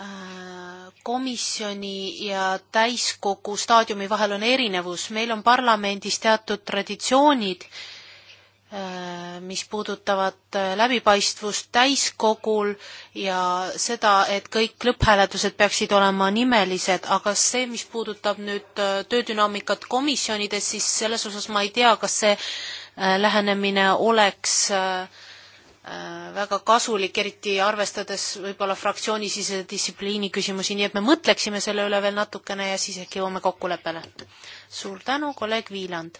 Äh, komisjoni ja täiskogu staadiumi vahel on erinevus, meil on parlamendis teatud traditsioonid, äh, mis puudutavad äh, läbipaistvust täiskogul ja seda, et kõik lõpphääletused peaksid olema nimelised, aga see, mis puudutab nüüd töödünaamikat komisjonides, siis selles osas ma ei tea, kas see lähenemine oleks äh, Äh, väga kasulik, eriti arvestades võib-olla fraktsioonisisese distsipliini küsimusi, nii et me mõtleksime selle üle veel natukene ja siis äkki jõuame kokkuleppele. suur tänu, kolleeg Viiland.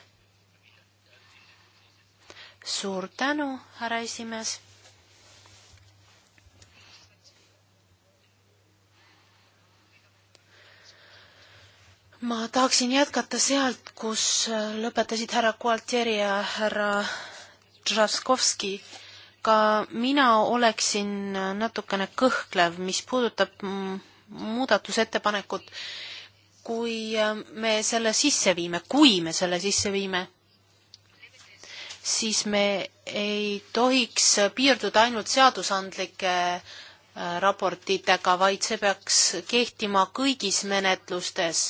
suur tänu, härra esimees. ma tahaksin jätkata sealt, kus lõpetasid härra Gualtieri ja härra Džaskovski äh, ka mina oleksin natukene kõhklev, mis puudutab muudatusettepanekut, kui äh, me selle sisse viime, kui me selle sisse viime, siis me ei tohiks piirduda ainult seadusandlike äh, raportitega, vaid see peaks kehtima kõigis menetlustes.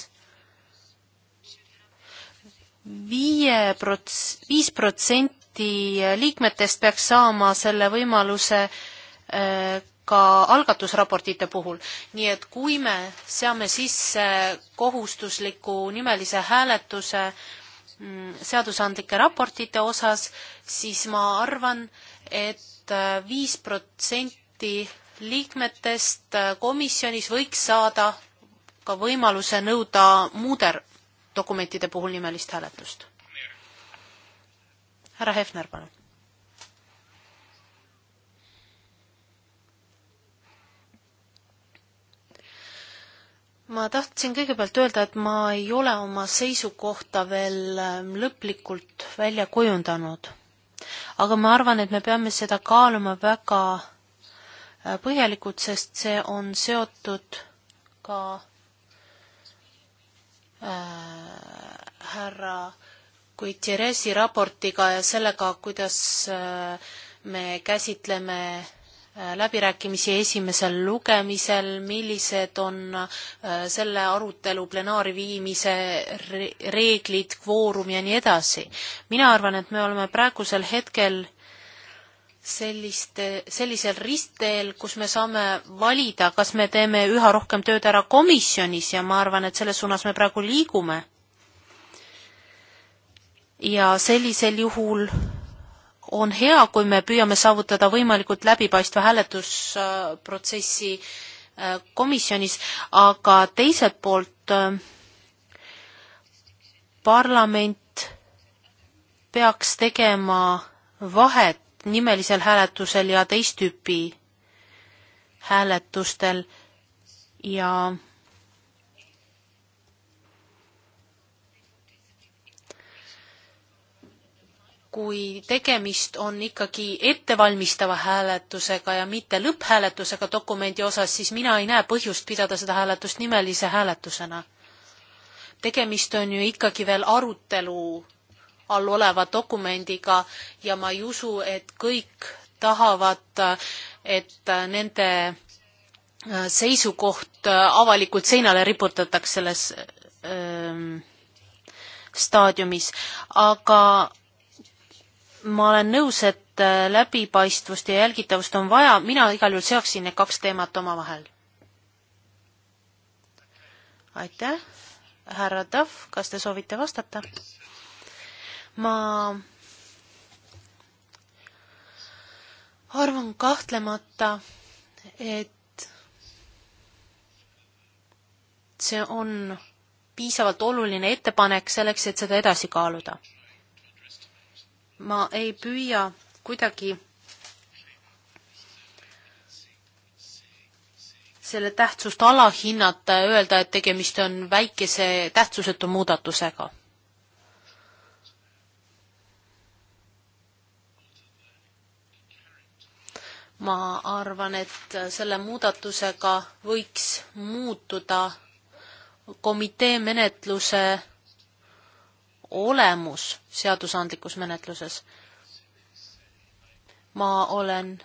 viie prots-, viis protsenti parlamendi äh, liikmetest peaks saama selle võimaluse äh, ka algatusraportite puhul. nii et kui me seame sisse kohustusliku nimelise hääletuse mm, seadusandlike raportite osas, siis ma arvan et, et äh, viis protsenti liikmetest komisjonis võiks saada ka võimaluse nõuda muude dokumentide puhul nimelist hääletust härra Hefner, palun. ma tahtsin kõigepealt öelda, et ma ei ole oma seisukohta veel ähm, lõplikult välja kujundanud. aga ma arvan, et me peame seda kaaluma väga äh, põhjalikult, sest see on seotud ka äh, härra äh, kuid Jeresi raportiga ja sellega, kuidas äh, me käsitleme äh, läbirääkimisi esimesel lugemisel, millised on äh, selle arutelu plenaari viimise reeglid, kvoorum ja nii edasi. mina arvan, et me oleme praegusel hetkel selliste, sellisel ristteel, kus me saame valida, kas me teeme üha rohkem tööd ära komisjonis ja ma arvan, et selles suunas me praegu liigume ja sellisel juhul on hea, kui me püüame saavutada võimalikult läbipaistva hääletusprotsessi äh, komisjonis, aga teiselt poolt äh, parlament peaks tegema vahet nimelisel hääletusel ja teist tüüpi hääletustel ja kui tegemist on ikkagi ettevalmistava hääletusega ja mitte lõpphääletusega dokumendi osas, siis mina ei näe põhjust pidada seda hääletust nimelise hääletusena. tegemist on ju ikkagi veel arutelu all oleva dokumendiga ja ma ei usu, et kõik tahavad, et nende äh, seisukoht äh, avalikult seinale riputatakse selles öö, ähm, staadiumis, aga ma olen nõus, et äh, läbipaistvust ja jälgitavust on vaja, mina igal juhul seoksin need kaks teemat omavahel. aitäh, härra Tahv, kas te soovite vastata? ma arvan kahtlemata, et see on piisavalt oluline ettepanek selleks, et seda edasi kaaluda ma ei püüa kuidagi selle tähtsust alahinnata ja öelda, et tegemist on väikese tähtsusetu muudatusega. ma arvan, et selle muudatusega võiks muutuda komitee menetluse olemus seadusandlikus menetluses. ma olen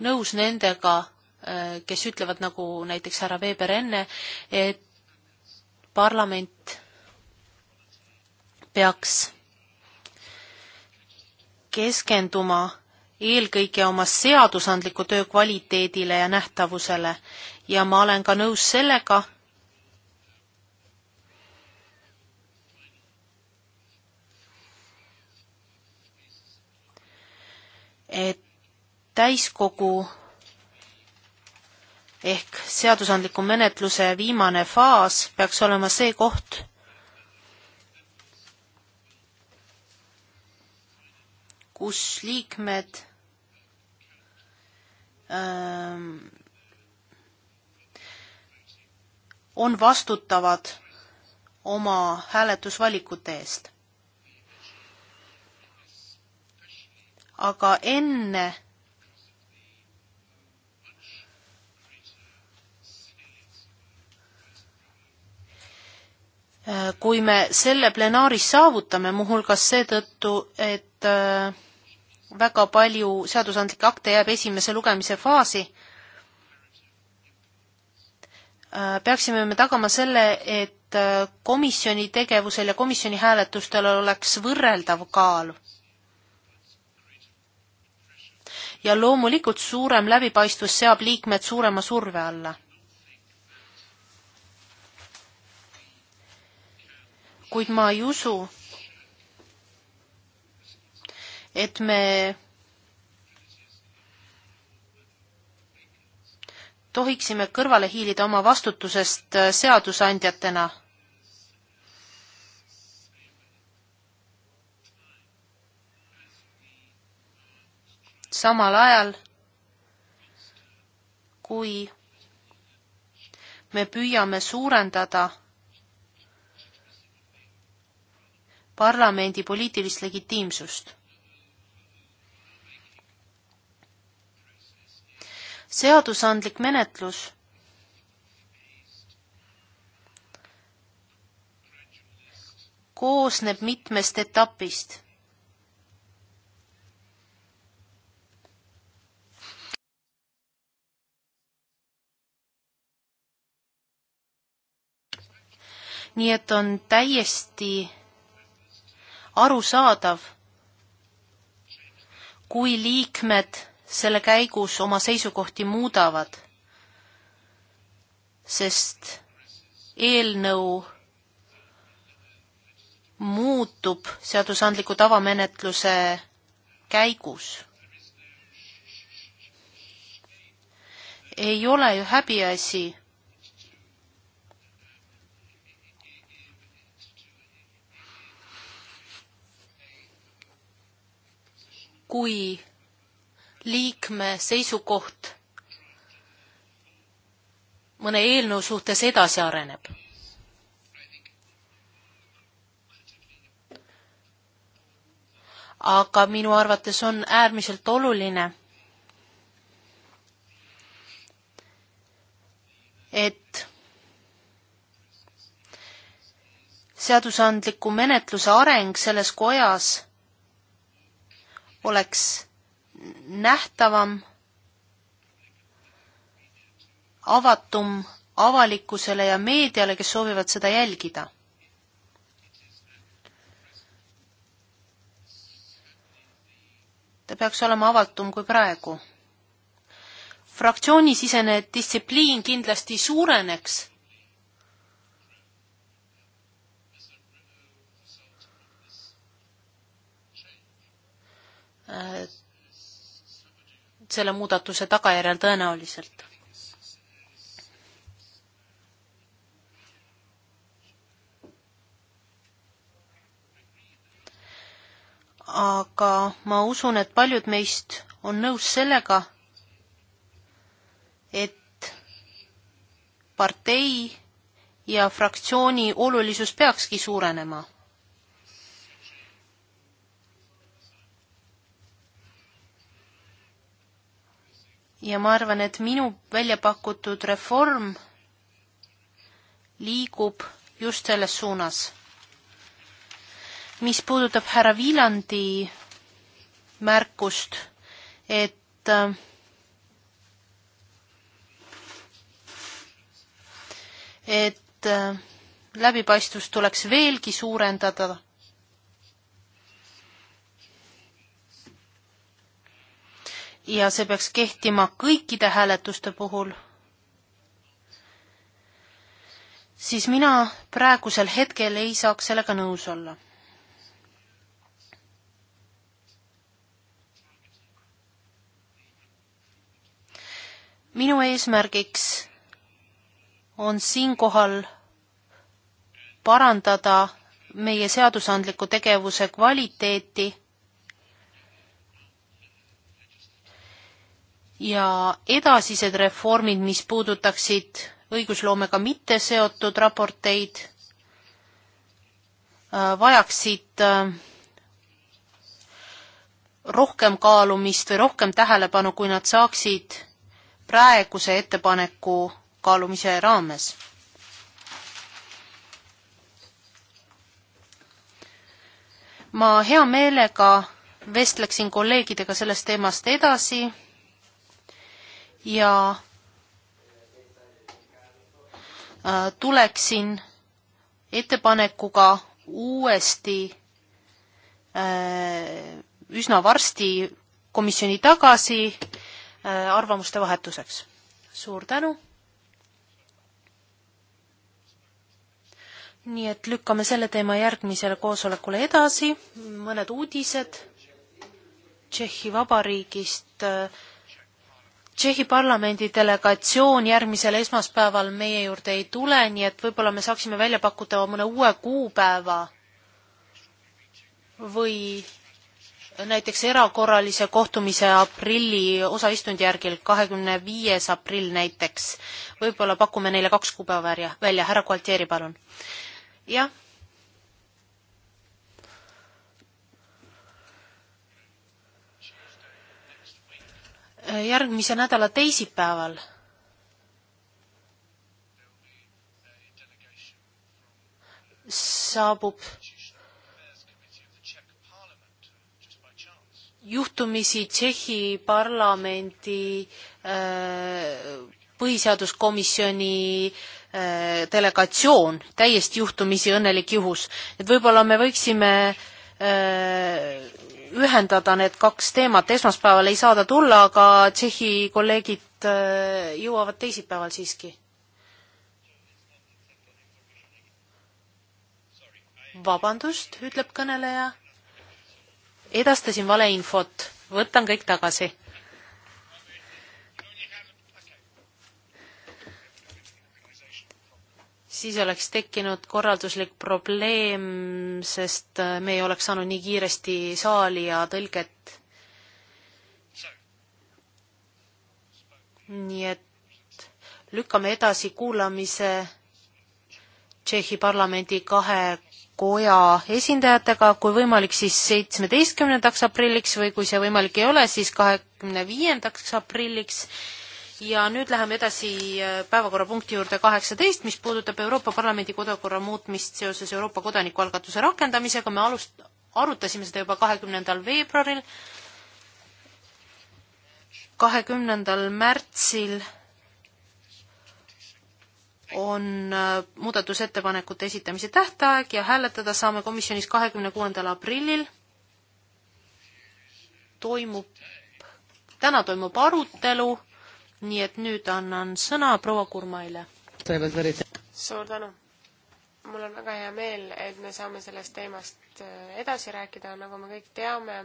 nõus nendega, eh, kes ütlevad, nagu näiteks härra Weber enne, et parlament peaks keskenduma eelkõige oma seadusandliku töö kvaliteedile ja nähtavusele ja ma olen ka nõus sellega, et täiskogu ehk seadusandliku menetluse viimane faas peaks olema see koht, kus liikmed öö, ähm, on vastutavad oma hääletusvalikute eest aga enne äh, kui me selle plenaaris saavutame, muuhulgas seetõttu, et äh, väga palju seadusandlikke akte jääb esimese lugemise faasi, äh, peaksime me tagama selle, et komisjoni tegevusel ja komisjoni hääletustel oleks võrreldav kaal ja loomulikult suurem läbipaistvus seab liikmed suurema surve alla. kuid ma ei usu, et me tohiksime kõrvale hiilida oma vastutusest seadusandjatena samal ajal, kui me püüame suurendada parlamendi poliitilist legitiimsust. seadusandlik menetlus koosneb mitmest etapist nii et on täiesti arusaadav, kui liikmed selle käigus oma seisukohti muudavad, sest eelnõu muutub seadusandliku tavamenetluse käigus. ei ole ju häbiasi kui liikme seisukoht mõne eelnõu suhtes edasi areneb. aga minu arvates on äärmiselt oluline, et seadusandliku menetluse areng selles kojas oleks nähtavam, avatum avalikkusele ja meediale, kes soovivad seda jälgida. ta peaks olema avatum kui praegu. fraktsioonisisene distsipliin kindlasti suureneks selle muudatuse tagajärjel tõenäoliselt. aga ma usun, et paljud meist on nõus sellega, et partei ja fraktsiooni olulisus peakski suurenema ja ma arvan, et minu välja pakutud reform liigub just selles suunas. mis puudutab härra Viljandi märkust, et et äh, läbipaistvust tuleks veelgi suurendada ja see peaks kehtima kõikide hääletuste puhul, siis mina praegusel hetkel ei saaks sellega nõus olla. minu eesmärgiks on siinkohal parandada meie seadusandliku tegevuse kvaliteeti ja edasised reformid, mis puudutaksid õigusloomega mitte seotud raporteid, äh, vajaksid äh, rohkem kaalumist või rohkem tähelepanu, kui nad saaksid praeguse ettepaneku kaalumise raames. ma hea meelega vestleksin kolleegidega sellest teemast edasi ja äh, tuleksin ettepanekuga uuesti äh, üsna varsti komisjoni tagasi äh, arvamuste vahetuseks. suur tänu. nii et lükkame selle teema järgmisele koosolekule edasi, mõned uudised Tšehhi Vabariigist äh, Tšehhi parlamendi delegatsioon järgmisel esmaspäeval meie juurde ei tule, nii et võib-olla me saaksime välja pakkuda mõne uue kuupäeva või näiteks erakorralise kohtumise aprilli osaistungjärgil, kahekümne viies aprill näiteks. võib-olla pakume neile kaks kuupäeva välja, härra Gualtieri, palun. jah Äh, järgmise nädala teisipäeval. saabub juhtumisi Tšehhi parlamendi äh, põhiseaduskomisjoni äh, delegatsioon, täiesti juhtumisi õnnelik juhus, et võib-olla me võiksime ühendada need kaks teemat, esmaspäeval ei saa ta tulla, aga Tšehhi kolleegid äh, jõuavad teisipäeval siiski. vabandust, ütleb kõneleja. edastasin valeinfot, võtan kõik tagasi siis oleks tekkinud korralduslik probleem, sest äh, me ei oleks saanud nii kiiresti saali ja tõlget. nii et lükkame edasi kuulamise Tšehhi parlamendi kahe koja esindajatega, kui võimalik, siis seitsmeteistkümnendaks aprilliks või kui see võimalik ei ole, siis kahekümne viiendaks aprilliks ja nüüd läheme edasi äh, päevakorrapunkti juurde kaheksateist, mis puudutab Euroopa Parlamendi kodukorra muutmist seoses Euroopa kodanikualgatuse rakendamisega, me alust-, arutasime seda juba kahekümnendal veebruaril, kahekümnendal märtsil on äh, muudatusettepanekute esitamise tähtaeg ja hääletada saame komisjonis kahekümne kuuendal aprillil. toimub, täna toimub arutelu nii et nüüd annan sõna proua Kurmaile. suur tänu! mul on väga hea meel, et me saame sellest teemast äh, edasi rääkida, nagu me kõik teame,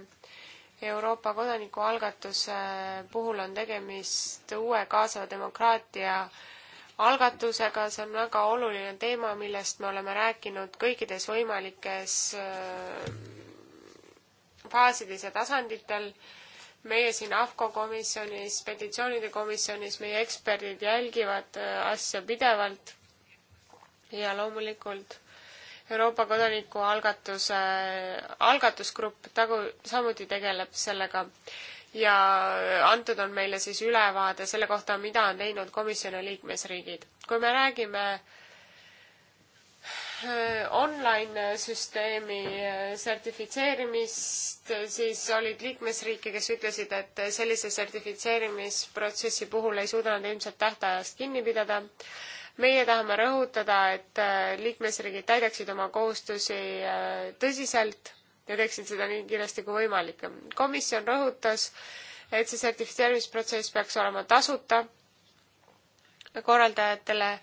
Euroopa kodanikualgatuse äh, puhul on tegemist uue kaasava demokraatia algatusega, see on väga oluline teema, millest me oleme rääkinud kõikides võimalikes äh, faasides ja tasanditel meie siin AFCO komisjonis, petitsioonide komisjonis, meie eksperdid jälgivad äh, asja pidevalt ja loomulikult Euroopa kodanikualgatuse algatusgrupp tagu-, samuti tegeleb sellega ja äh, antud on meile siis ülevaade selle kohta, mida on teinud komisjoni liikmesriigid. kui me räägime äh, Äh, online-süsteemi äh, sertifitseerimist, äh, siis olid liikmesriike, kes ütlesid, et sellise sertifitseerimisprotsessi puhul ei suuda nad ilmselt tähtajast kinni pidada. meie tahame rõhutada, et liikmesriigid täidaksid oma kohustusi tõsiselt ja teeksid seda nii kiiresti kui võimalik. komisjon rõhutas, et see sertifitseerimisprotsess peaks olema tasuta korraldajatele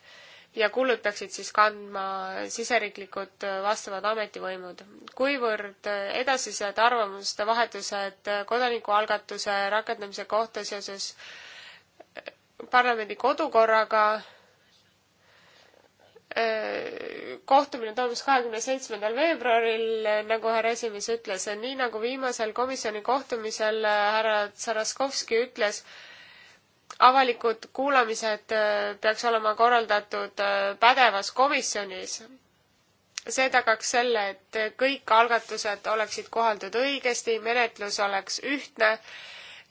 ja kulutaksid siis kandma siseriiklikud äh, vastavad ametivõimud. kuivõrd äh, edasised arvamuste vahetused äh, kodanikualgatuse rakendamise kohta seoses parlamendi kodukorraga kohtumine toimus kahekümne seitsmendal veebruaril, nagu härra esimees ütles, nii nagu viimasel komisjoni kohtumisel härra Tsaraskovski ütles, avalikud kuulamised äh, peaks olema korraldatud äh, pädevas komisjonis. see tagaks selle, et äh, kõik algatused oleksid kohaldatud õigesti, menetlus oleks ühtne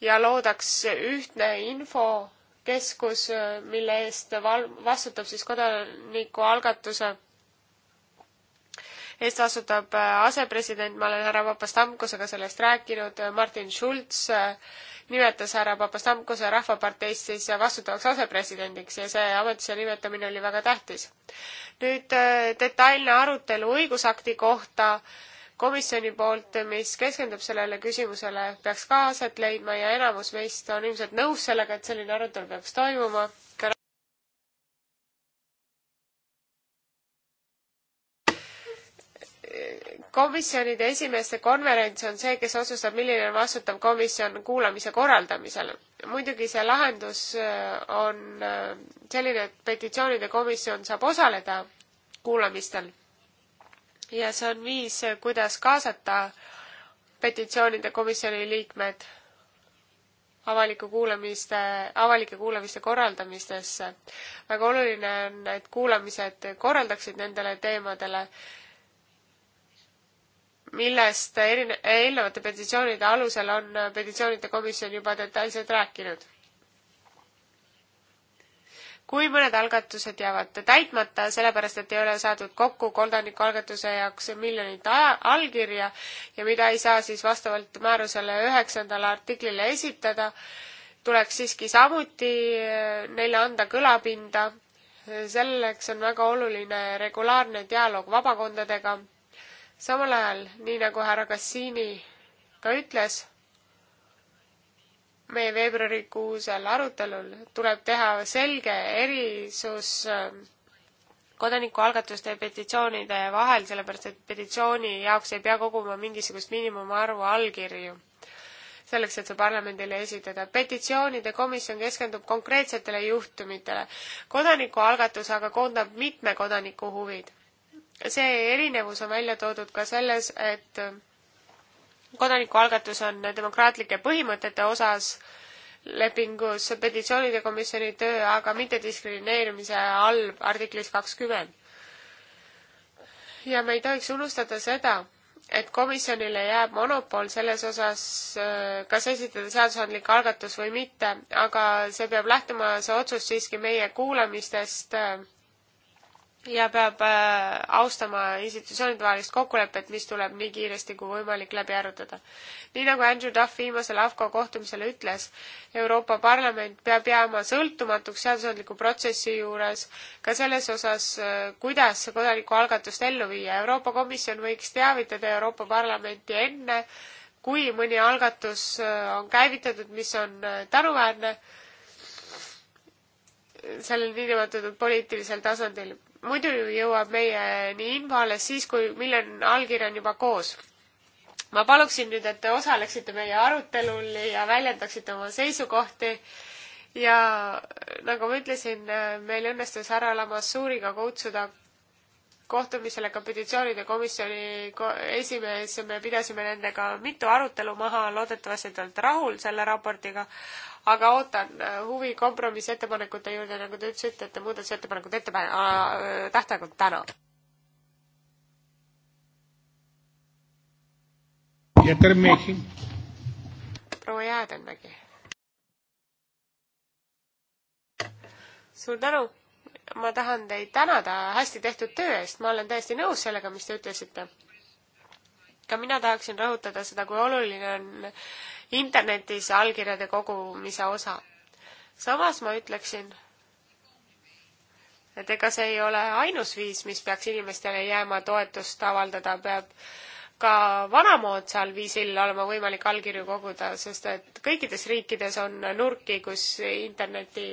ja loodaks ühtne infokeskus, mille eest val-, vastutab siis kodanikualgatuse eest vastutab äh, asepresident, ma olen härra Papastamkosega sellest rääkinud, Martin Schulz äh, nimetas härra Papastamkose Rahvaparteist siis vastutavaks asepresidendiks ja see ametisse nimetamine oli väga tähtis. nüüd äh, detailne arutelu õigusakti kohta komisjoni poolt, mis keskendub sellele küsimusele, peaks ka aset leidma ja enamus meist on ilmselt nõus sellega, et selline arutelu peaks toimuma komisjonide esimeeste konverents on see, kes otsustab, milline on vastutav komisjon kuulamise korraldamisel. muidugi see lahendus äh, on äh, selline, et petitsioonide komisjon saab osaleda kuulamistel. ja see on viis, kuidas kaasata petitsioonide komisjoni liikmed avaliku kuulamiste, avalike kuulamiste korraldamistesse. väga oluline on, et kuulamised korraldaksid nendele teemadele millest erine-, eelnevate petitsioonide alusel on petitsioonide komisjon juba detailselt rääkinud. kui mõned algatused jäävad täitmata, sellepärast et ei ole saadud kokku kodanikualgatuse jaoks miljonit aja, allkirja ja mida ei saa siis vastavalt määrusele üheksandale artiklile esitada, tuleks siiski samuti eh, neile anda kõlapinda. selleks on väga oluline regulaarne dialoog vabakondadega samal ajal, nii nagu härra Kassiini ka ütles, meie veebruarikuusel arutelul tuleb teha selge erisus ähm, kodanikualgatuste ja petitsioonide vahel, sellepärast et petitsiooni jaoks ei pea koguma mingisugust miinimumarvu allkirju, selleks et see parlamendile esitada. petitsioonide komisjon keskendub konkreetsetele juhtumitele. kodanikualgatus aga koondab mitme kodaniku huvid see erinevus on välja toodud ka selles, et kodanikualgatus on demokraatlike põhimõtete osas lepingus petitsioonide komisjoni töö, aga mitte diskrimineerimise all artiklis kakskümmend. ja me ei tohiks unustada seda, et komisjonile jääb monopol selles osas, äh, kas esitada seadusandlik algatus või mitte, aga see peab lähtuma, see otsus siiski meie kuulamistest äh, ja peab äh, austama institutsioonide vahelist kokkulepet, mis tuleb nii kiiresti kui võimalik läbi arutada. nii nagu Andrew Duff viimasel AFCO kohtumisel ütles, Euroopa Parlament peab jääma sõltumatuks seadusandliku protsessi juures ka selles osas, äh, kuidas kodanikualgatust ellu viia. Euroopa Komisjon võiks teavitada Euroopa Parlamenti enne, kui mõni algatus äh, on käivitatud, mis on tänuväärne sellel niinimetatud poliitilisel tasandil muidu jõuab meieni info alles siis, kui miljon allkirja on juba koos. ma paluksin nüüd, et te osaleksite meie arutelul ja väljendaksite oma seisukohti ja nagu ma ütlesin, meil õnnestus härra Lamassuuriga kutsuda kohtumisele ka petitsioonide komisjoni esimees, me pidasime nendega mitu arutelu maha, loodetavasti te olete rahul selle raportiga, aga ootan äh, huvi kompromissettepanekute juurde, nagu te ütlesite, et muudatusettepanekute ettepanek, äh, tähtaeg on täna. Jätermägi. proua Jäädenmägi. suur tänu. ma tahan teid tänada hästi tehtud töö eest, ma olen täiesti nõus sellega, mis te ütlesite. ka mina tahaksin rõhutada seda, kui oluline on internetis allkirjade kogumise osa. samas ma ütleksin, et ega see ei ole ainus viis, mis peaks inimestele jääma toetust avaldada, peab ka vanamoodsal viisil olema võimalik allkirju koguda, sest et kõikides riikides on nurki, kus interneti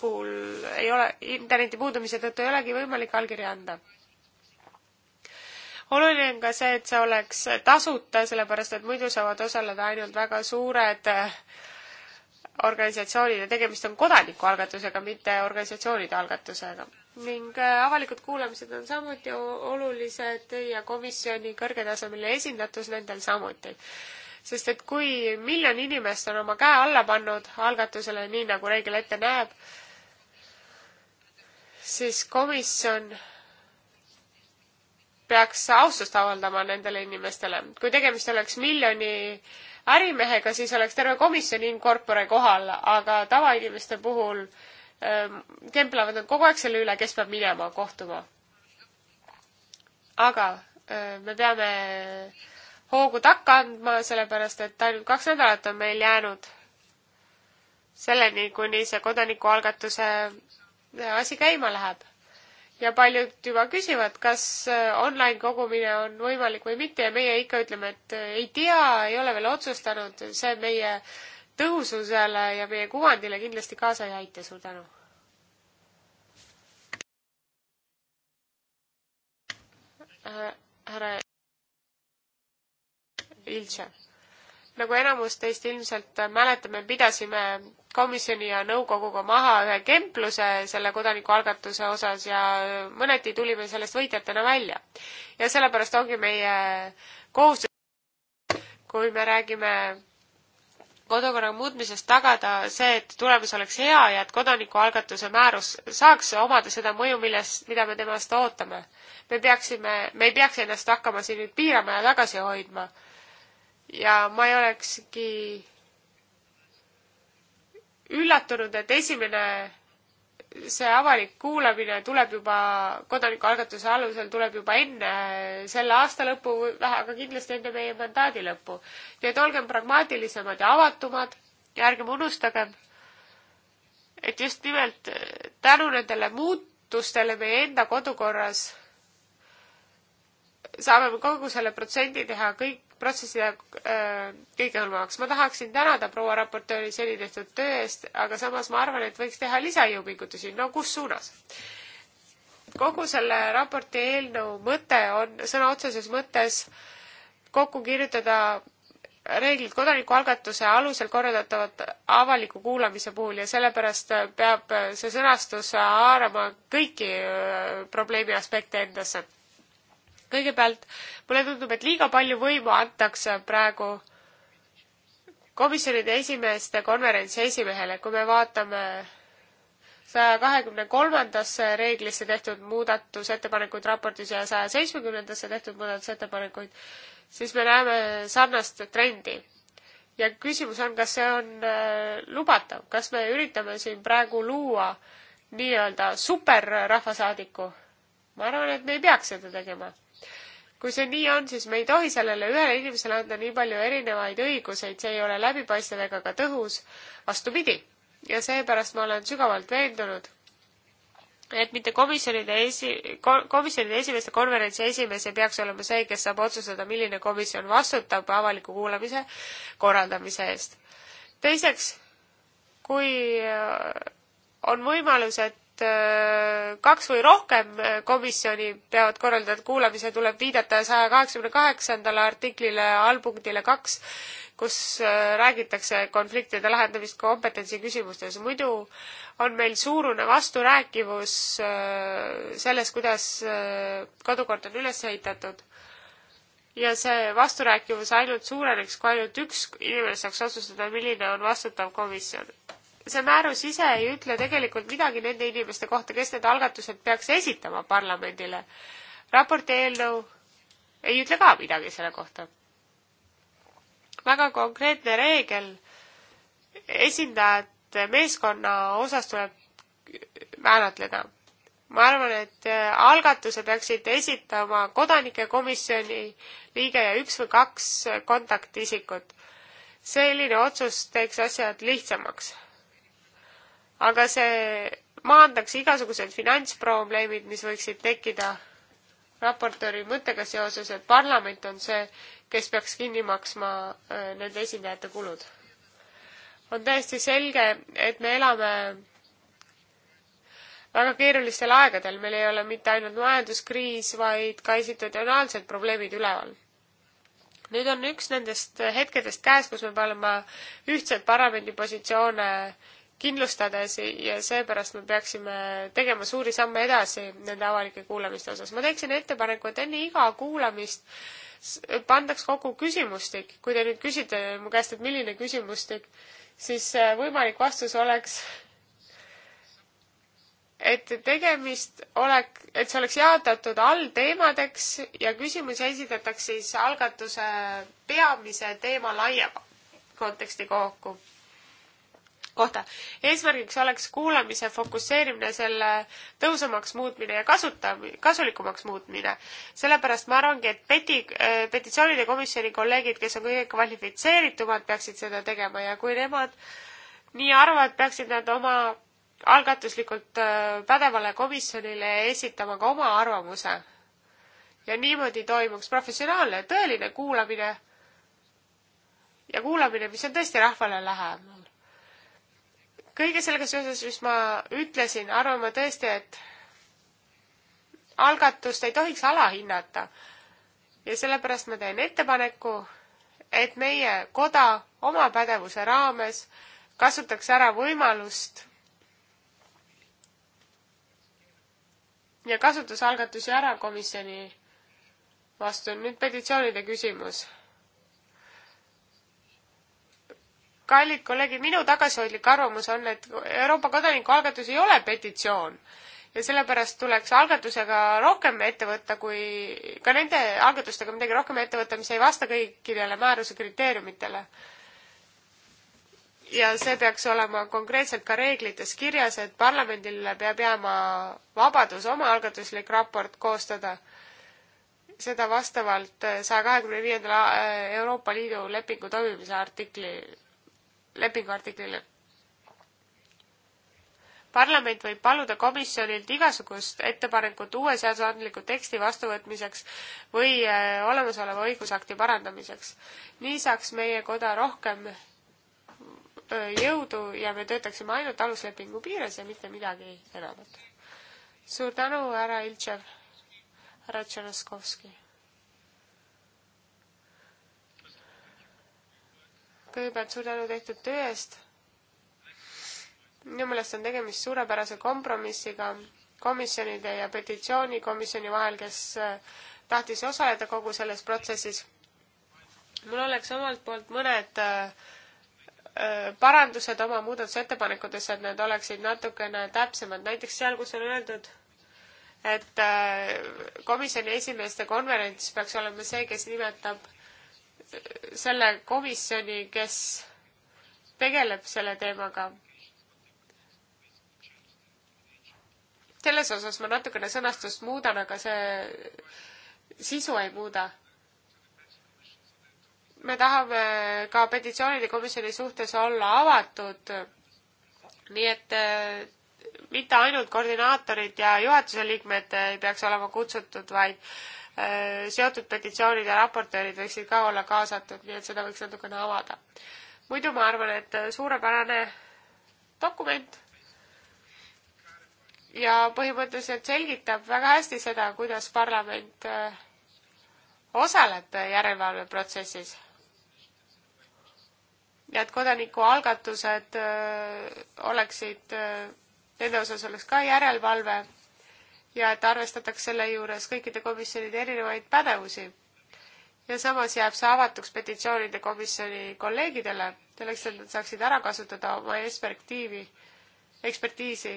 puhul ei ole, interneti puudumise tõttu ei olegi võimalik allkirja anda oluline on ka see, et see oleks tasuta, sellepärast et muidu saavad osaleda ainult väga suured eh, organisatsioonid ja tegemist on kodanikualgatusega, mitte organisatsioonide algatusega. ning eh, avalikud kuulamised on samuti olulised ja komisjoni kõrgetasemeline esindatus nendel samuti sest et kui miljon inimest on oma käe alla pannud algatusele, nii nagu reegel ette näeb, siis komisjon peaks austust avaldama nendele inimestele. kui tegemist oleks miljoni ärimehega, siis oleks terve komisjon in corpore kohal, aga tavainimeste puhul ähm, kemplevad nad kogu aeg selle üle, kes peab minema kohtuma. aga äh, me peame hoogu takka andma, sellepärast et ainult kaks nädalat on meil jäänud selleni, kuni see kodanikualgatuse asi käima läheb ja paljud juba küsivad, kas äh, online kogumine on võimalik või mitte ja meie ikka ütleme, et äh, ei tea, ei ole veel otsustanud, see meie tõhususele ja meie kuvandile kindlasti kaasa ei aita, suur tänu. Äh, härra Iltšev, nagu enamus teist ilmselt mäletame, pidasime komisjoni ja nõukoguga maha ühe kempluse selle kodanikualgatuse osas ja mõneti tulime sellest võitjatena välja. ja sellepärast ongi meie kohustus, kui me räägime kodukorra muutmisest tagada see, et tulemus oleks hea ja et kodanikualgatuse määrus saaks omada seda mõju, milles, mida me temast ootame. me peaksime, me ei peaks ennast hakkama siin nüüd piirama ja tagasi hoidma. ja ma ei olekski üllatunud, et esimene see avalik kuulamine tuleb juba, kodanikualgatuse alusel tuleb juba enne äh, selle aasta lõppu, aga kindlasti enne meie mandaadi lõppu. nii et olgem pragmaatilisemad ja avatumad ja ärgem unustagem, et just nimelt äh, tänu nendele muutustele meie enda kodukorras saame kogu selle protsendi teha kõik, protsessi teha äh, kõigehõlmavaks. ma tahaksin tänada proua raportööri seni tehtud töö eest, aga samas ma arvan, et võiks teha lisajõupingutusi. no kus suunas? kogu selle raporti eelnõu mõte on sõna otseses mõttes kokku kirjutada reeglid kodanikualgatuse alusel korraldatavat avaliku kuulamise puhul ja sellepärast peab see sõnastus haarama kõiki äh, probleemi aspekte endasse kõigepealt mulle tundub, et liiga palju võimu antakse praegu komisjonide esimeeste konverentsi esimehele, kui me vaatame saja kahekümne kolmandasse reeglisse tehtud muudatusettepanekuid raportis ja saja seitsmekümnendasse tehtud muudatusettepanekuid, siis me näeme sarnast trendi. ja küsimus on, kas see on äh, lubatav, kas me üritame siin praegu luua nii-öelda superrahvasaadiku? ma arvan, et me ei peaks seda tegema kui see nii on, siis me ei tohi sellele ühele inimesele anda nii palju erinevaid õiguseid, see ei ole läbipaistev ega ka tõhus. vastupidi. ja seepärast ma olen sügavalt veendunud, et mitte komisjonide esi-, komisjonide esimeeste konverentsi esimees ei peaks olema see, kes saab otsustada, milline komisjon vastutab avaliku kuulamise korraldamise eest. teiseks, kui äh, on võimalus, et Äh, kaks või rohkem äh, komisjoni peavad korraldajad kuulamise, tuleb viidata saja kaheksakümne kaheksandale artiklile allpunktile kaks, kus äh, räägitakse konfliktide lahendamist kompetentsi küsimustes. muidu on meil suurune vasturääkivus selles, kuidas kodukord on üles ehitatud ja see vasturääkivus ainult suureneks, kui ainult üks inimene saaks otsustada, milline on vastutav komisjon see määrus ise ei ütle tegelikult midagi nende inimeste kohta, kes need algatused peaks esitama parlamendile. raporti eelnõu ei ütle ka midagi selle kohta. väga konkreetne reegel, esindajad meeskonna osas tuleb määratleda. ma arvan, et äh, algatuse peaksid esitama kodanike komisjoni liige ja üks või kaks kontaktisikut. selline otsus teeks asjad lihtsamaks aga see maandaks igasugused finantsprobleemid, mis võiksid tekkida raportööri mõttega seoses, et parlament on see, kes peaks kinni maksma äh, nende esindajate kulud. on täiesti selge, et me elame väga keerulistel aegadel, meil ei ole mitte ainult majanduskriis, vaid ka institutsionaalsed probleemid üleval. nüüd on üks nendest hetkedest käes, kus me peame ühtset parlamendi positsioone äh, kindlustades ja seepärast me peaksime tegema suuri samme edasi nende avalike kuulamiste osas. ma teeksin ettepaneku, et enne iga kuulamist pandaks kokku küsimustik. kui te nüüd küsite mu käest, et milline küsimustik, siis äh, võimalik vastus oleks, et tegemist olek-, et see oleks jaotatud allteemadeks ja küsimusi esitataks siis algatuse peamise teema laiema konteksti kokku kohta. eesmärgiks oleks kuulamise fokusseerimine, selle tõhusamaks muutmine ja kasuta-, kasulikumaks muutmine. sellepärast ma arvangi, et peti-, äh, petitsioonide komisjoni kolleegid, kes on kõige kvalifitseeritumad, peaksid seda tegema ja kui nemad nii arvavad, peaksid nad oma algatuslikult äh, pädevale komisjonile esitama ka oma arvamuse. ja niimoodi toimuks professionaalne, tõeline kuulamine ja kuulamine, mis on tõesti rahvale lähem kõige sellega seoses, mis ma ütlesin, arvan ma tõesti, et algatust ei tohiks alahinnata. ja sellepärast ma teen ettepaneku, et meie koda oma pädevuse raames kasutaks ära võimalust ja kasutusalgatusi ära komisjoni vastu. nüüd petitsioonide küsimus. kallid kolleegid, minu tagasihoidlik arvamus on, et Euroopa kodanikualgatus ei ole petitsioon ja sellepärast tuleks algatusega rohkem ette võtta, kui ka nende algatustega midagi rohkem ette võtta, mis ei vasta kõikidele määruse kriteeriumitele. ja see peaks olema konkreetselt ka reeglites kirjas, et parlamendil peab jääma vabadus omaalgatuslik raport koostada, seda vastavalt saja kahekümne viiendal äh, Euroopa Liidu lepingu toimimise artikli lepingu artiklile. parlament võib paluda komisjonilt igasugust ettepanekut uue seadusandliku teksti vastuvõtmiseks või äh, olemasoleva õigusakti parandamiseks. nii saaks meie koda rohkem äh, jõudu ja me töötaksime ainult aluslepingu piires ja mitte midagi enamat. suur tänu, härra Iltšev, härra Tšernoskovski kõigepealt suur tänu tehtud töö eest. minu meelest on tegemist suurepärase kompromissiga komisjonide ja petitsioonikomisjoni vahel, kes äh, tahtis osaleda kogu selles protsessis. mul oleks omalt poolt mõned äh, äh, parandused oma muudatusettepanekutesse, et need oleksid natukene täpsemad, näiteks seal, kus on öeldud, et komisjoni esimeeste konverents peaks olema see, kes nimetab selle komisjoni, kes tegeleb selle teemaga. selles osas ma natukene sõnastust muudan, aga see sisu ei muuda. me tahame ka petitsioonide komisjoni suhtes olla avatud, nii et äh, mitte ainult koordinaatorid ja juhatuse liikmed äh, ei peaks olema kutsutud, vaid Äh, seotud petitsioonid ja raportöörid võiksid ka olla kaasatud, nii et seda võiks natukene avada. muidu ma arvan, et äh, suurepärane dokument ja põhimõtteliselt selgitab väga hästi seda, kuidas parlament äh, osaleb järelevalveprotsessis. ja et kodanikualgatused oleksid, nende osas oleks ka järelevalve ja et arvestatakse selle juures kõikide komisjonide erinevaid pädevusi. ja samas jääb see avatuks petitsioonide komisjoni kolleegidele, selleks et nad saaksid ära kasutada oma perspektiivi, ekspertiisi.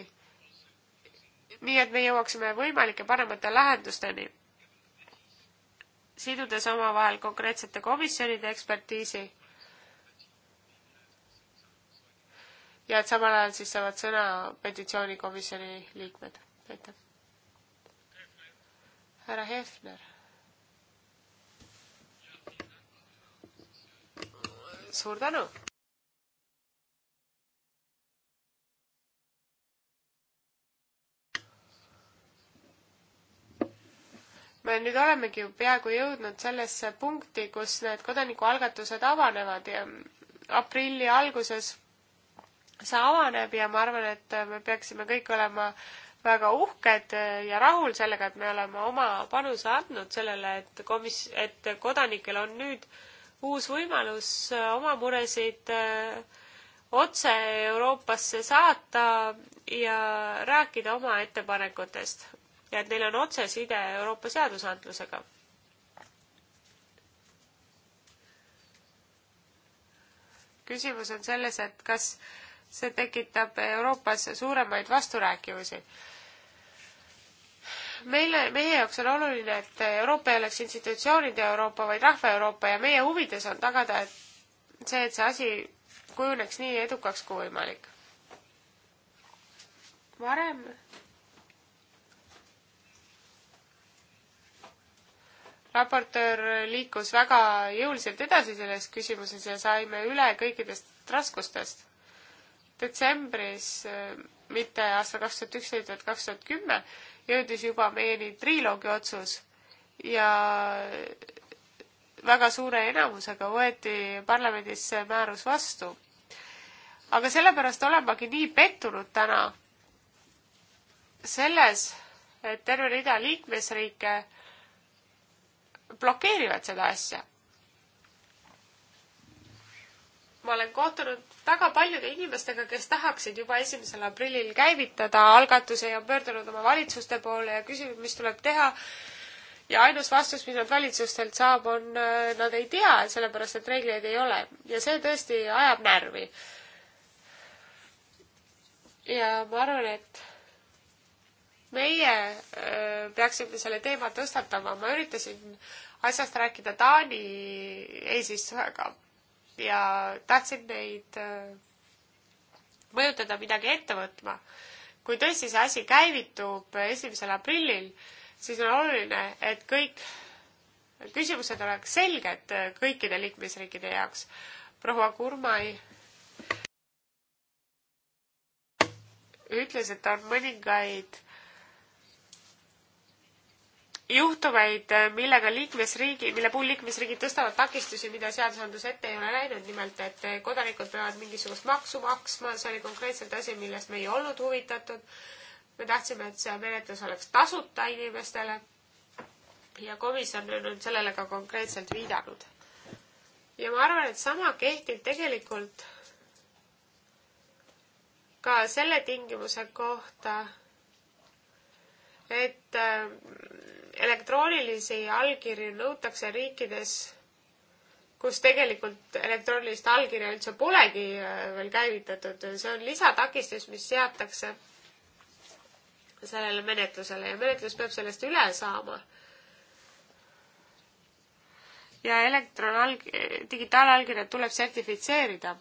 nii et me jõuaksime võimalike paremate lahendusteni, sidudes omavahel konkreetsete komisjonide ekspertiisi ja et samal ajal siis saavad sõna petitsioonikomisjoni liikmed. aitäh! härra Hefner. suur tänu. me nüüd olemegi ju peaaegu jõudnud sellesse punkti, kus need kodanikualgatused avanevad ja aprilli alguses see avaneb ja ma arvan, et me peaksime kõik olema äh, väga uhked äh, ja rahul sellega, et me oleme oma panuse andnud sellele, et komis-, et kodanikel on nüüd uus võimalus äh, oma muresid äh, otse Euroopasse saata ja rääkida oma ettepanekutest ja et neil on otseside Euroopa seadusandlusega küsimus on selles, et kas see tekitab Euroopas suuremaid vasturääkivusi meile, meie jaoks on oluline, et Euroopa ei oleks institutsioonide Euroopa, vaid rahva Euroopa ja meie huvides on tagada, et see, et see asi kujuneks nii edukaks kui võimalik. varem raportöör liikus väga jõuliselt edasi selles küsimuses ja saime üle kõikidest raskustest. detsembris, mitte aastal kaks tuhat üksteist, vaid kaks tuhat kümme, jõudis juba meieni triloogi otsus ja väga suure enamusega võeti parlamendis see määrus vastu. aga sellepärast olen magi nii pettunud täna selles, et terve rida liikmesriike blokeerivad seda asja. ma olen kohtunud väga paljude inimestega, kes tahaksid juba esimesel aprillil käivitada algatuse ja pöördunud oma valitsuste poole ja küsinud, mis tuleb teha. ja ainus vastus, mis nad valitsustelt saab, on äh, nad ei tea, sellepärast et reegleid ei ole ja see tõesti ajab närvi. ja ma arvan, et meie äh, peaksime selle teema tõstatama, ma üritasin asjast rääkida Taani eesistujaga ja tahtsid neid äh, mõjutada midagi ette võtma. kui tõesti see asi käivitub esimesel aprillil, siis on oluline, et kõik küsimused oleks selged kõikide liikmesriikide jaoks. proua Kurmai ütles, et on mõningaid juhtumeid, äh, millega liikmesriigi, mille puhul liikmesriigid tõstavad takistusi, mida seadusandlus ette ei ole näinud, nimelt et äh, kodanikud peavad mingisugust maksu maksma, see oli konkreetselt asi, millest me ei olnud huvitatud. me tahtsime, et see menetlus oleks tasuta inimestele ja komisjon on sellele ka konkreetselt viidanud. ja ma arvan, et sama kehtib tegelikult ka selle tingimuse kohta, et äh, elektroonilisi allkirju nõutakse riikides, kus tegelikult elektroonilist allkirja üldse polegi äh, veel käivitatud, see on lisatakistus, mis seatakse sellele menetlusele ja menetlus peab sellest üle saama. ja elektronalg-, digitaalallkirjad tuleb sertifitseerida.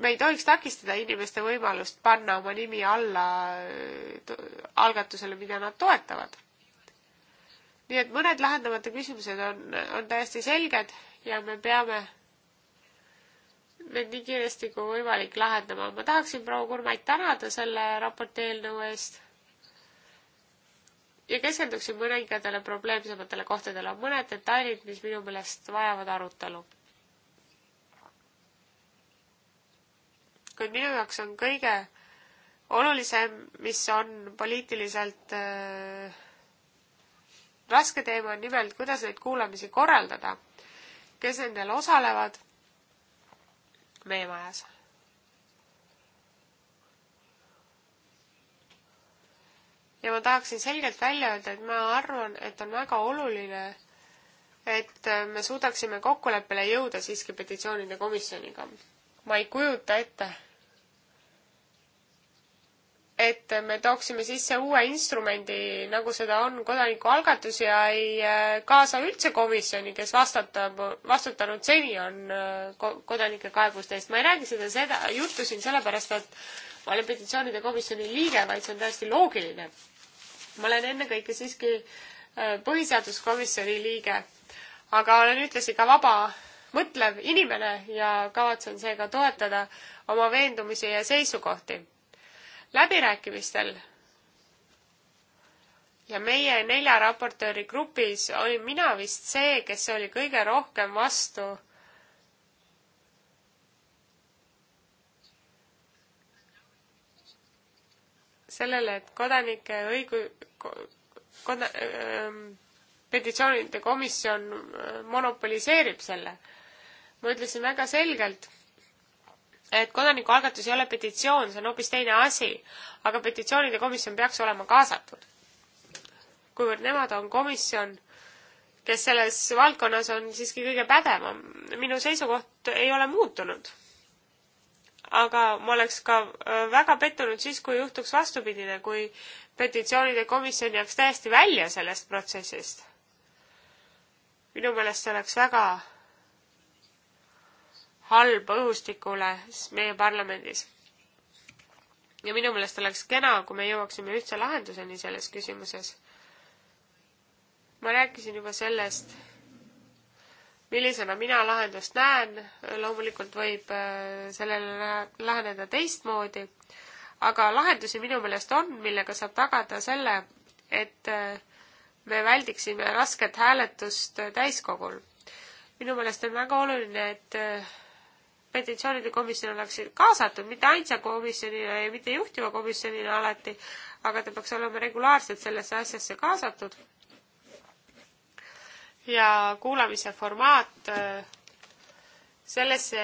me ei tohiks takistada inimeste võimalust panna oma nimi alla äh, algatusele, mida nad toetavad nii et mõned lahendamata küsimused on, on täiesti selged ja me peame need nii kiiresti kui võimalik lahendama. ma tahaksin proua Kurmait tänada selle raporti eelnõu eest ja keskenduksin mõningatele probleemsematele kohtadele. on mõned detailid, mis minu meelest vajavad arutelu. kuid minu jaoks on kõige olulisem, mis on poliitiliselt äh, raske teema on nimelt, kuidas neid kuulamisi korraldada, kes nendel osalevad meie majas. ja ma tahaksin selgelt välja öelda, et ma arvan, et on väga oluline, et me suudaksime kokkuleppele jõuda siiski petitsioonide komisjoniga. ma ei kujuta ette et me tooksime sisse uue instrumendi, nagu seda on kodanikualgatus ja ei äh, kaasa üldse komisjoni, kes vastutab, vastutanud seni on äh, kodanike kaebuste eest. ma ei räägi seda, seda juttu siin sellepärast, et ma olen petitsioonide komisjoni liige, vaid see on täiesti loogiline. ma olen ennekõike siiski äh, põhiseaduskomisjoni liige, aga olen ühtlasi ka vaba mõtlev inimene ja kavatsen seega toetada oma veendumusi ja seisukohti läbirääkimistel ja meie nelja raportööri grupis olin mina vist see, kes oli kõige rohkem vastu sellele, et kodanike õigu-, koda- äh,, petitsioonide komisjon äh, monopoliseerib selle. ma ütlesin väga selgelt, et kodanikualgatus ei ole petitsioon, see on hoopis teine asi, aga petitsioonide komisjon peaks olema kaasatud. kuivõrd nemad on komisjon, kes selles valdkonnas on siiski kõige pädevam, minu seisukoht ei ole muutunud. aga ma oleks ka äh, väga pettunud siis, kui juhtuks vastupidine, kui petitsioonide komisjon jääks täiesti välja sellest protsessist. minu meelest see oleks väga halb õhustikule meie parlamendis. ja minu meelest oleks kena, kui me jõuaksime ühtse lahenduseni selles küsimuses. ma rääkisin juba sellest, millisena mina lahendust näen, loomulikult võib äh, sellele läheneda teistmoodi, aga lahendusi minu meelest on, millega saab tagada selle, et äh, me väldiksime rasket hääletust äh, täiskogul. minu meelest on väga oluline, et petitsioonide komisjon oleks kaasatud, mitte ainsa komisjonina ja mitte juhtiva komisjonina alati, aga ta peaks olema regulaarselt sellesse asjasse kaasatud. ja kuulamise formaat äh, sellesse,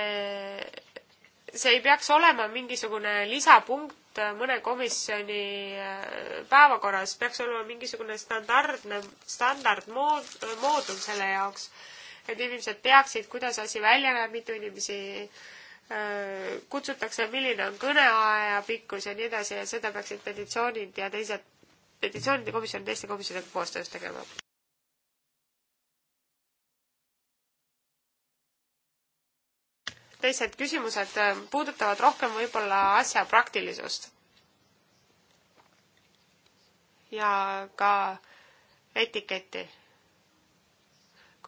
see ei peaks olema mingisugune lisapunkt mõne komisjoni äh, päevakorras, peaks olema mingisugune standardne, standardmood-, moodul selle jaoks et inimesed teaksid, kuidas asi välja näeb, mitu inimesi kutsutakse, milline on kõneaja pikkus ja nii edasi ja seda peaksid petitsioonid ja teised, petitsioonide komisjon teiste komisjonidega koostöös tegema. teised küsimused puudutavad rohkem võib-olla asja praktilisust. ja ka etiketti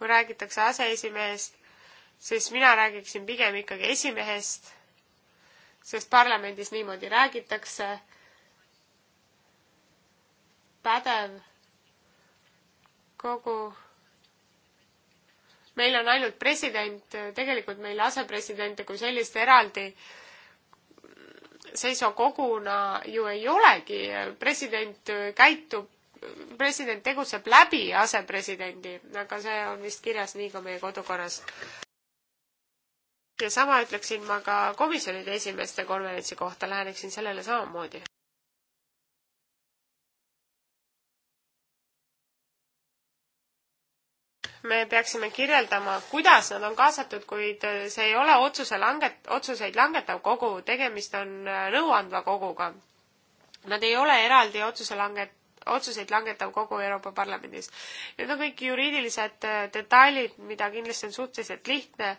kui räägitakse aseesimehest, siis mina räägiksin pigem ikkagi esimehest, sest parlamendis niimoodi räägitakse. pädev kogu. meil on ainult president, tegelikult meil asepresidente kui sellist eraldi seisva koguna ju ei olegi, president käitub president tegutseb läbi asepresidendi, aga see on vist kirjas nii ka meie kodukorras. ja sama ütleksin ma ka komisjonide esimeeste konverentsi kohta, läheneksin sellele samamoodi. me peaksime kirjeldama, kuidas nad on kaasatud, kuid see ei ole otsuse langet-, otsuseid langetav kogu, tegemist on nõuandva koguga. Nad ei ole eraldi otsuse langet-, otsuseid langetav kogu Euroopa Parlamendis. Need on kõik juriidilised äh, detailid, mida kindlasti on suhteliselt lihtne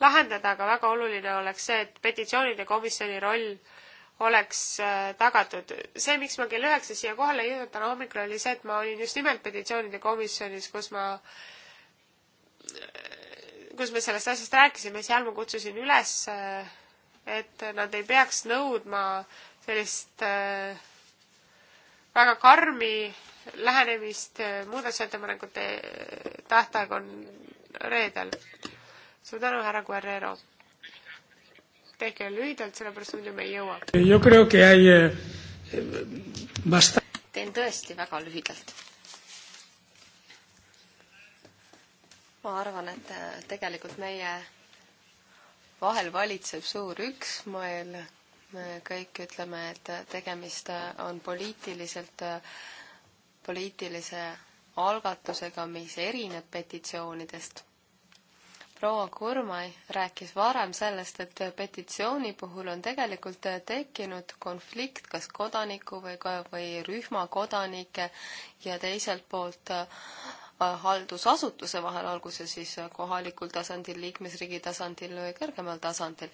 lahendada, aga väga oluline oleks see, et petitsioonide komisjoni roll oleks äh, tagatud. see, miks ma kell üheksa siia kohale ei jõudnud täna hommikul, oli see, et ma olin just nimelt petitsioonide komisjonis, kus ma äh, kus me sellest asjast rääkisime, seal ma kutsusin üles, et nad ei peaks nõudma sellist äh, väga karmi lähenemist, eh, muudatusettepanekute tähtaeg on reedel. suur tänu, härra Guerrero. tehke lühidalt, sellepärast muidu me ei jõua. Eh, teen tõesti väga lühidalt. ma arvan, et eh, tegelikult meie vahel valitseb suur üksmeel me kõik ütleme, et tegemist äh, on poliitiliselt, äh, poliitilise algatusega, mis erineb petitsioonidest. proua Kurmai rääkis varem sellest, et petitsiooni puhul on tegelikult äh, tekkinud konflikt kas kodaniku või ka, või rühma kodanike ja teiselt poolt äh, haldusasutuse vahel, olgu see siis kohalikul tasandil, liikmesriigi tasandil või kõrgemal tasandil.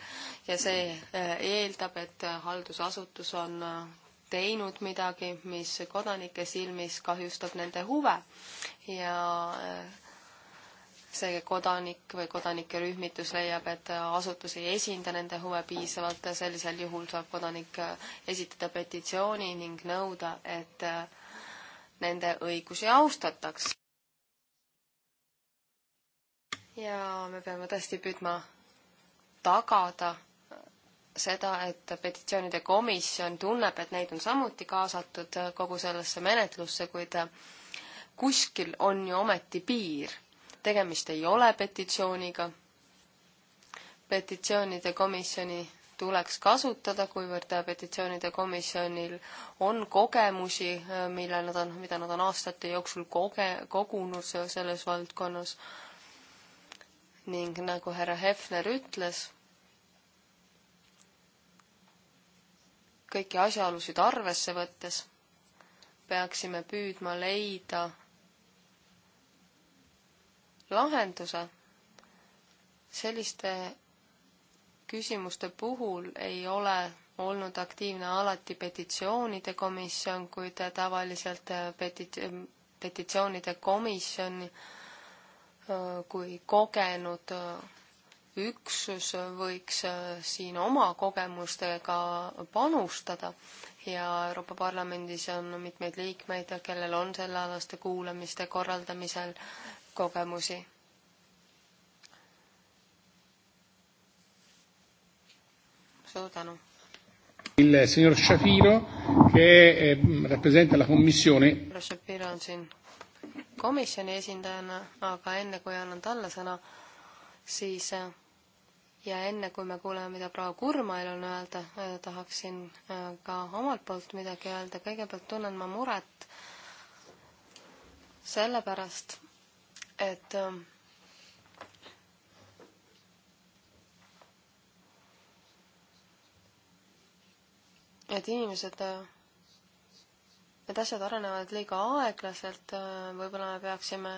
ja see eh, eeldab, et haldusasutus on eh, teinud midagi, mis kodanike silmis kahjustab nende huve ja eh, see kodanik või kodanike rühmitus leiab, et asutus ei esinda nende huve piisavalt, sellisel juhul saab kodanik esitada petitsiooni ning nõuda, et nende õigusi austataks ja me peame tõesti püüdma tagada seda, et petitsioonide komisjon tunneb, et neid on samuti kaasatud kogu sellesse menetlusse, kuid kuskil on ju ometi piir. tegemist ei ole petitsiooniga. petitsioonide komisjoni tuleks kasutada, kuivõrd petitsioonide komisjonil on kogemusi, millel nad on, mida nad on aastate jooksul koge-, kogunud selles valdkonnas ning nagu härra Hefner ütles, kõiki asjaolusid arvesse võttes peaksime püüdma leida lahenduse selliste küsimuste puhul ei ole olnud aktiivne alati petitsioonide komisjon, kuid tavaliselt peti-, petitsioonide komisjoni äh, Äh, kui kogenud äh, üksus võiks äh, siin oma kogemustega panustada ja Euroopa Parlamendis on mitmeid liikmeid, kellel on sellealaste kuulamiste korraldamisel kogemusi Suur tänu. Il signor Shapiro che eh, rappresenta la commissione. Shapiro on siin komisjoni esindajana, aga enne kui annan talle sõna, siis äh, ja enne kui me kuuleme, mida proua Kurmail on öelda, äh, tahaksin äh, ka omalt poolt midagi öelda. kõigepealt tunnen ma muret sellepärast, et et inimesed need asjad arenevad liiga aeglaselt, äh, võib-olla me peaksime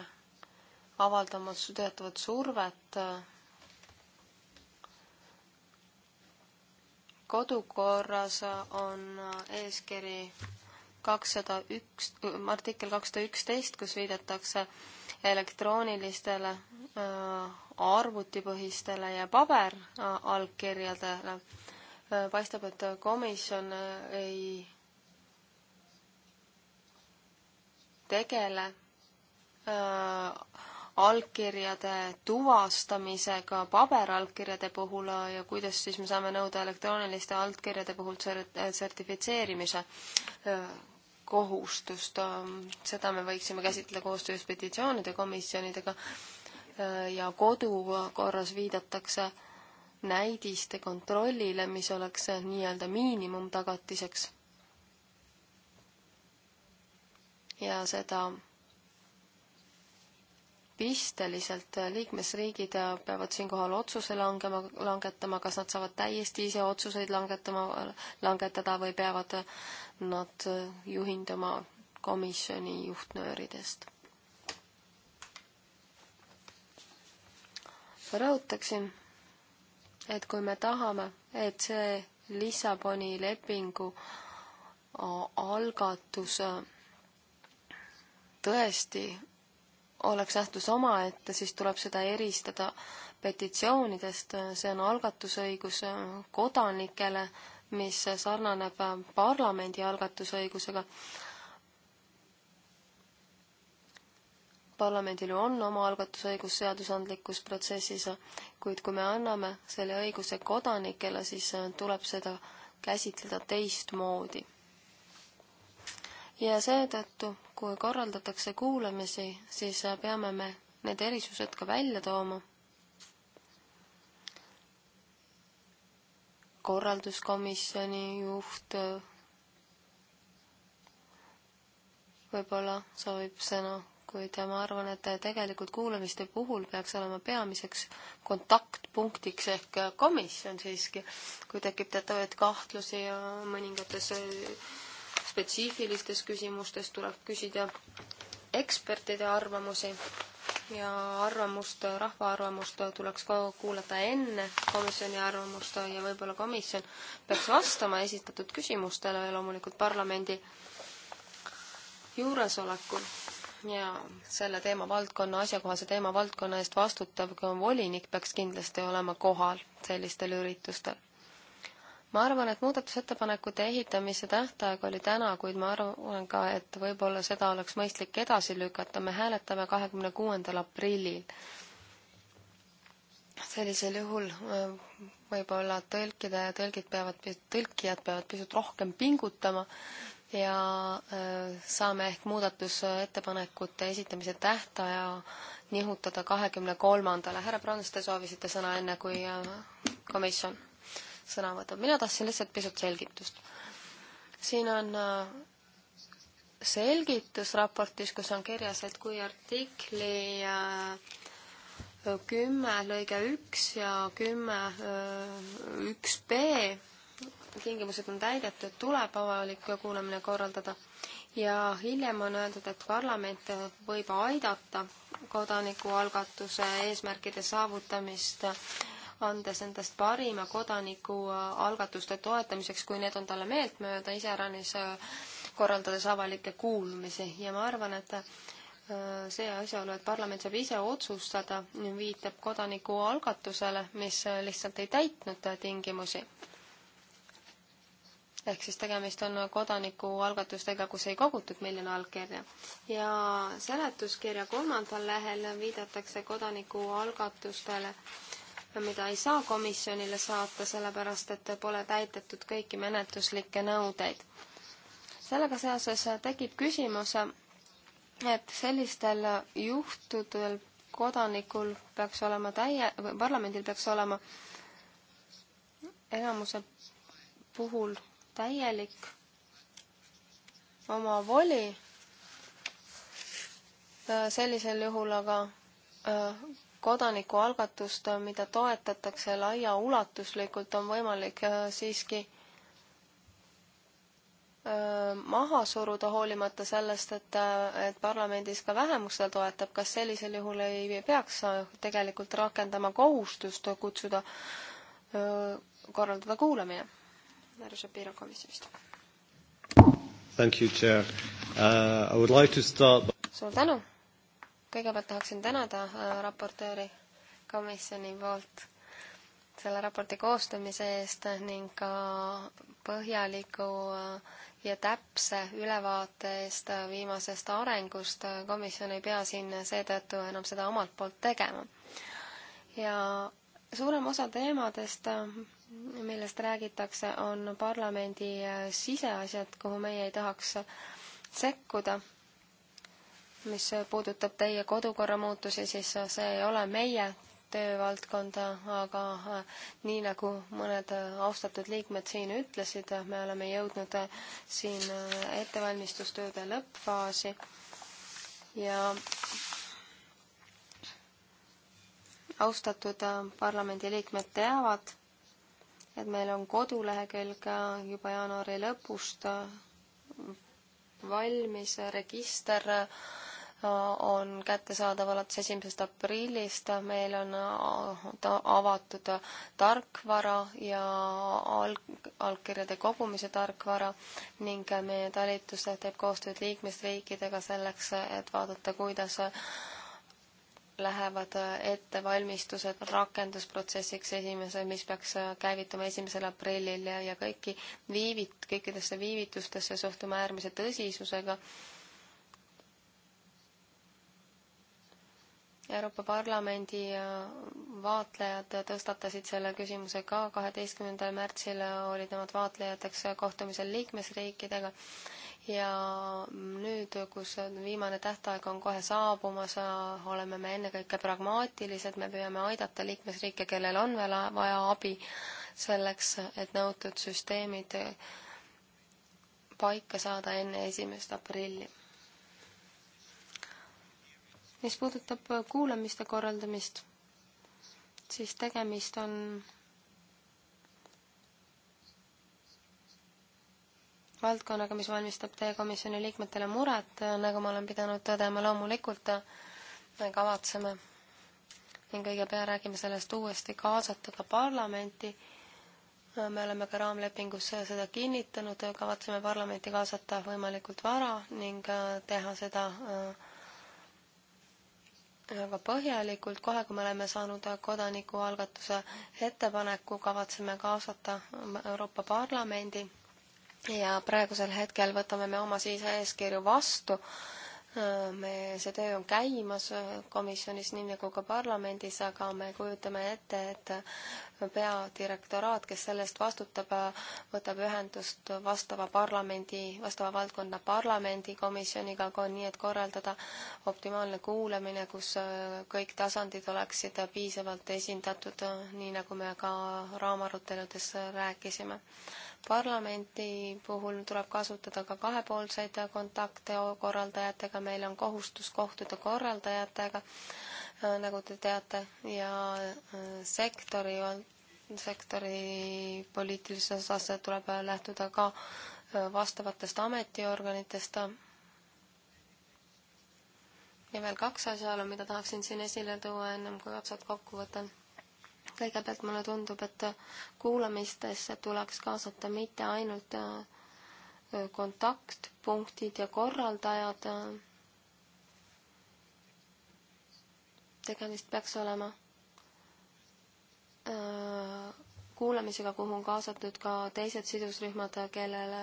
avaldama teatavat survet äh. kodukorras on äh, eeskiri kakssada üks, artikkel kakssada üksteist, kus viidatakse elektroonilistele äh, arvutipõhistele ja paberallkirjadele äh,. paistab, et komisjon ei tegele äh, allkirjade tuvastamisega paberallkirjade puhul äh, ja kuidas siis me saame nõuda elektrooniliste allkirjade puhul äh, sertifitseerimise äh, kohustust. Ähm, seda me võiksime käsitleda koostöös petitsioonide komisjonidega ja kodukorras viidatakse näidiste kontrollile, mis oleks nii-öelda miinimumtagatiseks ja seda pisteliselt liikmesriigid peavad siinkohal otsuse langema, langetama, kas nad saavad täiesti ise otsuseid langetama, langetada või peavad nad juhinduma komisjoni juhtnööridest. rõhutaksin, et kui me tahame, et see Lissaboni lepingu algatus tõesti oleks nähtus omaette, siis tuleb seda eristada petitsioonidest, see on algatusõigus kodanikele, mis sarnaneb parlamendi algatusõigusega. parlamendil ju on oma algatusõigus seadusandlikus protsessis, kuid kui me anname selle õiguse kodanikele, siis tuleb seda käsitleda teistmoodi. ja seetõttu kui korraldatakse kuulamisi, siis äh, peame me need erisused ka välja tooma. korralduskomisjoni juht äh, võib-olla soovib sõna, kuid äh, ma arvan, et tegelikult kuulamiste puhul peaks olema peamiseks kontaktpunktiks ehk komisjon siiski, kui tekib teatavaid kahtlusi ja mõningates spetsiifilistes küsimustes tuleb küsida ekspertide arvamusi ja arvamust, rahva arvamust tuleks ka kuulata enne komisjoni arvamust ja võib-olla komisjon peaks vastama esitatud küsimustele ja loomulikult parlamendi juuresolekul ja selle teemavaldkonna, asjakohase teemavaldkonna eest vastutav volinik peaks kindlasti olema kohal sellistel üritustel ma arvan, et muudatusettepanekute ehitamise tähtaeg oli täna, kuid ma arvan ka, et võib-olla seda oleks mõistlik edasi lükata, me hääletame kahekümne kuuendal aprillil. sellisel juhul äh, võib-olla tõlkida ja tõlgid peavad, tõlkijad peavad pisut rohkem pingutama ja äh, saame ehk muudatusettepanekute esitamise tähtaja nihutada kahekümne kolmandale. härra Prants, te soovisite sõna enne kui äh, komisjon? sõna võtab. mina tahtsin lihtsalt pisut selgitust. siin on äh, selgitus raportis, kus on kirjas, et kui artikli äh, kümme lõige üks ja kümme äh, üks B tingimused on täidetud, tuleb avalik kuulamine korraldada ja hiljem on öeldud, et parlament võib aidata kodanikualgatuse eesmärkide saavutamist andes endast parima kodanikualgatuste äh, toetamiseks, kui need on talle meeltmööda, iseäranis äh, korraldades avalikke kuulmisi ja ma arvan, et äh, see asjaolu, et parlament saab ise otsustada, viitab kodanikualgatusele, mis lihtsalt ei täitnud tingimusi ehk siis tegemist on kodanikualgatustega, kus ei kogutud miljoni allkirja. ja seletuskirja kolmandal lehel viidatakse kodanikualgatustele mida ei saa komisjonile saata, sellepärast et pole täidetud kõiki menetluslikke nõudeid. sellega seoses tekib küsimus, et sellistel juhtudel kodanikul peaks olema täie, või parlamendil peaks olema enamuse puhul täielik oma voli, sellisel juhul aga äh, kodanikualgatust, mida toetatakse laiaulatuslikult, on võimalik äh, siiski äh, maha suruda, hoolimata sellest, et, äh, et parlamendis ka vähemus seda toetab, kas sellisel juhul ei peaks tegelikult rakendama kohustust kutsuda, korraldada kuulamine? härra Šapiro komisjonist. Thank you, chair uh,. I would like to start by... suur tänu kõigepealt tahaksin tänada äh, raportööri komisjoni poolt selle raporti koostamise eest ning ka põhjaliku äh, ja täpse ülevaate eest äh, viimasest arengust. komisjon ei pea siin seetõttu enam seda omalt poolt tegema. ja suurem osa teemadest, millest räägitakse, on parlamendi siseasjad, kuhu meie ei tahaks sekkuda mis puudutab teie kodukorra muutusi, siis see ei ole meie töövaldkonda, aga äh, nii nagu mõned äh, austatud liikmed siin ütlesid, äh, me oleme jõudnud siin ettevalmistustööde lõppfaasi ja austatud parlamendiliikmed teavad, et meil on kodulehekülg juba jaanuari lõpust valmis register Äh, on kättesaadav alates esimesest aprillist, meil on äh, avatud tarkvara ja alg-, allkirjade kogumise tarkvara ning meie talitus teeb koostööd liikmesriikidega selleks, et vaadata, kuidas lähevad ettevalmistused rakendusprotsessiks esimese, mis peaks käivituma esimesel aprillil ja, ja kõiki viivit-, kõikidesse viivitustesse suhtume äärmise tõsisusega Euroopa Parlamendi äh, vaatlejad tõstatasid selle küsimuse ka kaheteistkümnendal märtsil olid nemad vaatlejateks kohtumisel liikmesriikidega ja nüüd, kus viimane tähtaeg on kohe saabumas, äh, oleme me ennekõike pragmaatilised, me püüame aidata liikmesriike, kellel on veel vaja abi selleks, et nõutud süsteemid paika saada enne esimest aprilli mis puudutab äh, kuulamiste korraldamist, siis tegemist on valdkonnaga, mis valmistab teie komisjoni liikmetele muret, äh, nagu ma olen pidanud tõdema, loomulikult äh, me kavatseme ning õigepea räägime sellest uuesti kaasata ka parlamenti. me oleme ka raamlepingus seda kinnitanud, kavatseme parlamenti kaasata võimalikult vara ning teha seda äh, väga põhjalikult, kohe kui me oleme saanud kodanikualgatuse ettepaneku, kavatseme kaasata Euroopa Parlamendi ja praegusel hetkel võtame me oma sise-eeskirju vastu. me, see töö on käimas komisjonis, nii nagu ka parlamendis, aga me kujutame ette, et peadirektoraat, kes selle eest vastutab, võtab ühendust vastava parlamendi, vastava valdkonna parlamendikomisjoniga, nii et korraldada optimaalne kuulamine, kus äh, kõik tasandid oleksid piisavalt esindatud, nii nagu me ka raamaruteludes rääkisime. parlamendi puhul tuleb kasutada ka kahepoolseid kontakte korraldajatega, meil on kohustus kohtuda korraldajatega Äh, nagu te teate, ja äh, sektori, sektori poliitilises osas tuleb lähtuda ka äh, vastavatest ametiorganitest. ja veel kaks asjaolu, mida tahaksin siin esile tuua, ennem kui otsad kokku võtan. kõigepealt mulle tundub, et kuulamistesse tuleks kaasata mitte ainult kontaktpunktid ja korraldajad, tegemist peaks olema äh, kuulamisega, kuhu on kaasatud ka teised sidusrühmad, kellele,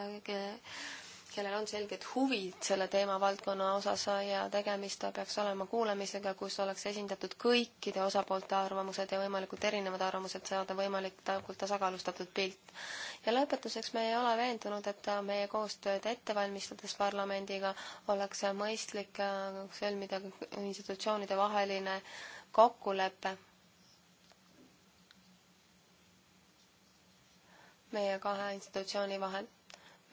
kellel on selged huvid selle teemavaldkonna osas ja tegemist peaks olema kuulamisega, kus oleks esindatud kõikide osapoolte arvamused ja võimalikult erinevad arvamused, saada võimalikult tasakaalustatud pilt. ja lõpetuseks me ei ole veendunud, et meie koostööd ette valmistades parlamendiga oleks mõistlik äh, sõlmida institutsioonide vaheline kokkulepe meie kahe institutsiooni vahel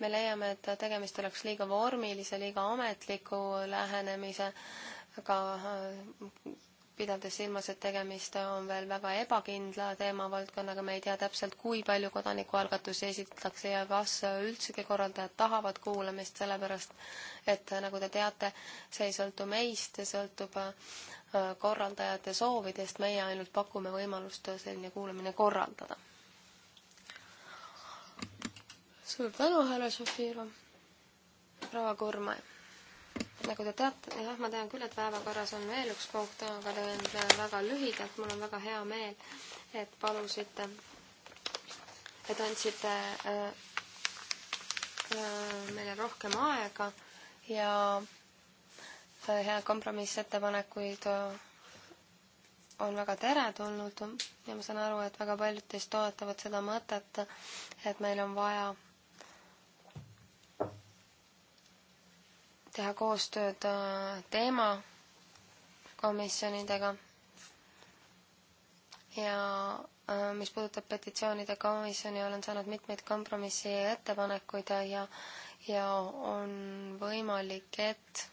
me leiame, et tegemist oleks liiga vormilise, liiga ametliku lähenemisega, äh, pidades silmas, et tegemist on veel väga ebakindla teemavaldkonnaga, me ei tea täpselt, kui palju kodanikualgatusi esitatakse ja kas üldsegi korraldajad tahavad kuulamist, sellepärast et nagu te teate, see ei sõltu meist, see sõltub äh, korraldajate soovidest, meie ainult pakume võimalust selline kuulamine korraldada suur tänu, härra Šofirov, proua Kurmai nagu te teate, jah, ma tean küll, et päevakorras on veel üks punkt, aga teen väga lühidalt, mul on väga hea meel, et palusite, et andsite äh, äh, meile rohkem aega ja äh, hea kompromissettepanekuid äh, on väga teretulnud ja ma saan aru, et väga paljud teist toetavad seda mõtet, et meil on vaja teha koostööd äh, teemakomisjonidega ja äh, mis puudutab petitsioonide komisjoni, olen saanud mitmeid kompromissi ja ettepanekuid ja, ja on võimalik, et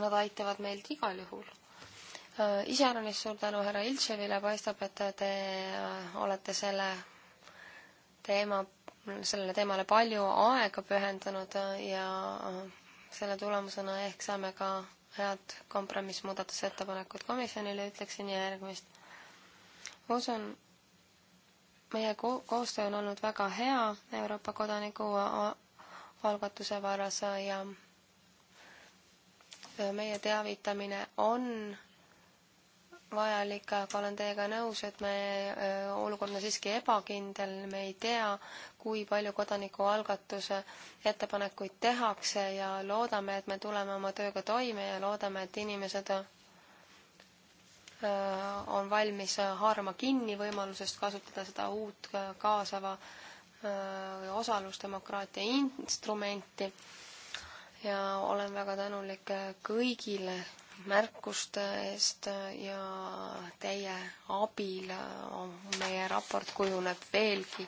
nad aitavad meilt igal juhul. Äh, iseäranis suur tänu härra Iltševile, paistab, et te olete selle teema sellele teemale palju aega pühendanud ja selle tulemusena ehk saame ka head kompromissmuudatusettepanekud komisjonile, ütleksin järgmist. usun, meie ko-, koostöö on olnud väga hea Euroopa kodaniku algatuse varas ja meie teavitamine on vajalik, aga olen teiega nõus, et me, olukord on siiski ebakindel, me ei tea, kui palju kodanikualgatuse ettepanekuid tehakse ja loodame, et me tuleme oma tööga toime ja loodame, et inimesed on valmis haarama kinni võimalusest kasutada seda uut kaasava osalusdemokraatia instrumenti ja olen väga tänulik kõigile märkuste eest ja teie abil meie raport kujuneb veelgi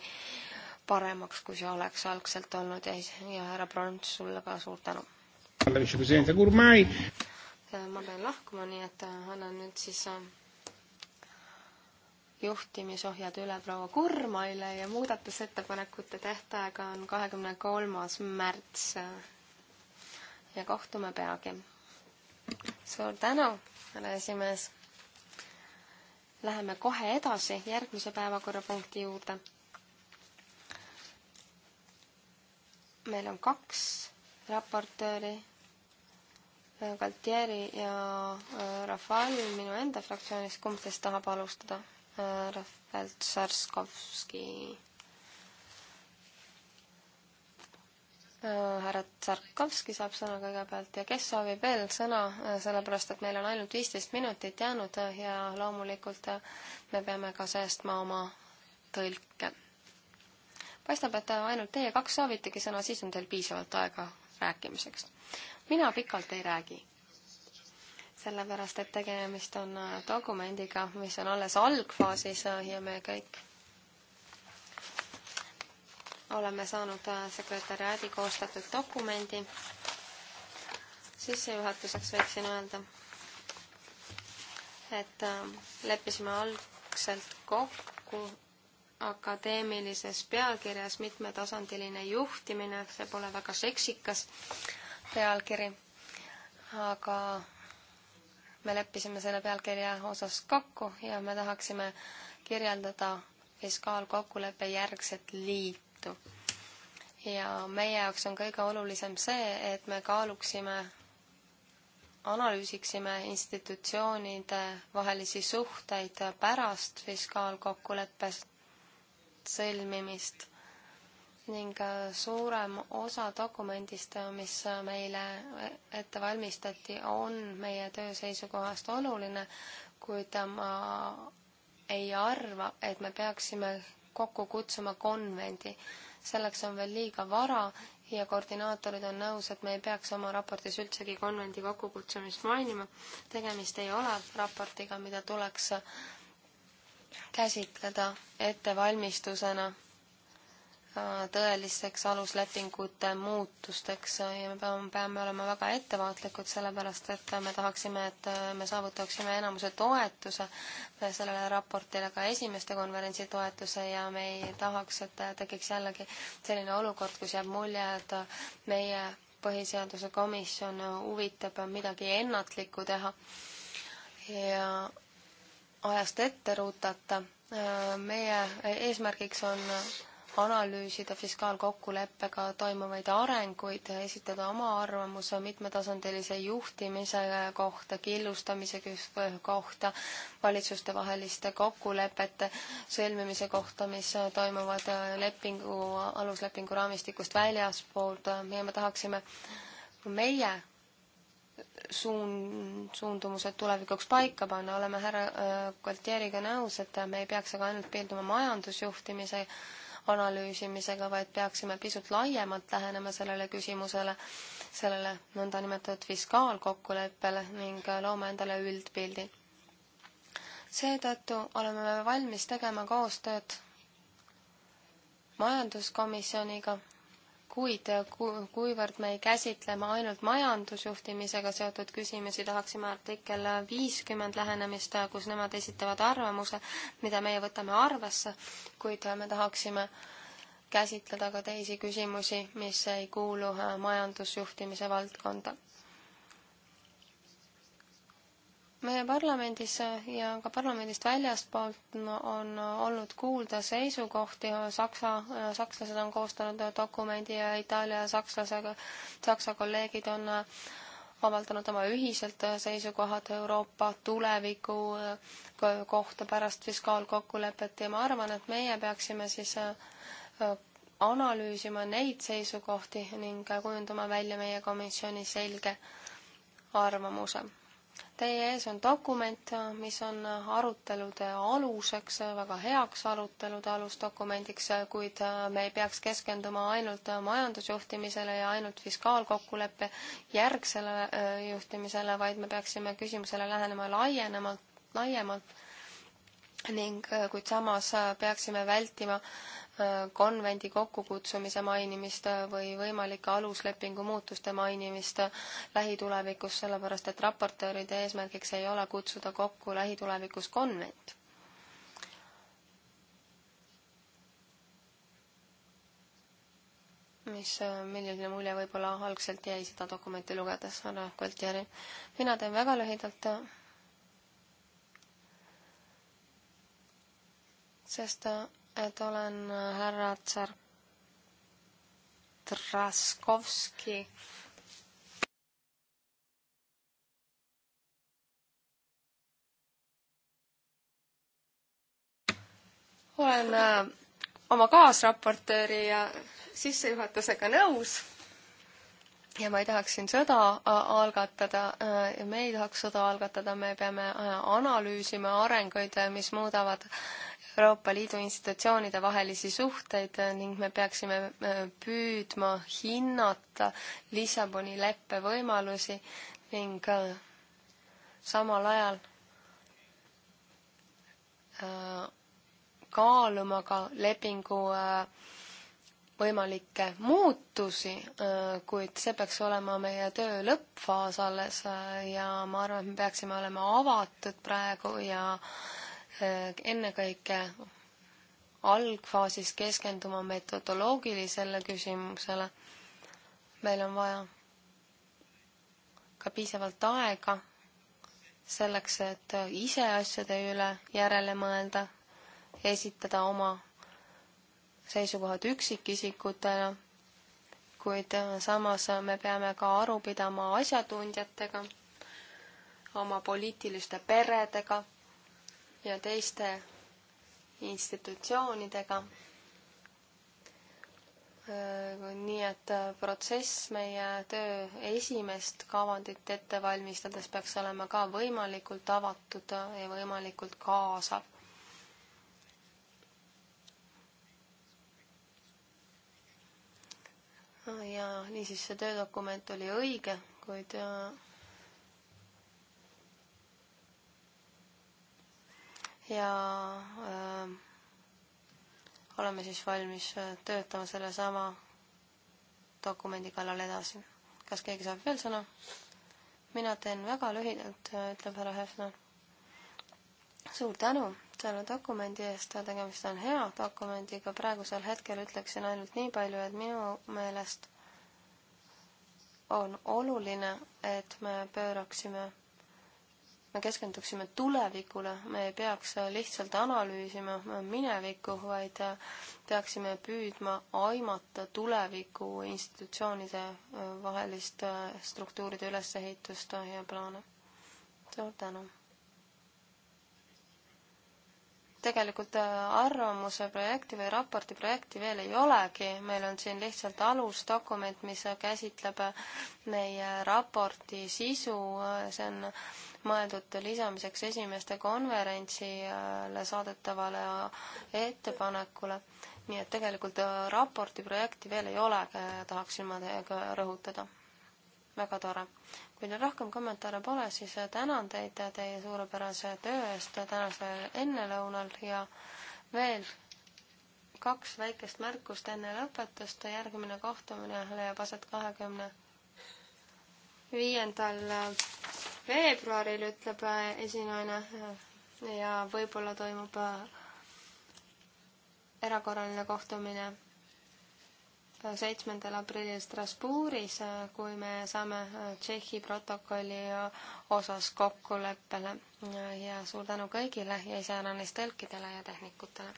paremaks, kui see oleks algselt olnud ja, ja härra Prants, sulle ka suur tänu. Äh, ma pean lahkuma, nii et äh, annan nüüd siis äh, juhtimisohjad üle proua Kurmaile ja muudatusettepanekute tähtaeg on kahekümne kolmas märts. ja kohtume peagi suur tänu, härra esimees. Läheme kohe edasi järgmise päevakorrapunkti juurde. meil on kaks raportööri, Galtieri ja äh, Rafal minu enda fraktsioonist, kumb teist tahab alustada? Äh, Rafael Tšarskovski Äh, härra Tsarkovski saab sõna kõigepealt ja kes soovib veel sõna, äh, sellepärast et meil on ainult viisteist minutit jäänud äh, ja loomulikult me peame ka säästma oma tõlke. paistab, et ainult teie kaks soovitegi sõna, siis on teil piisavalt aega rääkimiseks. mina pikalt ei räägi, sellepärast et tegemist on dokumendiga, mis on alles algfaasis ja me kõik oleme saanud äh, sekretäriaadi koostatud dokumendi. sissejuhatuseks võiksin öelda, et ähm, leppisime algselt kokku akadeemilises pealkirjas mitmetasandiline juhtimine, see pole väga seksikas pealkiri, aga me leppisime selle pealkirja osas kokku ja me tahaksime kirjeldada fiskaalkokkuleppe järgset liitu tõttu. ja meie jaoks on kõige olulisem see, et me kaaluksime, analüüsiksime institutsioonide vahelisi suhteid pärast fiskaalkokkuleppe sõlmimist ning suurem osa dokumendist, mis meile ette valmistati, on meie töö seisukohast oluline, kuid ma ei arva, et me peaksime kokku kutsuma konvendi. selleks on veel liiga vara ja koordinaatorid on nõus, et me ei peaks oma raportis üldsegi konvendi kokkukutsumist mainima. tegemist ei ole raportiga, mida tuleks käsitleda ettevalmistusena Äh, tõeliseks aluslepingute muutusteks ja me peame, peame olema väga ettevaatlikud, sellepärast et me tahaksime, et äh, me saavutaksime enamuse toetuse sellele raportile, ka esimeste konverentsi toetuse ja me ei tahaks, et tekiks jällegi selline olukord, kus jääb mulje, et meie põhiseaduse komisjon huvitab midagi ennatlikku teha ja ajast ette ruutata. Äh, meie eesmärgiks on analüüsida fiskaalkokkuleppega toimuvaid arenguid, esitada oma arvamuse mitmetasandilise juhtimise kohta, killustamise kohta, valitsustevaheliste kokkulepete sõlmimise kohta, mis toimuvad lepingu, aluslepingu raamistikust väljaspoolt ja me tahaksime meie suun-, suundumused tulevikuks paika panna, oleme härra äh, Gualtieriga nõus, et me ei peaks aga ainult piirduma majandusjuhtimise analüüsimisega, vaid peaksime pisut laiemalt lähenema sellele küsimusele, sellele nõndanimetatud fiskaalkokkuleppele ning looma endale üldpildi. seetõttu oleme me valmis tegema koostööd majanduskomisjoniga kuid kuivõrd me ei käsitle ainult majandusjuhtimisega seotud küsimusi, tahaksime artikkel viiskümmend lähenemist, kus nemad esitavad arvamuse, mida meie võtame arvesse, kuid me tahaksime käsitleda ka teisi küsimusi, mis ei kuulu majandusjuhtimise valdkonda meie parlamendis ja ka parlamendist väljaspoolt on olnud kuulda seisukohti, Saksa, sakslased on koostanud dokumendi ja Itaalia ja sakslasega, Saksa kolleegid on avaldanud oma ühiselt seisukohad Euroopa tuleviku kohta pärast fiskaalkokkulepet ja ma arvan, et meie peaksime siis äh, analüüsima neid seisukohti ning kujundama välja meie komisjoni selge arvamuse Teie ees on dokument, mis on arutelude aluseks, väga heaks arutelude alusdokumendiks, kuid me ei peaks keskenduma ainult majandusjuhtimisele ja ainult fiskaalkokkuleppe järgsele juhtimisele, vaid me peaksime küsimusele lähenema laienemalt, laiemalt ning kuid samas peaksime vältima Äh, konvendi kokkukutsumise mainimist äh, või võimalike aluslepingu muutuste mainimist äh, lähitulevikus, sellepärast et raportööride eesmärgiks ei ole kutsuda kokku lähitulevikus konvent. mis, milline mulje võib-olla algselt jäi seda dokumenti lugedes, härra Koltjärv. mina teen väga lühidalt sest et olen äh, härra Tsar-, Traskovski olen äh, oma kaasraportööri ja sissejuhatusega nõus ja ma ei tahaks siin sõda äh, algatada äh, ja me ei tahaks sõda algatada, me peame äh, analüüsima arenguid, äh, mis muudavad äh, Euroopa Liidu institutsioonide vahelisi suhteid ning me peaksime äh, püüdma hinnata Lissaboni leppe võimalusi ning äh, samal ajal äh, kaaluma ka lepingu võimalikke muutusi, kuid see peaks olema meie töö lõppfaas alles ja ma arvan, et me peaksime olema avatud praegu ja äh, Äh, ennekõike algfaasis keskenduma metodoloogilisele küsimusele. meil on vaja ka piisavalt aega selleks, et ise asjade üle järele mõelda, esitada oma seisukohad üksikisikutena, kuid samas me peame ka aru pidama asjatundjatega, oma poliitiliste peredega ja teiste institutsioonidega. Äh, nii et äh, protsess meie töö esimest kavandit ette valmistades peaks olema ka võimalikult avatud äh, ja võimalikult kaasav. ja niisiis see töödokument oli õige, kuid ja öö, ähm, oleme siis valmis äh, töötama sellesama dokumendi kallal edasi. kas keegi saab veel sõna? mina teen väga lühidalt, äh, ütleb härra Hefner. suur tänu selle dokumendi eest, tegemist on hea dokumendiga, praegusel hetkel ütleksin ainult nii palju, et minu meelest on oluline, et me pööraksime me keskenduksime tulevikule, me ei peaks lihtsalt analüüsima minevikku, vaid peaksime püüdma aimata tuleviku institutsioonide vahelist struktuuride ülesehitust ja plaane. suur tänu! tegelikult äh, arvamuse projekti või raporti projekti veel ei olegi, meil on siin lihtsalt alusdokument, mis käsitleb äh, meie raporti sisu, see on mõeldud lisamiseks esimeste konverentsile saadetavale ettepanekule. nii et tegelikult äh, raporti projekti veel ei olegi, tahaksin ma teiega rõhutada. väga tore kui teil rohkem kommentaare pole, siis tänan teid teie suurepärase töö eest tänasel ennelõunal ja veel kaks väikest märkust enne lõpetust. järgmine kohtumine leiab aset kahekümne viiendal veebruaril, ütleb esinaine ja võib-olla toimub erakorraline kohtumine seitsmendal aprillil Strasbourgis, kui me saame Tšehhi protokolli osas kokkuleppele ja suur tänu kõigile ja iseäranis tõlkidele ja tehnikutele.